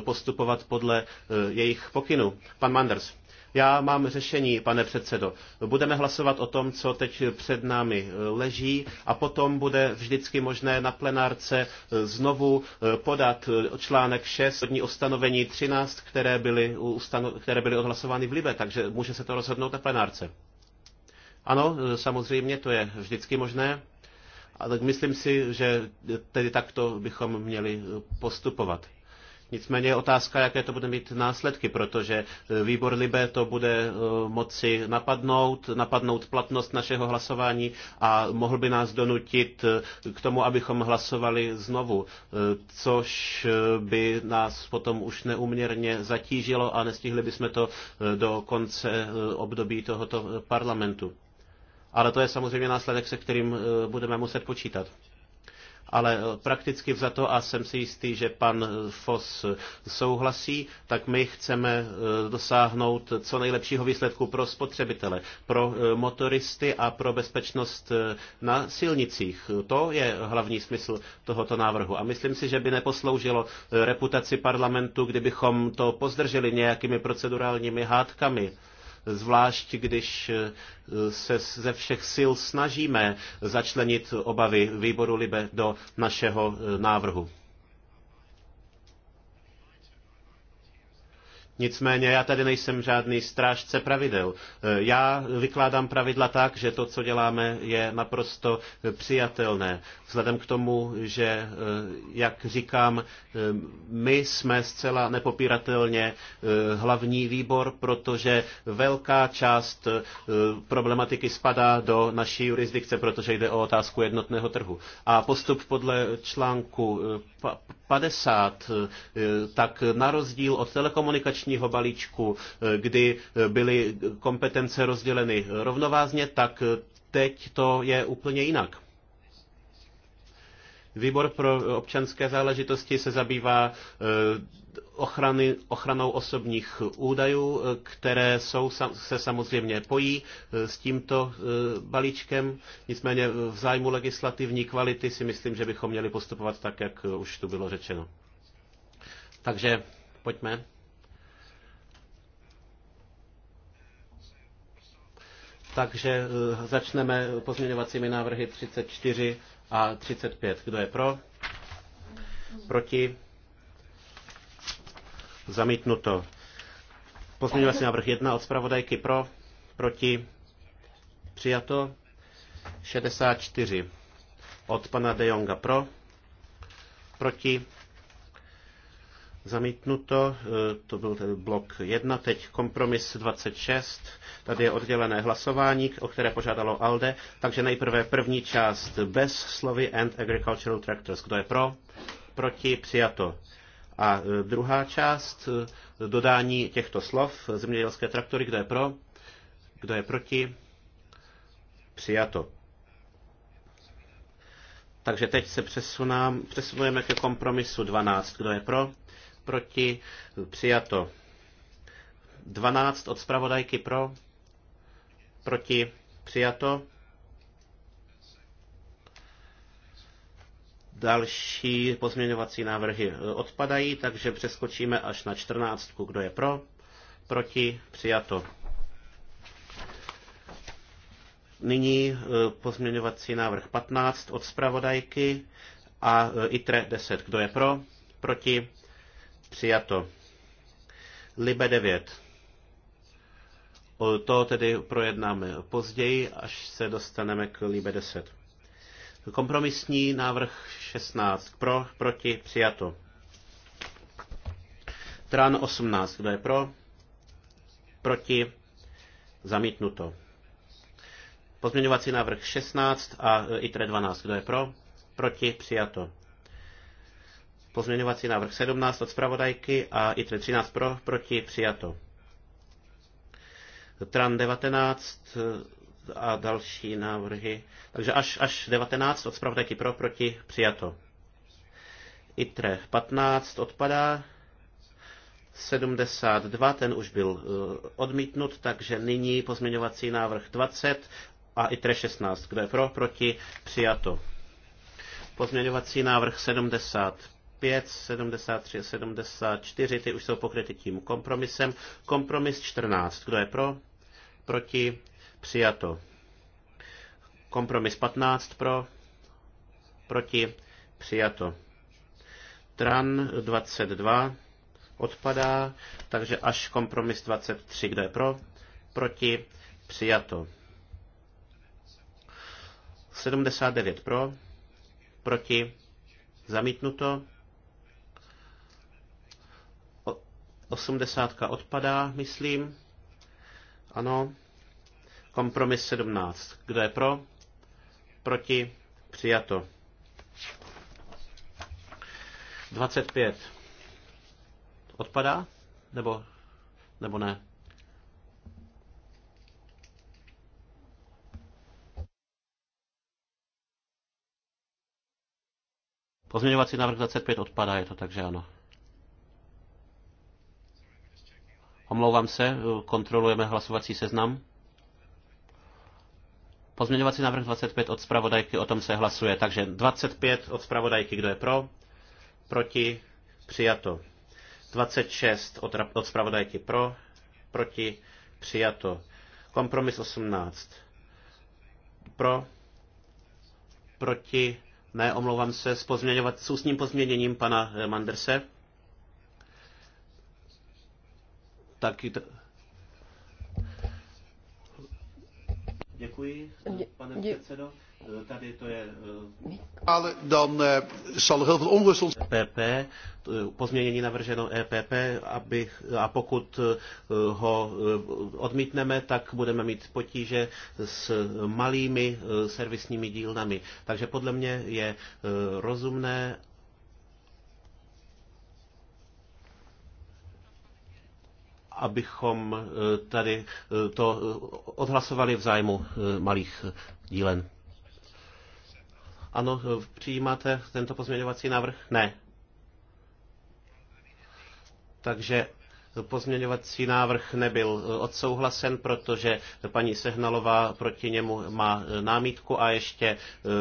postupovat podle jejich pokynu. Pan Manders. Já mám řešení, pane předsedo. Budeme hlasovat o tom, co teď před námi eh, leží a potom bude vždycky možné na plenárce eh, znovu eh, podat článek 6, první ustanovení 13, které byly, ustano, které byly odhlasovány v Libe, takže může se to rozhodnout na plenárce. Ano, samozřejmě, to je vždycky možné. A tak myslím si, že tedy takto bychom měli postupovat. Nicméně je otázka, jaké to bude mít následky, protože e, výbor Libe to bude e, moci napadnout, napadnout platnost našeho hlasování a mohl by nás donutit e, k tomu, abychom hlasovali znovu, což by nás potom už neuměrně zatížilo a nestihli bychom to do konce období tohoto parlamentu. Ale to je samozřejmě následek, se kterým budeme muset počítat ale eh, prakticky to a jsem si jistý, že pan eh, Fos eh, souhlasí, tak my chceme dosáhnout co nejlepšího výsledku pro spotřebitele, pro motoristy a pro bezpečnost na silnicích. To je hlavní smysl tohoto návrhu. A myslím si, že by neposloužilo reputaci parlamentu, kdybychom to pozdrželi nějakými procedurálními hádkami zvlášť když eh, se ze všech sil snažíme začlenit obavy výboru Libe do našeho eh, návrhu. Nicméně já tady nejsem žádný strážce pravidel. E, já vykládám pravidla tak, že to, co děláme, je naprosto přijatelné. Vzhledem k tomu, že, e, jak říkám, e, my jsme zcela nepopíratelně hlavní výbor, protože velká část problematiky spadá do naší jurisdikce, protože jde o otázku jednotného trhu. A postup podle článku 50, eh, tak na rozdíl od telekomunikačního balíčku, eh, kdy byly kompetence rozděleny rovnovázně, tak teď to je úplně jinak. Výbor pro občanské záležitosti se zabývá eh, ochrany, ochranou osobních údajů, které jsou, se samozřejmě pojí eh, s tímto eh, balíčkem. Nicméně v zájmu legislativní kvality si myslím, že bychom měli postupovat tak, jak už tu bylo řečeno. Takže pojďme. Takže eh, začneme pozměňovacími návrhy 34 a 35. Kdo je pro? Proti? Zamítnuto. Pozměňovací návrh 1 od zpravodajky pro, proti, přijato. 64 od pana De Jonga pro, proti, zamítnuto, e, to byl ten blok 1, teď kompromis 26, tady je oddělené hlasování, o které požádalo ALDE, takže nejprve první část bez slovy and agricultural tractors. Kdo je pro? Proti? Přijato. A e, druhá část e, dodání těchto slov, zemědělské traktory, kdo je pro, kdo je proti, přijato. Takže teď se přesunám, přesunujeme ke kompromisu 12. Kdo je pro? Proti? Přijato. 12 od zpravodajky pro? Proti? Přijato. Další pozměňovací návrhy odpadají, takže přeskočíme až na 14. Kdo je pro? Proti? Přijato. Nyní e, pozměňovací návrh 15 od zpravodajky a e, ITRE 10. Kdo je pro? Proti? Přijato. Libe 9. To tedy projednáme později, až se dostaneme k Libe 10. Kompromisní návrh 16. Pro, proti, přijato. Tran 18. Kdo je pro? Proti? Zamítnuto. Pozměňovací návrh 16 a e, i 12. Kdo je pro? Proti? Přijato. Pozměňovací návrh 17 od zpravodajky a i 13 pro? Proti? Přijato. TRAN 19 a další návrhy. Takže až, až 19 od zpravodajky pro, proti, přijato. ITRE 15 odpadá. 72, ten už byl eh, odmítnut, takže nyní pozměňovací návrh 20 a ITRE 16. Kdo je pro, proti, přijato. Pozměňovací návrh 75, 73, 74, ty už jsou pokryty tím kompromisem. Kompromis 14. Kdo je pro, proti, Přijato. Kompromis 15 pro, proti, přijato. Tran 22 odpadá, takže až kompromis 23, kdo je pro, proti, přijato. 79 pro, proti, zamítnuto. 80 odpadá, myslím. Ano. Kompromis 17. Kdo je pro? Proti? Přijato. 25. Odpadá? Nebo, nebo ne? Pozměňovací návrh 25 odpadá, je to takže ano. Omlouvám se, kontrolujeme hlasovací seznam. Pozměňovací návrh 25 od zpravodajky, o tom se hlasuje. Takže 25 od zpravodajky, kdo je pro? Proti? Přijato. 26 od, od zpravodajky pro? Proti? Přijato. Kompromis 18. Pro? Proti? Ne, omlouvám se, s, pozměňovat, s ústním pozměněním pana eh, Manderse. Taky Děkuji, pane předsedo. Tady to je... Eh, Ale dan eh, zal er heel veel onrust ontstaan. EPP, pozměnění navrženo EPP, aby, a pokud eh, ho odmítneme, tak budeme mít potíže s malými servisními dílnami. Takže podle mě je rozumné, abychom e, tady e, to e, odhlasovali v zájmu malých dílen. Ano, přijímáte tento pozměňovací návrh? Ne. Takže Pozměňovací návrh nebyl odsouhlasen, protože paní Sehnalová proti němu má námítku a ještě e,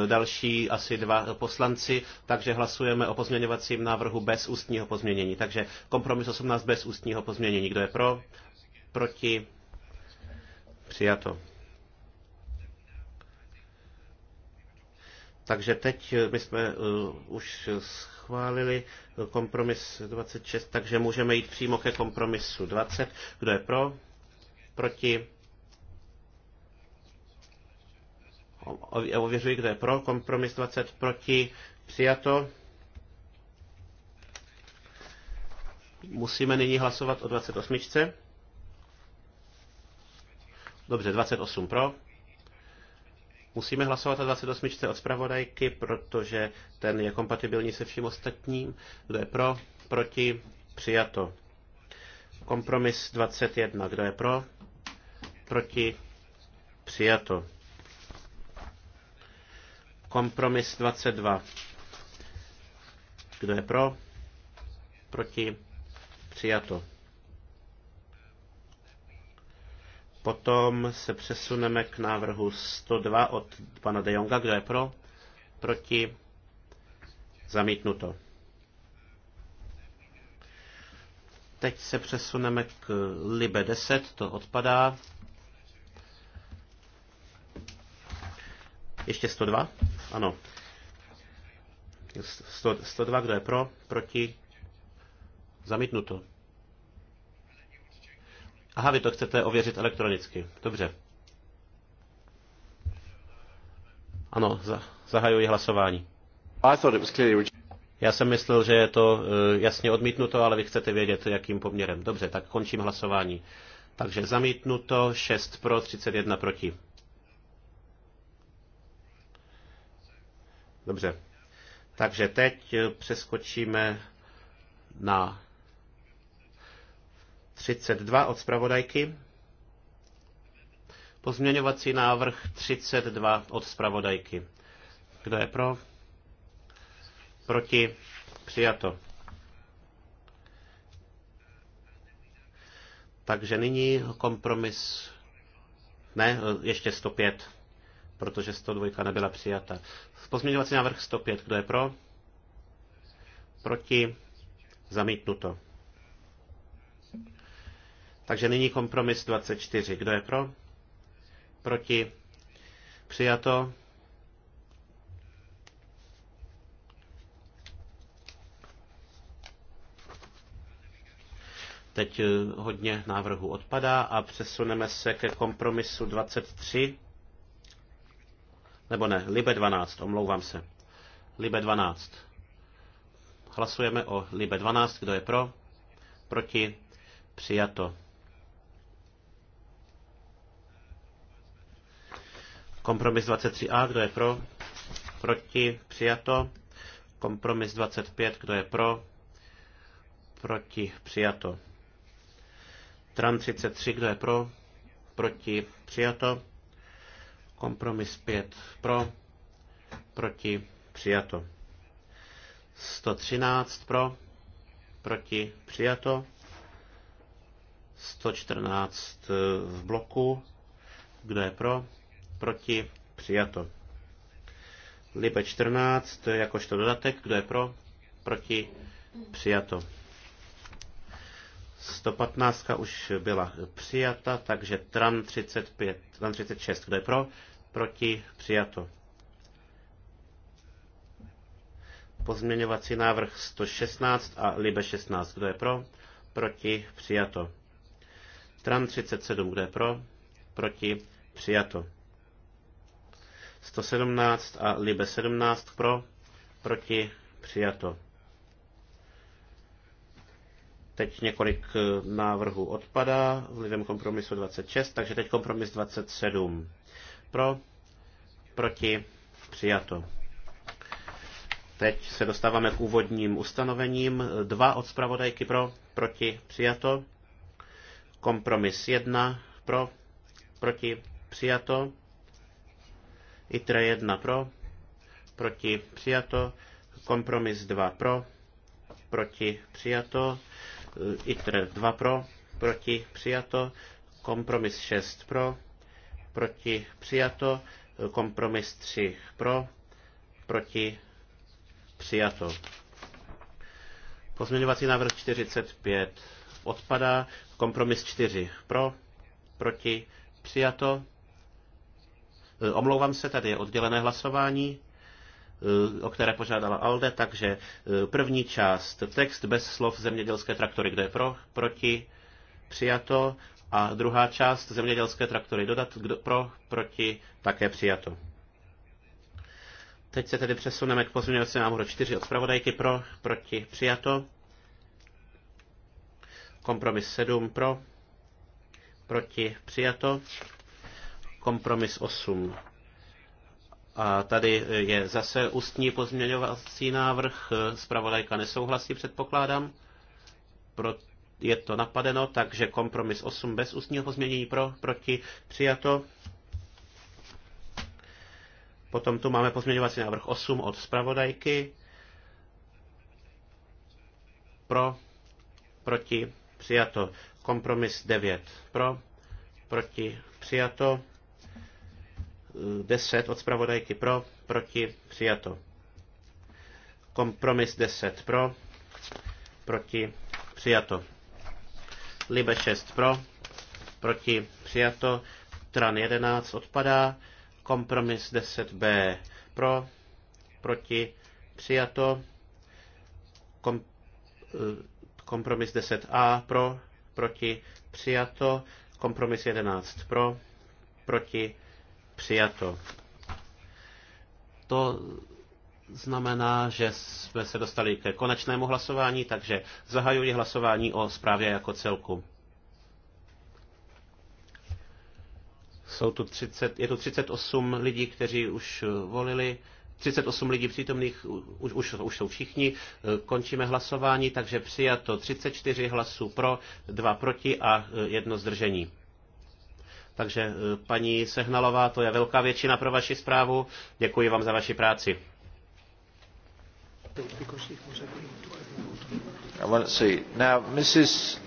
další asi dva poslanci, takže hlasujeme o pozměňovacím návrhu bez ústního pozměnění. Takže kompromis 18 bez ústního pozměnění. Kdo je pro? Proti? Přijato. Takže teď e, my jsme uh, už schválili kompromis 26, takže můžeme jít přímo ke kompromisu 20. Kdo je pro? Proti? Ověřuji, kdo je pro. Kompromis 20 proti. Přijato. Musíme nyní hlasovat o 28. Dobře, 28 pro Musíme hlasovat o 28. od zpravodajky, protože ten je kompatibilní se vším ostatním. Kdo je pro? Proti? Přijato. Kompromis 21. Kdo je pro? Proti? Přijato. Kompromis 22. Kdo je pro? Proti? Přijato. Potom se přesuneme k návrhu 102 od pana De Jonga. Kdo je pro? Proti? Zamítnuto. Teď se přesuneme k Libe 10, to odpadá. Ještě 102? Ano. 100, 102, kdo je pro? Proti? Zamítnuto. Aha, vy to chcete ověřit elektronicky. Dobře. Ano, zahajuji hlasování. Já jsem myslel, že je to eh, jasně odmítnuto, ale vy chcete vědět, jakým poměrem. Dobře, tak končím hlasování. Takže zamítnuto 6 pro, 31 proti. Dobře. Takže teď eh, přeskočíme na 32 od zpravodajky. Pozměňovací návrh 32 od zpravodajky. Kdo je pro? Proti? Přijato. Takže nyní kompromis. Ne, ještě 105, protože 102 nebyla přijata. Pozměňovací návrh 105, kdo je pro? Proti? Zamítnuto. Takže nyní kompromis 24. Kdo je pro? Proti? Přijato? Teď eh, hodně návrhů odpadá a přesuneme se ke kompromisu 23. Nebo ne, Libe 12, omlouvám se. Libe 12. Hlasujeme o Libe 12, kdo je pro? Proti? Přijato. Kompromis 23a, kdo je pro? Proti? Přijato. Kompromis 25, kdo je pro? Proti? Přijato. Tran 33, kdo je pro? Proti? Přijato. Kompromis 5 pro? Proti? Přijato. 113 pro? Proti? Přijato. 114 eh, v bloku. Kdo je pro? proti, přijato. Libe 14, jakožto dodatek, kdo je pro, proti, přijato. 115 už byla přijata, takže TRAN 35, TRAN 36, kdo je pro, proti, přijato. Pozměňovací návrh 116 a Libe 16, kdo je pro, proti, přijato. TRAN 37, kdo je pro, proti, přijato. 117 a Libe 17 pro, proti, přijato. Teď několik eh, návrhů odpadá vlivem kompromisu 26, takže teď kompromis 27. Pro, proti, přijato. Teď se dostáváme k úvodním ustanovením. Dva od zpravodajky pro, proti, přijato. Kompromis 1 pro, proti, přijato. ITRE 1 pro, proti přijato, kompromis 2 pro, proti přijato, ITRE 2 pro, proti přijato, kompromis 6 pro, proti přijato, kompromis 3 pro, proti přijato. Pozměňovací návrh 45 odpadá, kompromis 4 pro, proti přijato, Eh, omlouvám se, tady je oddělené hlasování eh, o které požádala Alde, takže eh, první část, text bez slov zemědělské traktory, kde je pro, proti, přijato, a druhá část zemědělské traktory dodat kdo, pro, proti, také přijato. Teď se tedy přesuneme k pozměňovacím návrhu 4 od zpravodajky pro, proti, přijato. Kompromis 7 pro, proti, přijato kompromis 8. A tady je zase ústní pozměňovací návrh. Zpravodajka nesouhlasí, předpokládám. Pro, je to napadeno, takže kompromis 8 bez ústního pozměnění pro, proti, přijato. Potom tu máme pozměňovací návrh 8 od zpravodajky. Pro, proti, přijato. Kompromis 9 pro, proti, přijato. 10 od zpravodajky pro, proti, přijato. Kompromis 10 pro, proti, přijato. Libe 6 pro, proti, přijato. Tran 11 odpadá. Kompromis 10b pro, proti, přijato. Kom, eh, kompromis 10a pro, proti, přijato. Kompromis 11 pro, proti, Přijato. To znamená, že jsme se dostali ke konečnému hlasování, takže zahajuji hlasování o zprávě jako celku. Jsou tu 30, je tu 38 lidí, kteří už eh, volili, 38 lidí přítomných, už, už, už jsou všichni. Eh, končíme hlasování, takže přijato 34 hlasů pro, 2 proti a eh, jedno zdržení. Takže e, paní Sehnalová, to je velká většina pro vaši zprávu. Děkuji vám za vaši práci. I want to see. Now, Mrs.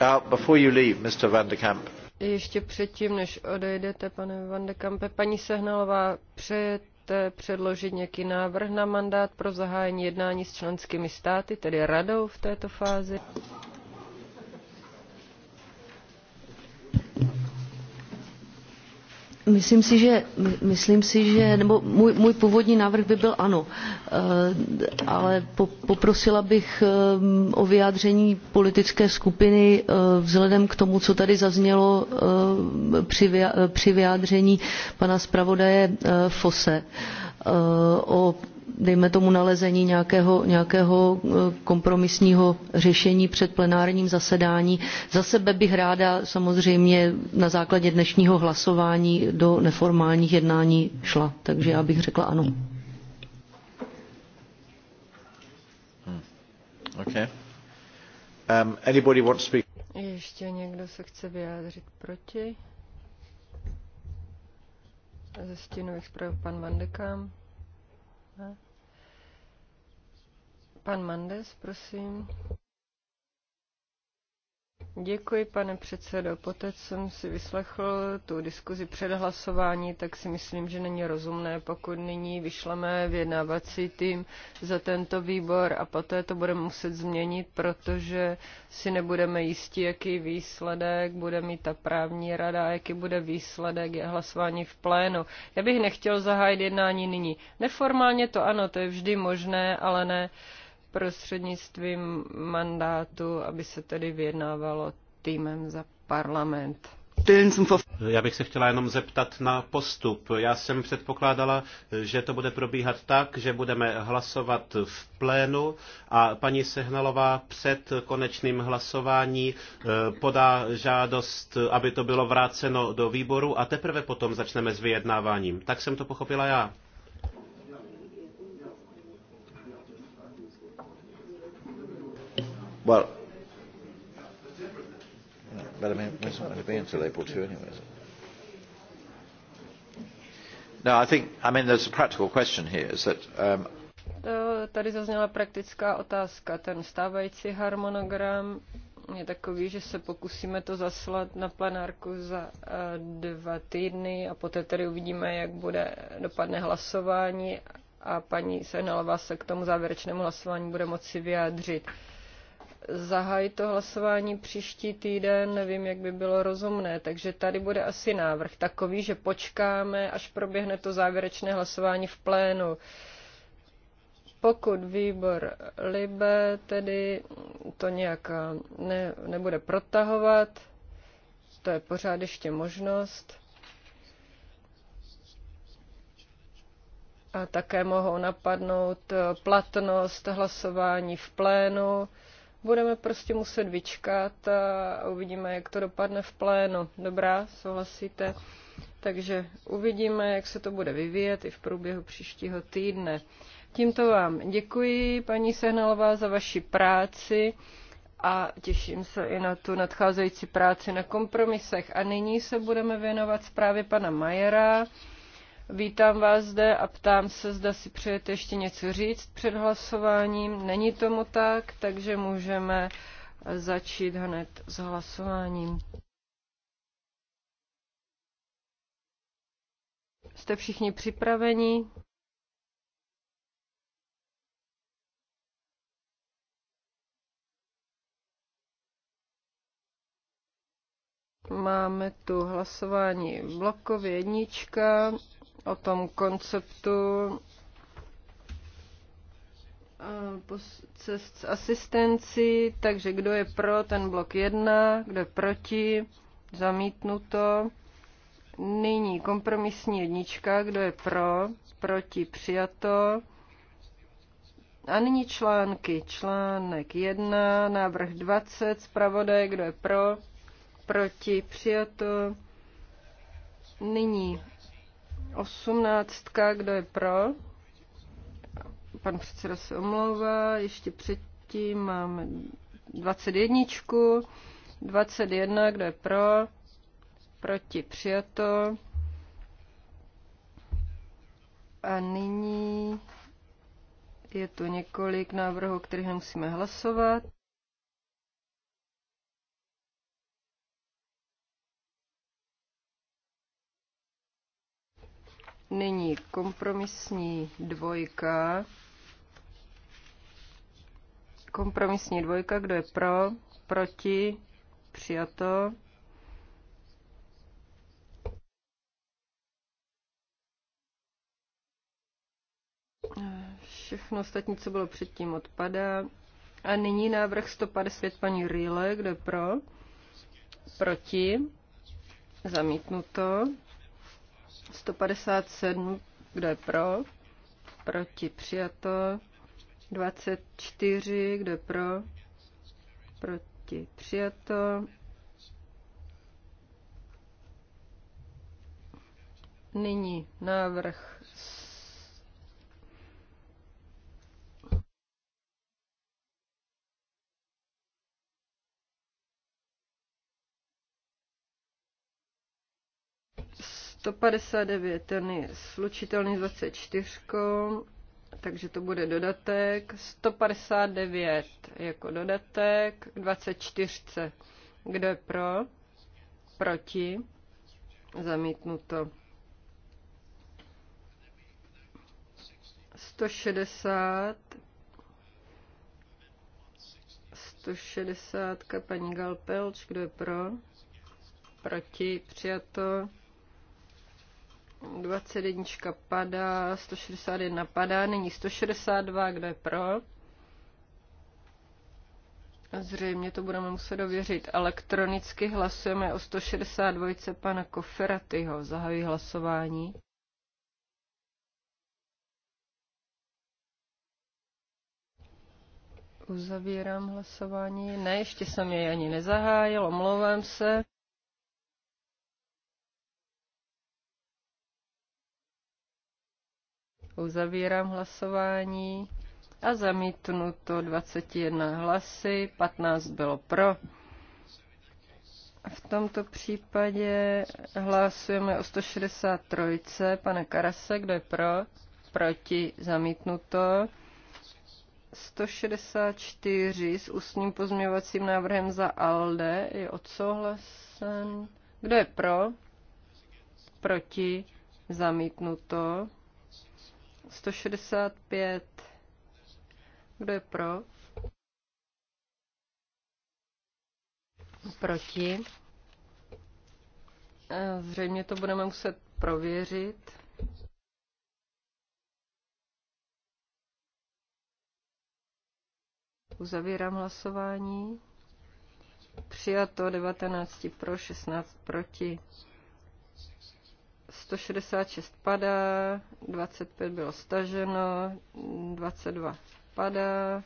Uh, before you leave, Mr. Van de Kamp. Ještě předtím, než odejdete, pane Van de Kampe, paní Sehnalová, přejete předložit nějaký návrh na mandát pro zahájení jednání s členskými státy, tedy radou v této fázi? Myslím si, že, myslím si, že nebo můj, můj původní návrh by byl ano, eh, ale po, poprosila bych eh, o vyjádření politické skupiny eh, vzhledem k tomu, co tady zaznělo při vyjádření pana zpravodaje Fose o dejme tomu nalezení nějakého, nějakého eh, kompromisního řešení před plenárním zasedání. Za sebe bych ráda samozřejmě na základě dnešního hlasování do neformálních jednání šla, takže já bych řekla ano. Hmm. Okay. Um, anybody want to speak? Ještě někdo se chce vyjádřit proti? Ze stínových zpráv pan Vandekám. Pan Mandes, prosím. Děkuji, pane předsedo. Poté, co jsem si vyslechl tu diskuzi před hlasování, tak si myslím, že není rozumné, pokud nyní vyšleme vyjednávací tým za tento výbor a poté to budeme muset změnit, protože si nebudeme jistí, jaký výsledek bude mít ta právní rada a jaký bude výsledek je hlasování v plénu. Já bych nechtěl zahájit jednání nyní. Neformálně to ano, to je vždy možné, ale ne prostřednictvím mandátu, aby se tedy vyjednávalo týmem za parlament. Já bych se chtěla jenom zeptat na postup. Já jsem předpokládala, že to bude probíhat tak, že budeme hlasovat v plénu a paní Sehnalová před konečným hlasování eh, podá žádost, aby to bylo vráceno do výboru a teprve potom začneme s vyjednáváním. Tak jsem to pochopila já. Well, but I mean, it's not going to be until April 2 anyway, is it? No, I think, I mean, there's a practical question here, is that... Um, to, tady zazněla praktická otázka. Ten stávající harmonogram je takový, že se pokusíme to zaslat na plenárku za eh, dva týdny a poté tedy uvidíme, jak bude dopadne hlasování a paní Sehnalová se k tomu závěrečnému hlasování bude moci vyjádřit. Uh, zahájit to hlasování příští týden, nevím, jak by bylo rozumné. Takže tady bude asi návrh takový, že počkáme, až proběhne to závěrečné hlasování v plénu. Pokud výbor Libe tedy to nějak eh, ne, nebude protahovat, to je pořád ještě možnost. A také mohou napadnout eh, platnost hlasování v plénu Budeme prostě muset vyčkat a uvidíme, jak to dopadne v plénu. Dobrá, souhlasíte? Takže uvidíme, jak se to bude vyvíjet i v průběhu příštího týdne. Tímto vám děkuji, paní Sehnalová, za vaši práci a těším se i na tu nadcházející práci na kompromisech. A nyní se budeme věnovat zprávě pana Majera. Vítám vás zde a ptám se, zda si přejete ještě něco říct před hlasováním. Není tomu tak, takže můžeme začít hned s hlasováním. Jste všichni připraveni? Máme tu hlasování blokově jednička o tom konceptu eh, cest s asistencí, takže kdo je pro ten blok 1, kdo je proti, zamítnuto. Nyní kompromisní jednička, kdo je pro, proti, přijato. A nyní články. Článek 1, návrh 20, zpravodaj, kdo je pro, proti, přijato. Nyní Osmnáctka, kdo je pro? Pan předseda se omlouvá. Ještě předtím máme 21. 21, kdo je pro? Proti přijato. A nyní je tu několik návrhů, kterých nemusíme hlasovat. Nyní kompromisní dvojka. Kompromisní dvojka, kdo je pro, proti, přijato. Všechno ostatní, co bylo předtím, odpadá. A nyní návrh 155 paní Rýle, je pro, proti, zamítnuto. 157, kdo je pro, proti přijato, 24, kdo je pro, proti přijato, Nyní návrh 159, ten je slučitelný 24, takže to bude dodatek. 159 jako dodatek 24. Kdo je pro? Proti? Zamítnuto. 160. 160 paní Galpelč, kdo je pro? Proti, přijato. 21 padá, 161 padá, není 162, kdo je pro? Zřejmě to budeme muset dověřit. Elektronicky hlasujeme o 162 pana Koferatyho. Zahajuji hlasování. Uzavírám hlasování. Ne, ještě jsem jej ani nezahájil, omlouvám se. Uzavírám hlasování a zamítnuto 21 hlasy, 15 bylo pro. V tomto případě hlasujeme o 163. Pane Karase, kdo je pro? Proti zamítnuto. 164 s ústním pozměvacím návrhem za ALDE je odsouhlasen. Kdo je pro? Proti zamítnuto. 165. Kdo je pro? Proti. Eh, zřejmě to budeme muset prověřit. Uzavírám hlasování. Přijato 19 pro, 16 proti. 166 padá, 25 bylo staženo, 22 padá.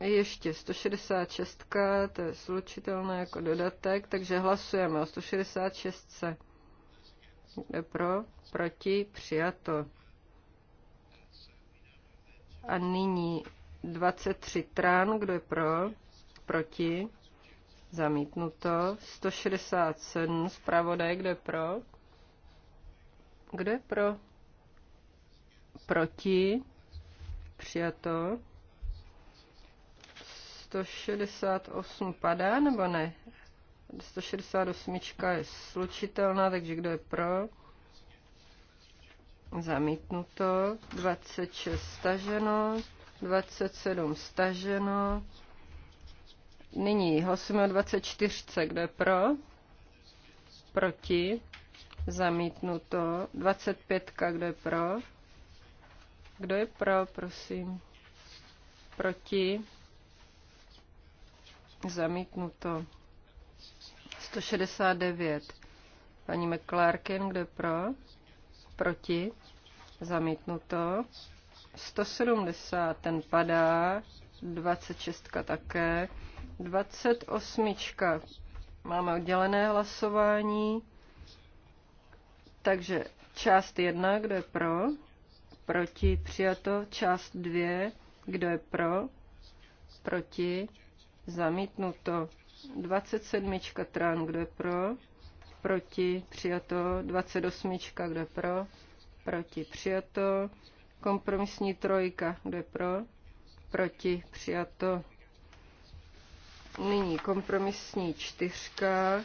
Ještě 166, to je slučitelné jako dodatek, takže hlasujeme o 166. pro, proti, přijato. A nyní 23 trán, kdo je pro, proti, Zamítnuto. 167. Zpravodaj, kde pro? Kde pro? Proti. Přijato. 168 padá, nebo ne? 168 je slučitelná, takže kdo je pro? Zamítnuto. 26 staženo. 27 staženo. Nyní hlasujeme o 24, kdo je pro, proti, zamítnuto. 25, kdo je pro, kdo je pro, prosím, proti, zamítnuto. 169, paní McClarkin, kdo je pro, proti, zamítnuto. 170, ten padá, 26 také. 28. Máme oddělené hlasování. Takže část 1, kdo je pro, proti, přijato. Část 2, kdo je pro, proti, zamítnuto. 27. Trán, kdo je pro, proti, přijato. 28. kdo je pro, proti, přijato. Kompromisní trojka, kdo je pro, proti, přijato. Nyní kompromisní čtyřka.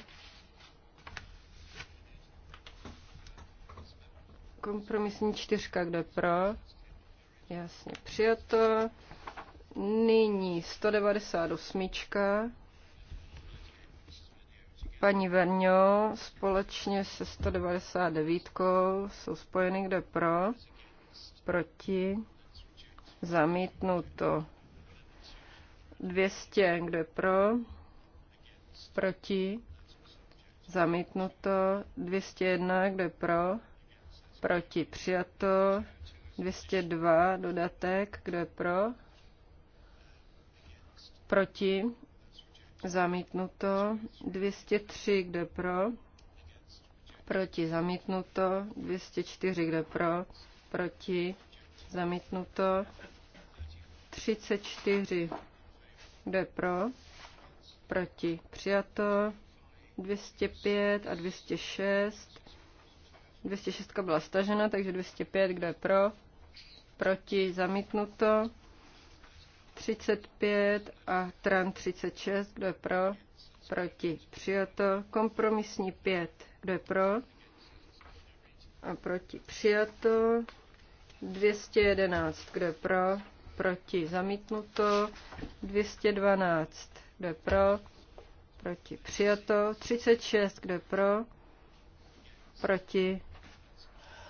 Kompromisní čtyřka, kde pro? Jasně, přijato. Nyní 198. Paní Verňo společně se 199 jsou spojeny kde pro, proti, zamítnuto. 200, kdo je pro, proti, zamítnuto, 201, kdo je pro, proti, přijato, 202, dodatek, kdo je pro, proti, zamítnuto, 203, kdo je pro, proti, zamítnuto, 204, kdo je pro, proti, zamítnuto, 34, kdo je pro? Proti. Přijato. 205 a 206. 206 byla stažena, takže 205, kdo je pro? Proti. Zamítnuto. 35 a tran 36, kdo je pro? Proti. Přijato. Kompromisní 5, kdo je pro? A proti. Přijato. 211, kdo je pro? proti, zamítnuto, 212, kdo je pro, proti, přijato, 36, kdo je pro, proti,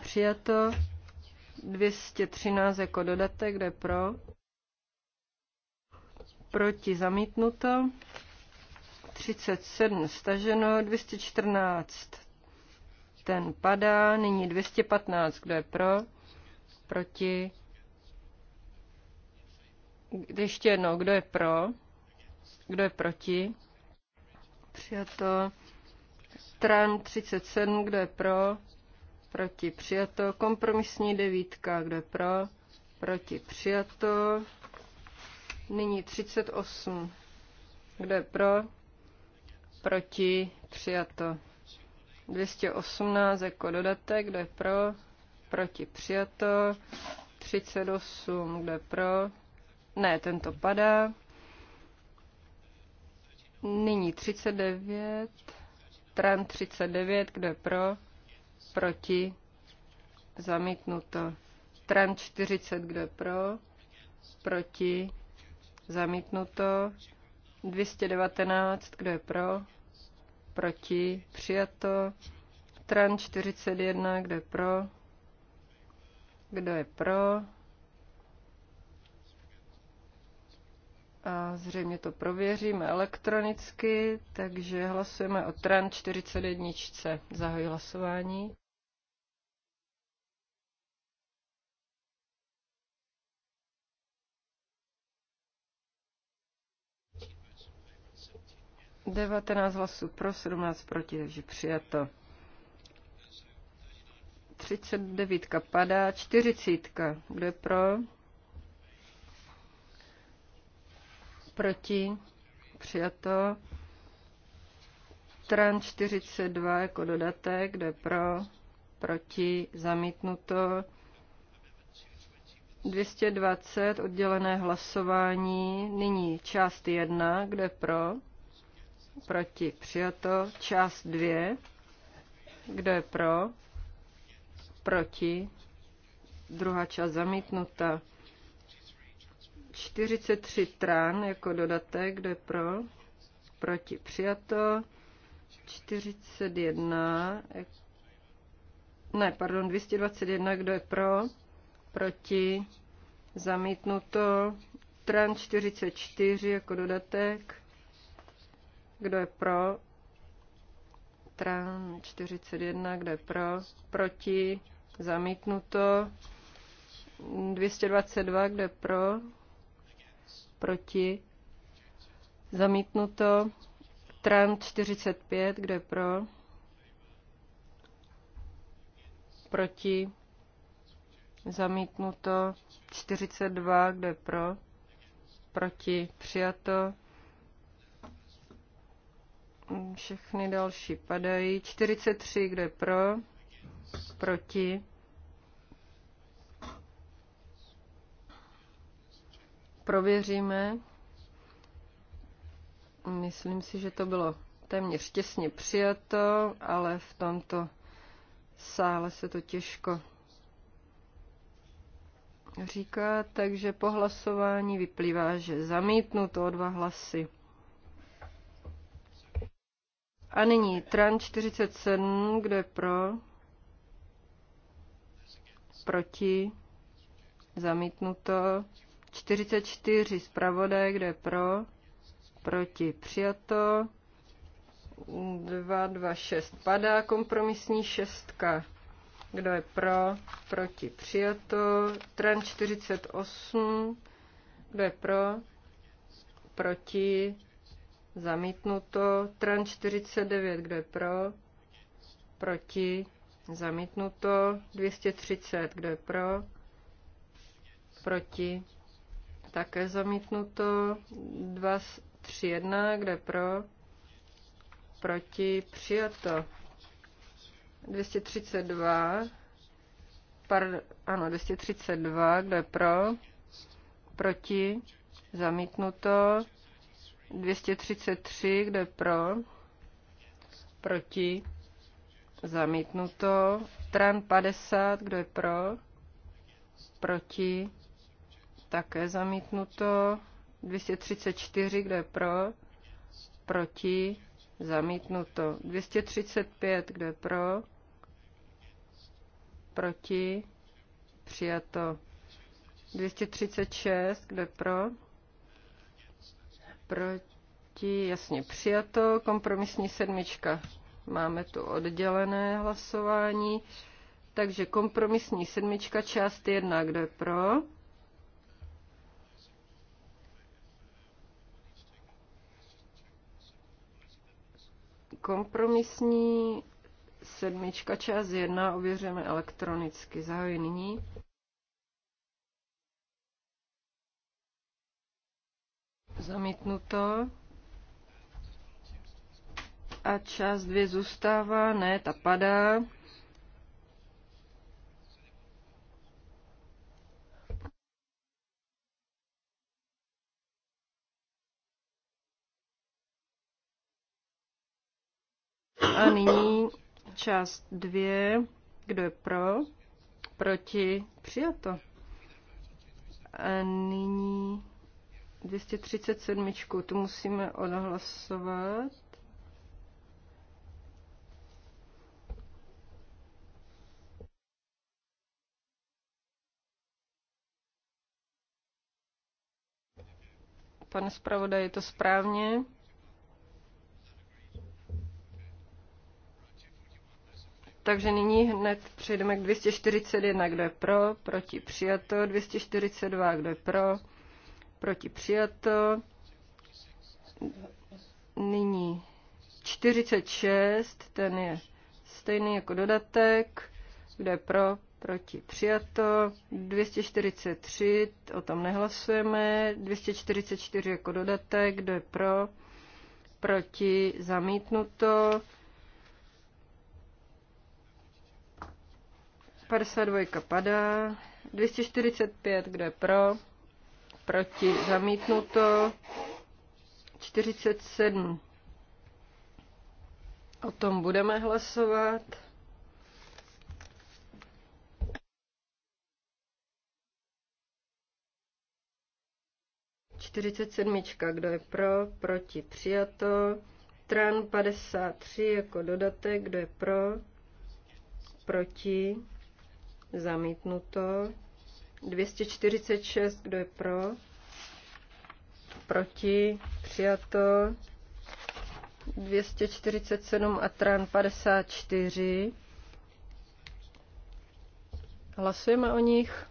přijato, 213 jako dodatek, kdo je pro, proti, zamítnuto, 37 staženo, 214 ten padá, nyní 215, kdo je pro, proti, ještě jednou, kdo je pro? Kdo je proti? Přijato. Tran 37, kdo je pro? Proti přijato. Kompromisní devítka, kdo je pro? Proti přijato. Nyní 38. Kdo je pro? Proti přijato. 218 jako dodatek, kdo je pro? Proti přijato. 38, kdo je pro? Ne, tento padá. Nyní 39. Tran 39, kdo je pro? Proti? Zamítnuto. Tran 40, kdo je pro? Proti? Zamítnuto. 219, kdo je pro? Proti? Přijato. Tran 41, kdo je pro? Kdo je pro? A zřejmě to prověříme elektronicky, takže hlasujeme o TRAN 41. Zahoji hlasování. Devatenáct hlasů pro, 17 proti, takže přijato. 39 padá, čtyřicítka, Kdo je pro? proti, přijato. Tran 42 jako dodatek, kde pro, proti, zamítnuto. 220 oddělené hlasování, nyní část 1, kde pro, proti, přijato. Část 2, kde pro, proti, druhá část zamítnuta. 43 trán jako dodatek, kdo je pro, proti přijato, 41, ne, pardon, 221, kdo je pro, proti, zamítnuto, tran 44 jako dodatek, kdo je pro, tran 41, kdo je pro, proti, zamítnuto, 222, kdo je pro, proti, zamítnuto, Trend 45, kdo je pro, proti, zamítnuto, 42, kdo je pro, proti, přijato, všechny další padají, 43, kdo je pro, proti, prověříme. Myslím si, že to bylo téměř těsně přijato, ale v tomto sále se to těžko říká, takže po hlasování vyplývá, že zamítnu to o dva hlasy. A nyní Tran 47, kdo je pro? Proti? Zamítnuto. 44 zpravodaj, kde pro, proti přijato, 2, 2, 6 padá, kompromisní šestka. Kdo je pro, proti přijato, tran 48, kdo je pro, proti, zamítnuto, tran 49, kdo je pro, proti, zamítnuto, 230, kdo je pro, proti, také zamítnuto. 2, 3, 1, kde pro? Proti přijato. 232. par, ano, 232, kde pro? Proti zamítnuto. 233, kde pro? Proti zamítnuto. Tran 50, kde pro? Proti? také zamítnuto. 234, kdo je pro, proti, zamítnuto. 235, kdo je pro, proti, přijato. 236, kdo je pro, proti, jasně přijato. Kompromisní sedmička, máme tu oddělené hlasování. Takže kompromisní sedmička, část jedna, kdo je pro? Kompromisní sedmička část jedna ověřujeme elektronicky. Zahajuji nyní. Zamítnuto. A část dvě zůstává, ne, ta padá. část dvě, Kdo je pro? Proti? Přijato. A nyní 237. Tu musíme odhlasovat. Pane zpravodaj, je to správně? Takže nyní hned přejdeme k 241, kdo je pro, proti přijato, 242, kdo je pro, proti přijato. Nyní 46, ten je stejný jako dodatek, kdo je pro, proti přijato, 243, o tom nehlasujeme, 244 jako dodatek, kdo je pro, proti zamítnuto, 52 padá. 245, kdo je pro? Proti zamítnuto. 47. O tom budeme hlasovat. Čtyřicet sedmička, kdo je pro, proti, přijato. Tran 53 jako dodatek, kdo je pro, proti. Zamítnuto. 246, kdo je pro? Proti? Přijato. 247 a tran 54. Hlasujeme o nich.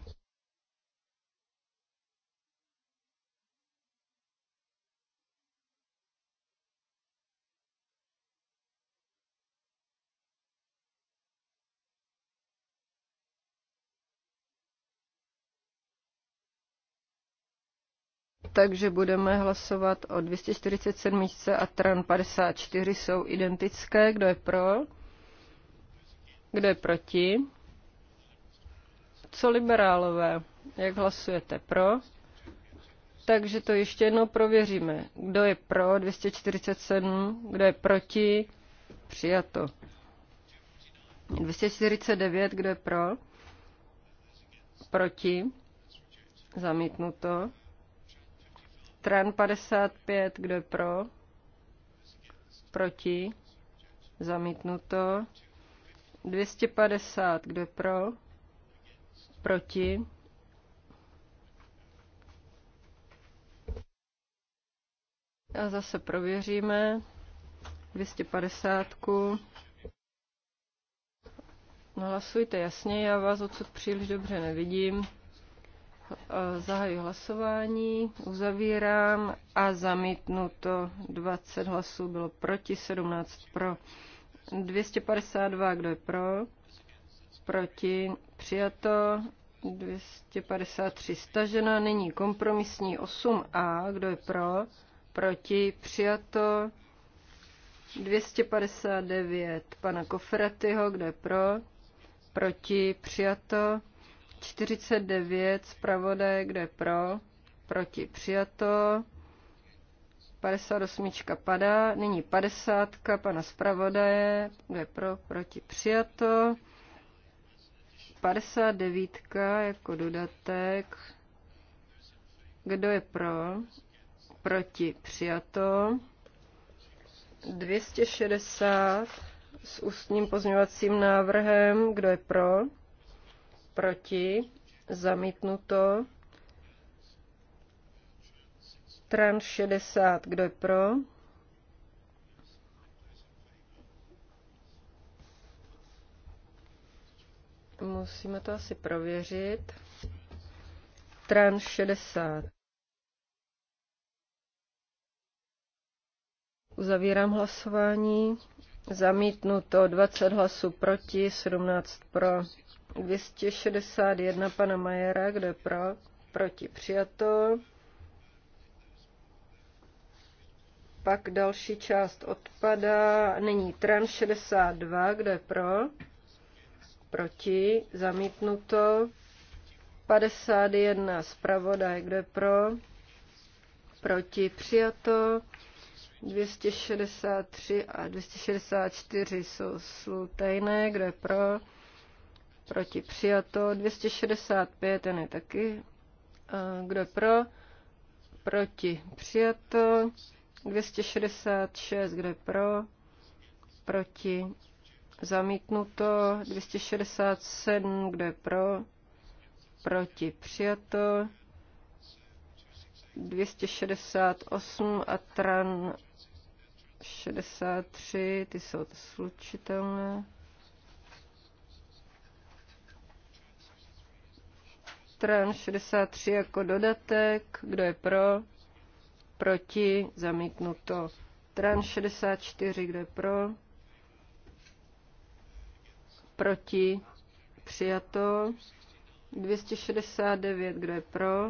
takže budeme hlasovat o 247 a TRAN 54 jsou identické. Kdo je pro? Kdo je proti? Co liberálové? Jak hlasujete pro? Takže to ještě jednou prověříme. Kdo je pro 247, kdo je proti? Přijato. 249, kdo je pro? Proti? Zamítnuto. Tran 55, kdo je pro? Proti? Zamítnuto. 250, kdo je pro? Proti? A zase prověříme. 250. No Hlasujte jasně, já vás odsud příliš dobře nevidím. Eh, zahajuji hlasování, uzavírám a zamítnuto 20 hlasů bylo proti, 17 pro. 252, kdo je pro? Proti, přijato. 253 stažena, nyní kompromisní 8a, kdo je pro? Proti, přijato. 259 pana Kofratyho, kdo je pro? Proti, přijato. 49, zpravodaj, kde pro, proti přijato. 58 padá, nyní 50 pana zpravodaje, kde pro, proti přijato. 59 jako dodatek. Kdo je pro? Proti přijato. 260 s ústním pozměvacím návrhem. Kdo je pro? proti, zamítnuto. Tran 60, kdo je pro? Musíme to asi prověřit. Tran 60. Uzavírám hlasování. Zamítnuto 20 hlasů proti, 17 pro. 261 pana Majera, kde pro, proti přijato. Pak další část odpadá. není tran 62, kde pro, proti, zamítnuto. 51 zpravodaj, kde pro, proti, přijato. 263 a 264 jsou slutejné, kde pro, proti přijato, 265, ten je taky, kdo je pro, proti přijato, 266, kdo je pro, proti zamítnuto, 267, kdo je pro, proti přijato, 268 a tran 63, ty jsou slučitelné. stran 63 jako dodatek. Kdo je pro? Proti? Zamítnuto. Stran 64, kdo je pro? Proti? Přijato. 269, kdo je pro?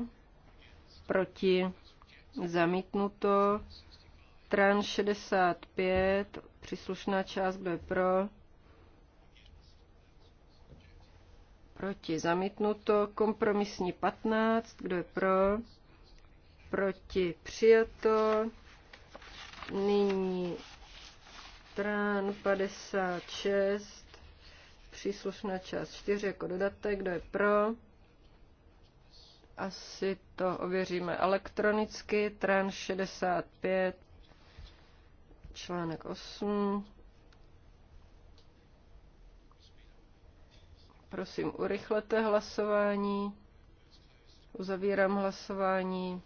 Proti? Zamítnuto. Tran 65, příslušná část, kdo je pro? proti, zamítnuto. Kompromisní 15, kdo je pro, proti, přijato. Nyní stran 56, příslušná část 4 jako dodatek, kdo je pro. Asi to ověříme elektronicky, tran 65, článek 8. Prosím, urychlete hlasování. Uzavírám hlasování.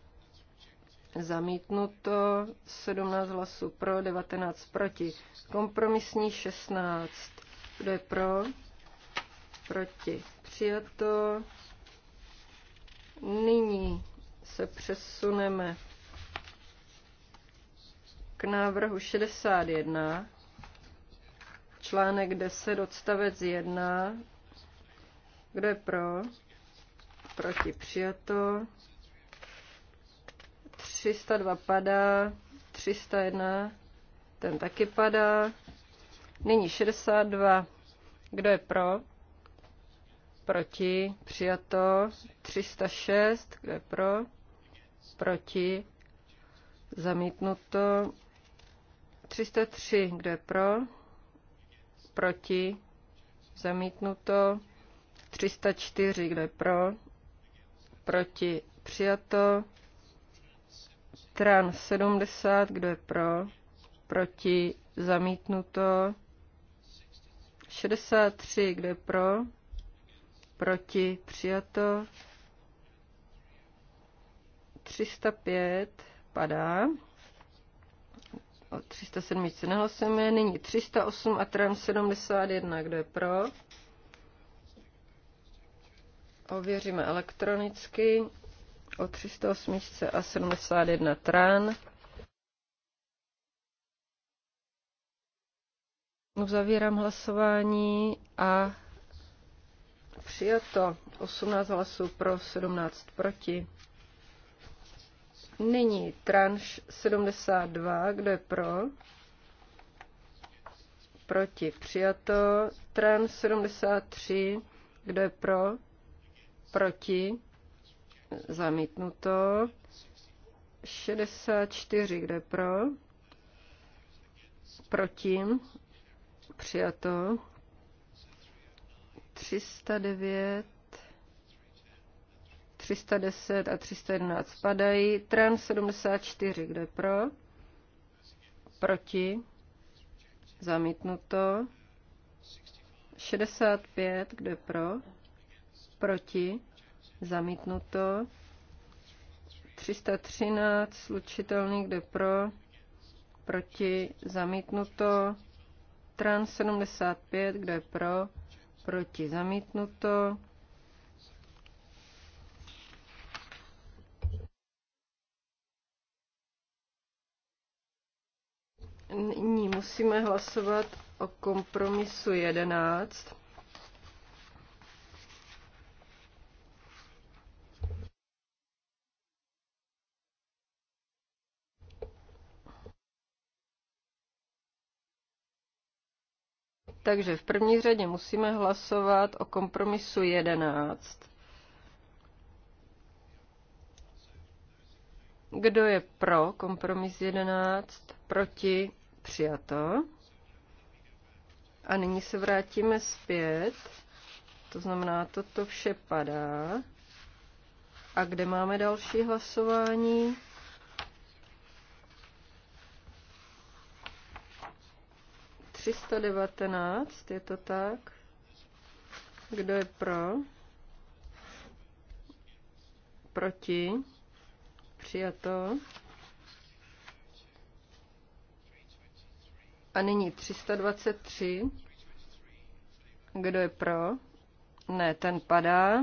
Zamítnuto 17 hlasů pro, 19 proti. Kompromisní 16. Kdo je pro? Proti. Přijato. Nyní se přesuneme k návrhu 61. Článek 10, odstavec 1, kdo je pro? Proti přijato. 302 padá. 301, ten taky padá. Nyní 62. Kdo je pro? Proti. Přijato. 306. Kdo je pro? Proti. Zamítnuto. 303. Kdo je pro? Proti. Zamítnuto. 304, kde pro, proti přijato. Tran 70, kdo je pro, proti zamítnuto. 63, kdo je pro, proti přijato. 305 padá. O 307 se nehlasujeme. Nyní 308 a tram 71. Kdo je pro? Ověříme elektronicky o 308 a 71 trán. Uzavírám hlasování a přijato 18 hlasů pro, 17 proti. Nyní tranš 72, kdo je pro? Proti přijato. Tranš 73, kdo je pro? proti, zamítnuto. 64, kde pro, proti, přijato. 309, 310 a 311 padají. Tran 74, kde pro, proti, zamítnuto. 65, kde pro, proti, zamítnuto. 313 slučitelný, kde pro, proti, zamítnuto. Trans 75, kde pro, proti, zamítnuto. Nyní musíme hlasovat o kompromisu 11. Takže v první řadě musíme hlasovat o kompromisu 11. Kdo je pro kompromis 11? Proti? Přijato. A nyní se vrátíme zpět. To znamená, toto vše padá. A kde máme další hlasování? 319, je to tak? Kdo je pro? Proti? Přijato. A nyní 323. Kdo je pro? Ne, ten padá,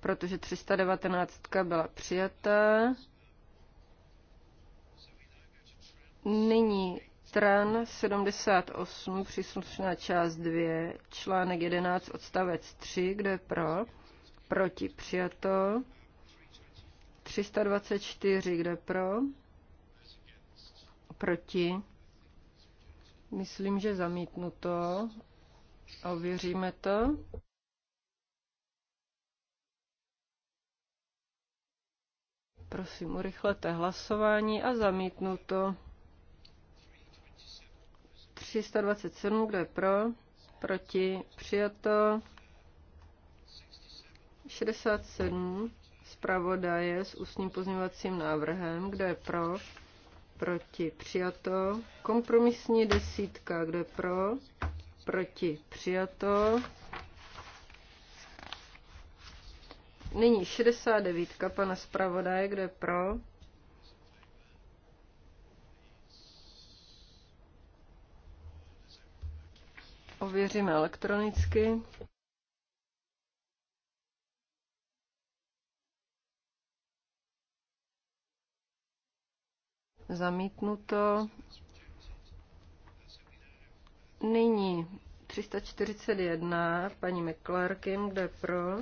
protože 319 byla přijata. Nyní stran 78, příslušná část 2, článek 11, odstavec 3, kde je pro, proti přijato, 324, kde je pro, proti, myslím, že zamítnuto, ověříme to. Prosím, urychlete hlasování a zamítnuto. to. 327, kdo je pro, proti, přijato. 67, zpravodaje s ústním pozměvacím návrhem, kdo je pro, proti, přijato. Kompromisní desítka, kdo je pro, proti, přijato. Nyní 69, pana zpravodaje, kdo je pro, Ověříme elektronicky. Zamítnuto. Nyní 341, paní McClarkin, kde pro.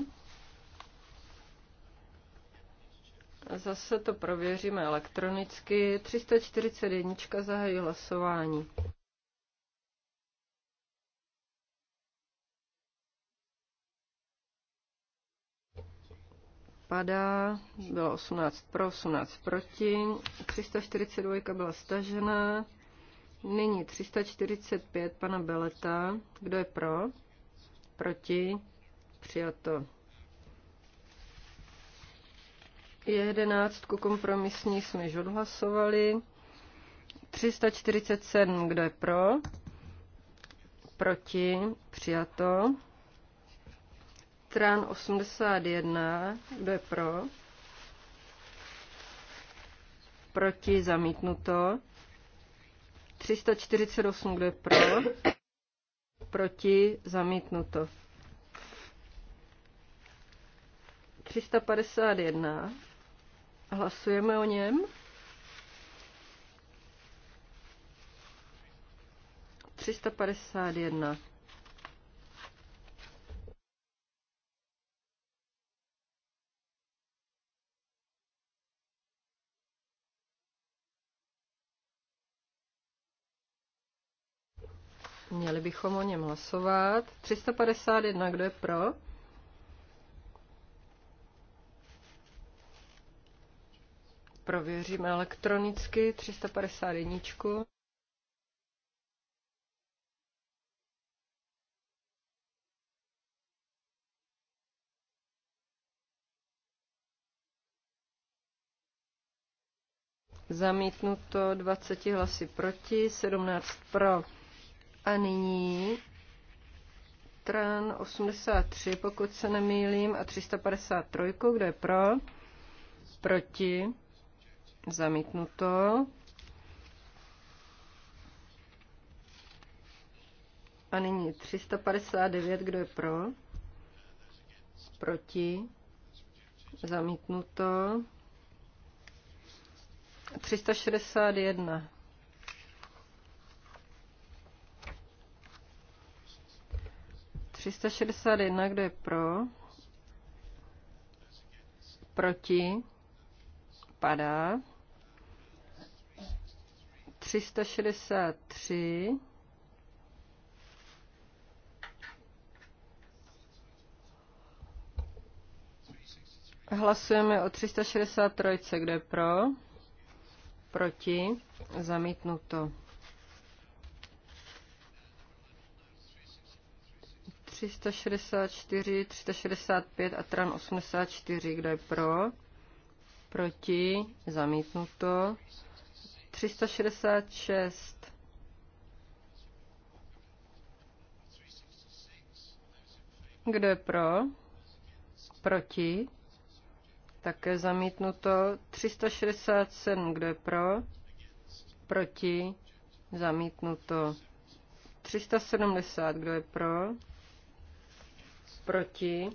Zase to prověříme elektronicky. 341 zahají hlasování. padá, bylo 18 pro, 18 proti, 342 byla stažena, nyní 345 pana Beleta, kdo je pro, proti, přijato. 11 kompromisní jsme již odhlasovali, 347, kdo je pro, proti, přijato stran 81, kdo je pro? Proti zamítnuto. 348, kdo je pro? Proti zamítnuto. 351. Hlasujeme o něm. 351. Měli bychom o něm hlasovat. 351, kdo je pro? Prověříme elektronicky 351. Zamítnuto 20 hlasy proti, 17 pro. A nyní Tran 83, pokud se nemýlím, a 353, kdo je pro, proti, zamítnuto. A nyní 359, kdo je pro, proti, zamítnuto. 361 361, kdo je pro? Proti? Padá. 363. Hlasujeme o 363, kde pro, proti, zamítnuto. 364, 365 a tran 84. Kdo je pro? Proti? Zamítnuto. 366. Kdo je pro? Proti? Také zamítnuto. 367. Kdo je pro? Proti? Zamítnuto. 370. Kdo je pro? proti,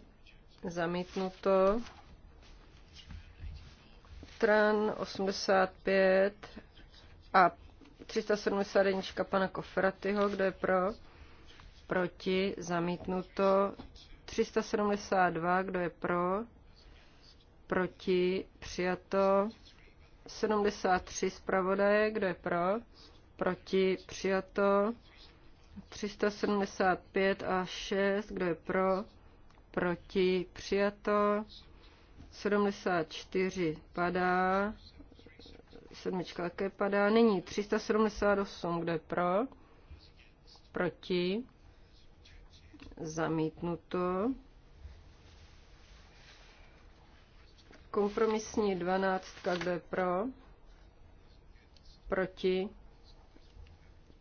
zamítnuto. Tran 85 a 371 pana Kofratyho, kdo je pro, proti, zamítnuto. 372, kdo je pro, proti, přijato. 73 zpravodaje, kdo je pro, proti, přijato. 375 a 6, kdo je pro, proti, přijato. 74 padá, sedmička také padá. Nyní 378, kde pro, proti, zamítnuto. Kompromisní kdo kde pro, proti,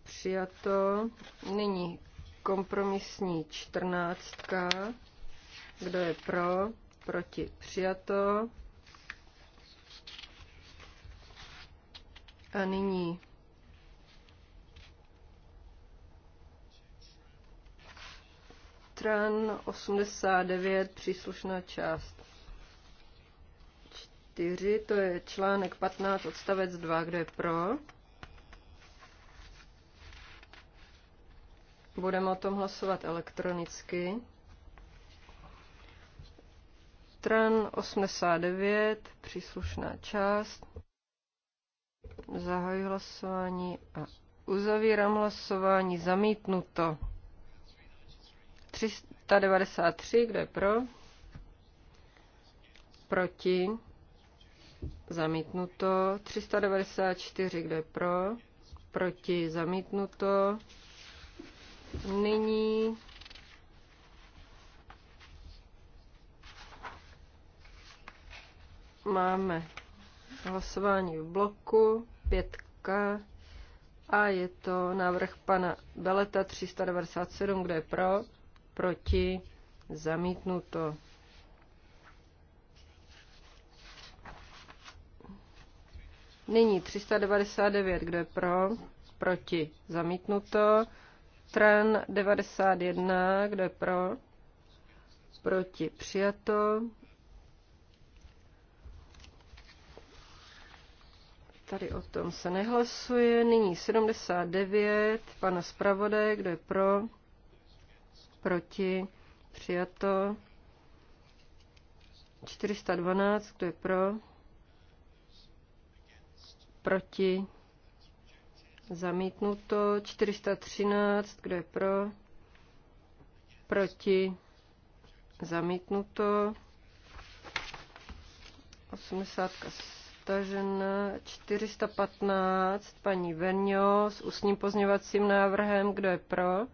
přijato. Nyní kompromisní čtrnáctka, kdo je pro? Proti? Přijato. A nyní Tran 89, příslušná část 4, to je článek 15, odstavec 2, kde je pro. Budeme o tom hlasovat elektronicky stran 89, příslušná část. Zahajuji hlasování a uzavírám hlasování. Zamítnuto. 393, kdo je pro? Proti. Zamítnuto. 394, kdo je pro? Proti. Zamítnuto. Nyní máme hlasování v bloku, pětka, a je to návrh pana Beleta 397, kde je pro, proti, zamítnuto. Nyní 399, kde je pro, proti, zamítnuto. Tran 91, kde je pro, proti, přijato. Tady o tom se nehlasuje. Nyní 79, pana zpravodaje, kdo je pro, proti, přijato. 412, kdo je pro, proti, zamítnuto. 413, kdo je pro, proti, zamítnuto. 80 stažena 415, paní Venio s ústním pozněvacím návrhem, kdo je pro,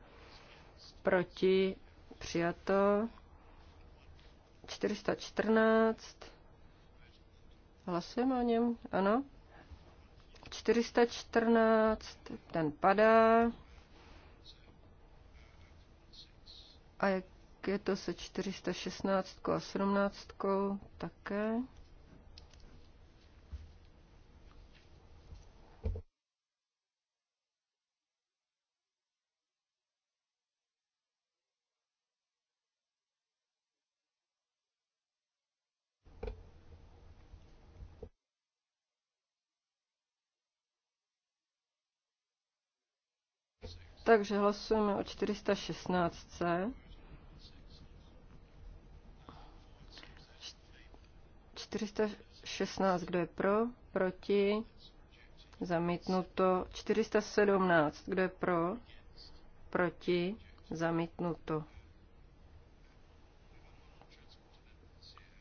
proti, přijato, 414, hlasujeme o něm, ano, 414, ten padá, a jak je to se 416 a 17 také. Takže hlasujeme o 416C. 416, kdo je pro, proti, zamítnuto. 417, kdo je pro, proti, zamítnuto.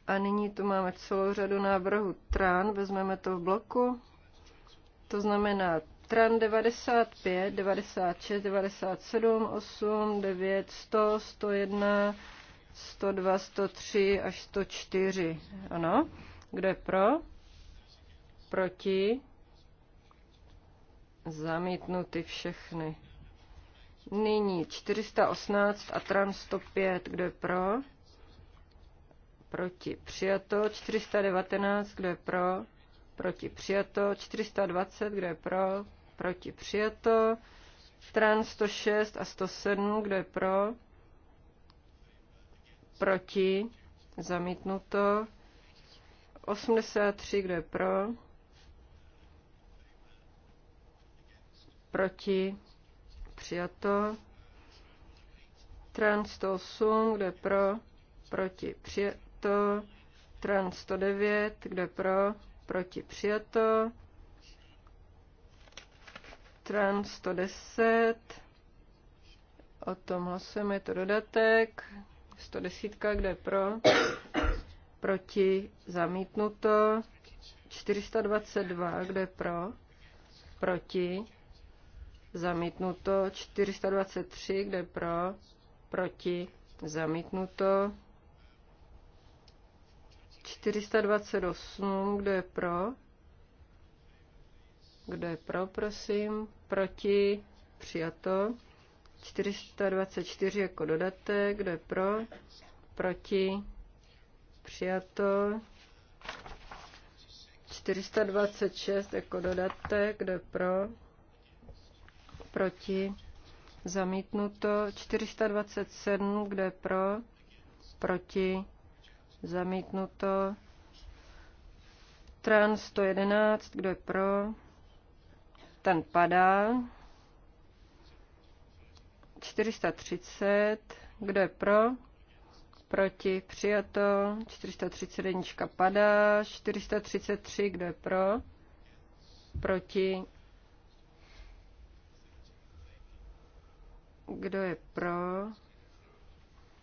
A nyní tu máme celou řadu návrhů trán, vezmeme to v bloku. To znamená stran 95, 96, 97, 8, 9, 100, 101, 102, 103 až 104. Ano. Kdo je pro? Proti? Zamítnuty všechny. Nyní 418 a tran 105. Kdo je pro? Proti přijato. 419. Kdo je pro? Proti přijato. 420. Kdo je pro? proti přijato. Stran 106 a 107, kdo je pro, proti, zamítnuto. 83, kdo je pro, proti, přijato. Trans 108, kde pro, proti, přijato. Trans 109, kde pro, proti, přijato stran 110. O tom hlasujeme, je to dodatek. 110, kde je pro? Proti, zamítnuto. 422, kde je pro? Proti, zamítnuto. 423, kde je pro? Proti, zamítnuto. 428, kde je pro? Kdo je pro, prosím? Proti? Přijato. 424 jako dodatek. Kdo je pro? Proti? Přijato. 426 jako dodatek. Kdo je pro? Proti? Zamítnuto. 427, kdo je pro? Proti? Zamítnuto. Trans 111, kdo je pro? ten padá. 430, kdo je pro? Proti, přijato. 431 padá. 433, kdo je pro? Proti. Kdo je pro?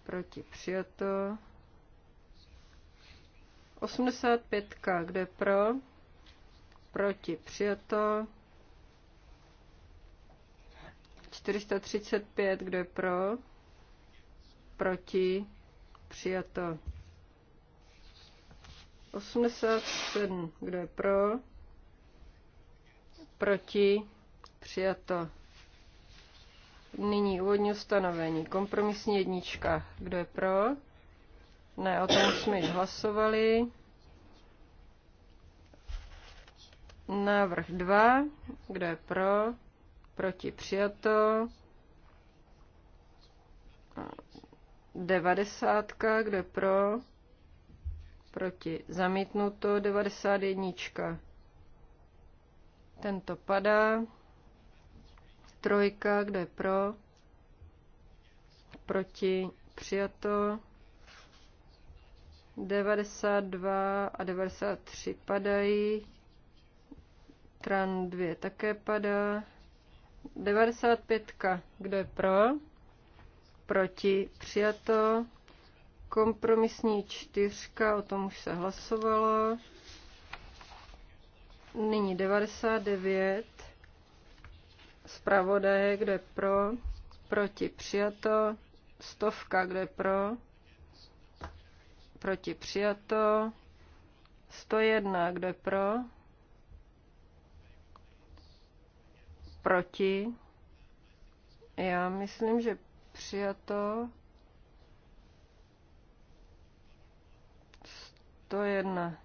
Proti, přijato. 85, kdo je pro? Proti, přijato. 435, kdo je pro? Proti? Přijato. 87, kdo je pro? Proti? Přijato. Nyní úvodní ustanovení. Kompromisní jednička. Kdo je pro? Ne, o tom jsme již hlasovali. Návrh 2. Kdo je pro? proti přijato. 90, kdo je pro, proti zamítnuto. 91. Tento padá. Trojka, kdo je pro, proti přijato. 92 a 93 padají. Tran 2 také padá. 95. Kdo je pro? Proti? Přijato. Kompromisní čtyřka, o tom už se hlasovalo. Nyní 99. Zpravodaje, kdo je pro? Proti? Přijato. Stovka, kdo je pro? Proti? Přijato. 101, kdo je pro? Proti? Já myslím, že přijato. 101.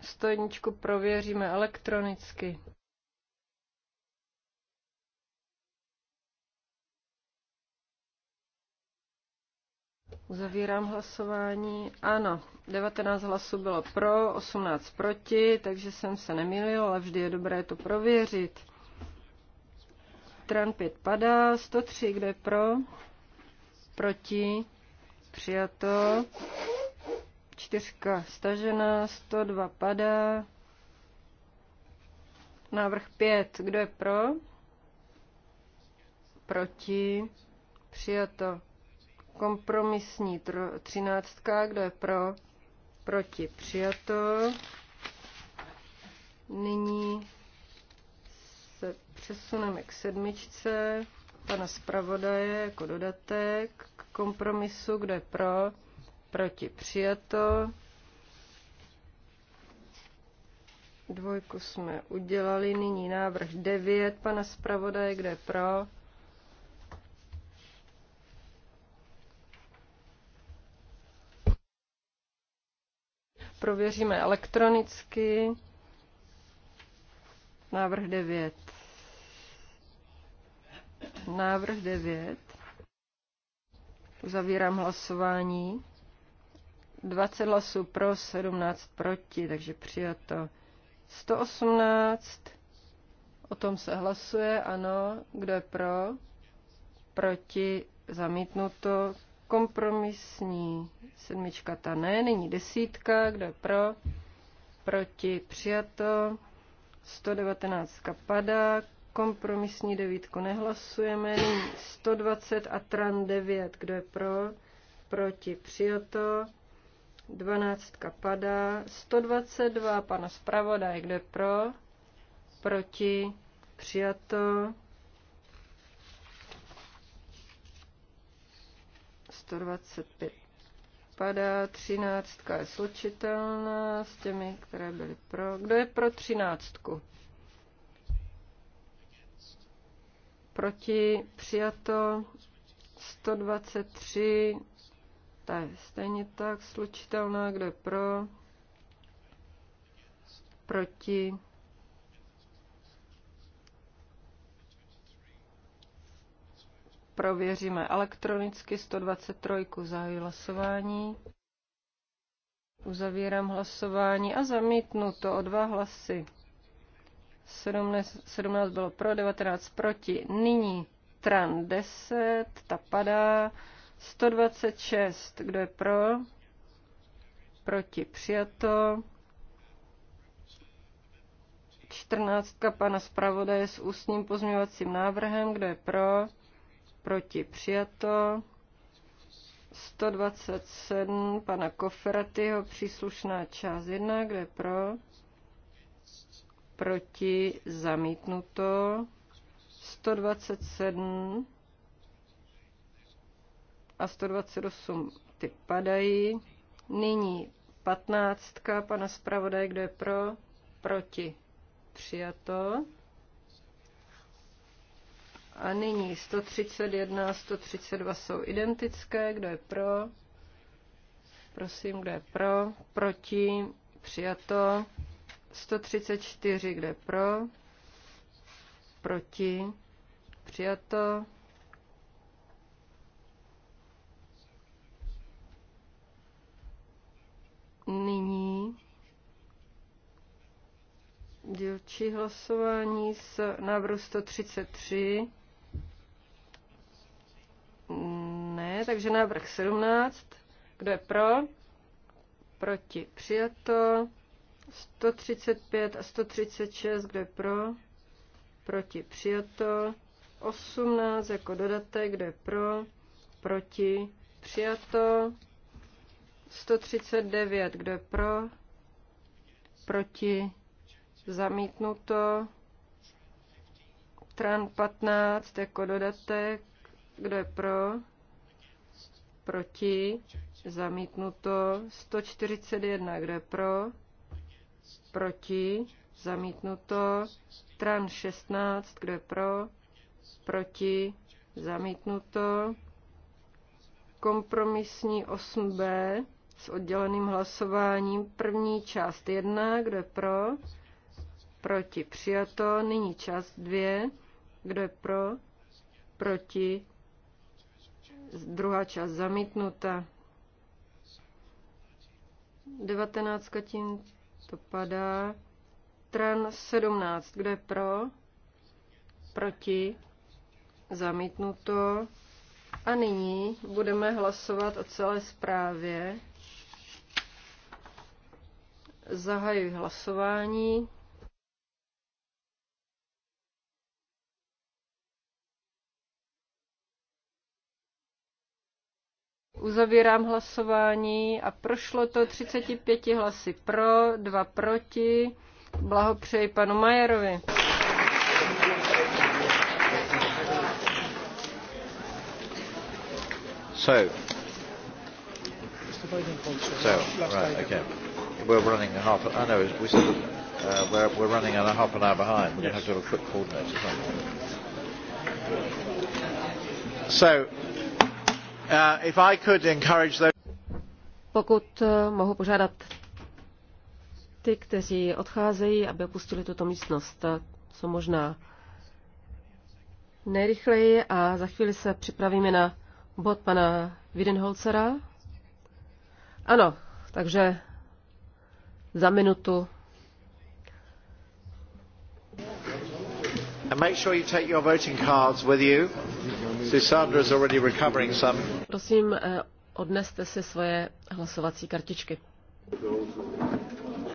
Stojničku prověříme elektronicky. Uzavírám hlasování. Ano, 19 hlasů bylo pro, 18 proti, takže jsem se nemýlil, ale vždy je dobré to prověřit. Tran 5 padá, 103, kde je pro, proti, přijato, 4 stažena, 102 padá, návrh 5, kdo je pro, proti, přijato, Kompromisní třináctka, kdo je pro, proti přijato. Nyní se přesuneme k sedmičce pana zpravodaje jako dodatek k kompromisu, kdo je pro, proti přijato. Dvojku jsme udělali, nyní návrh 9 pana zpravodaje, kde pro, Prověříme elektronicky. Návrh 9. Návrh 9. Zavírám hlasování. 20 hlasů pro, 17 proti, takže přijato 118. O tom se hlasuje, ano. Kdo je pro? Proti, zamítnuto. Kompromisní sedmička ta ne, není desítka, kdo je pro, proti přijato, 119 padá, kompromisní devítku nehlasujeme, nyní 120 a tran 9, kdo je pro, proti přijato, 12 padá, 122 pana zpravodaj, kdo je pro, proti přijato, 125 padá, 13 je slučitelná s těmi, které byly pro. Kdo je pro 13? Proti přijato 123, ta je stejně tak slučitelná, kdo je pro, proti prověříme elektronicky. 123. Zahajuji hlasování. Uzavírám hlasování a zamítnu to o dva hlasy. 17, 17 bylo pro, 19 proti. Nyní Tran 10, ta padá. 126, kdo je pro? Proti přijato. 14 pana zpravodaje s ústním pozměňovacím návrhem, kdo je pro? proti přijato. 127 pana Koferatyho příslušná část 1, kde pro, proti zamítnuto. 127 a 128 ty padají. Nyní 15 pana zpravodaje, kde pro, proti přijato. A nyní 131, 132 jsou identické. Kdo je pro? Prosím, kdo je pro? Proti? Přijato. 134, kdo je pro? Proti? Přijato. Nyní dílčí hlasování s návrhu 133. Ne, takže návrh 17. Kdo je pro? Proti přijato. 135 a 136, kdo je pro? Proti přijato. 18 jako dodatek, kdo je pro? Proti přijato. 139, kdo je pro? Proti zamítnuto. Tran 15 jako dodatek, kdo je pro? Proti? Zamítnuto. 141. Kdo je pro? Proti? Zamítnuto. Tran 16. Kdo je pro? Proti? Zamítnuto. Kompromisní 8b s odděleným hlasováním. První část 1. Kdo je pro? Proti? Přijato. Nyní část 2. Kdo je pro? Proti? Druhá část zamítnuta. 19 tím to padá. Tran 17. Kdo je pro? Proti? Zamítnuto. A nyní budeme hlasovat o celé zprávě. Zahajuji hlasování. Uzavírám hlasování a prošlo to 35 hlasy pro, dva proti. Blahopřeji panu Majerovi. So, so right, okay. We're running a half. I oh, know we said uh, we're we're running a half an hour behind. We're going to have to have a quick coordinator. So. Uh, Pokud uh, mohu požádat ty, kteří odcházejí, aby opustili tuto místnost, uh, co možná nejrychleji a za chvíli se připravíme na bod pana Widenholzera. Ano, takže za minutu. And make sure you take your voting cards with you. Prosím, eh, odneste si svoje hlasovací kartičky.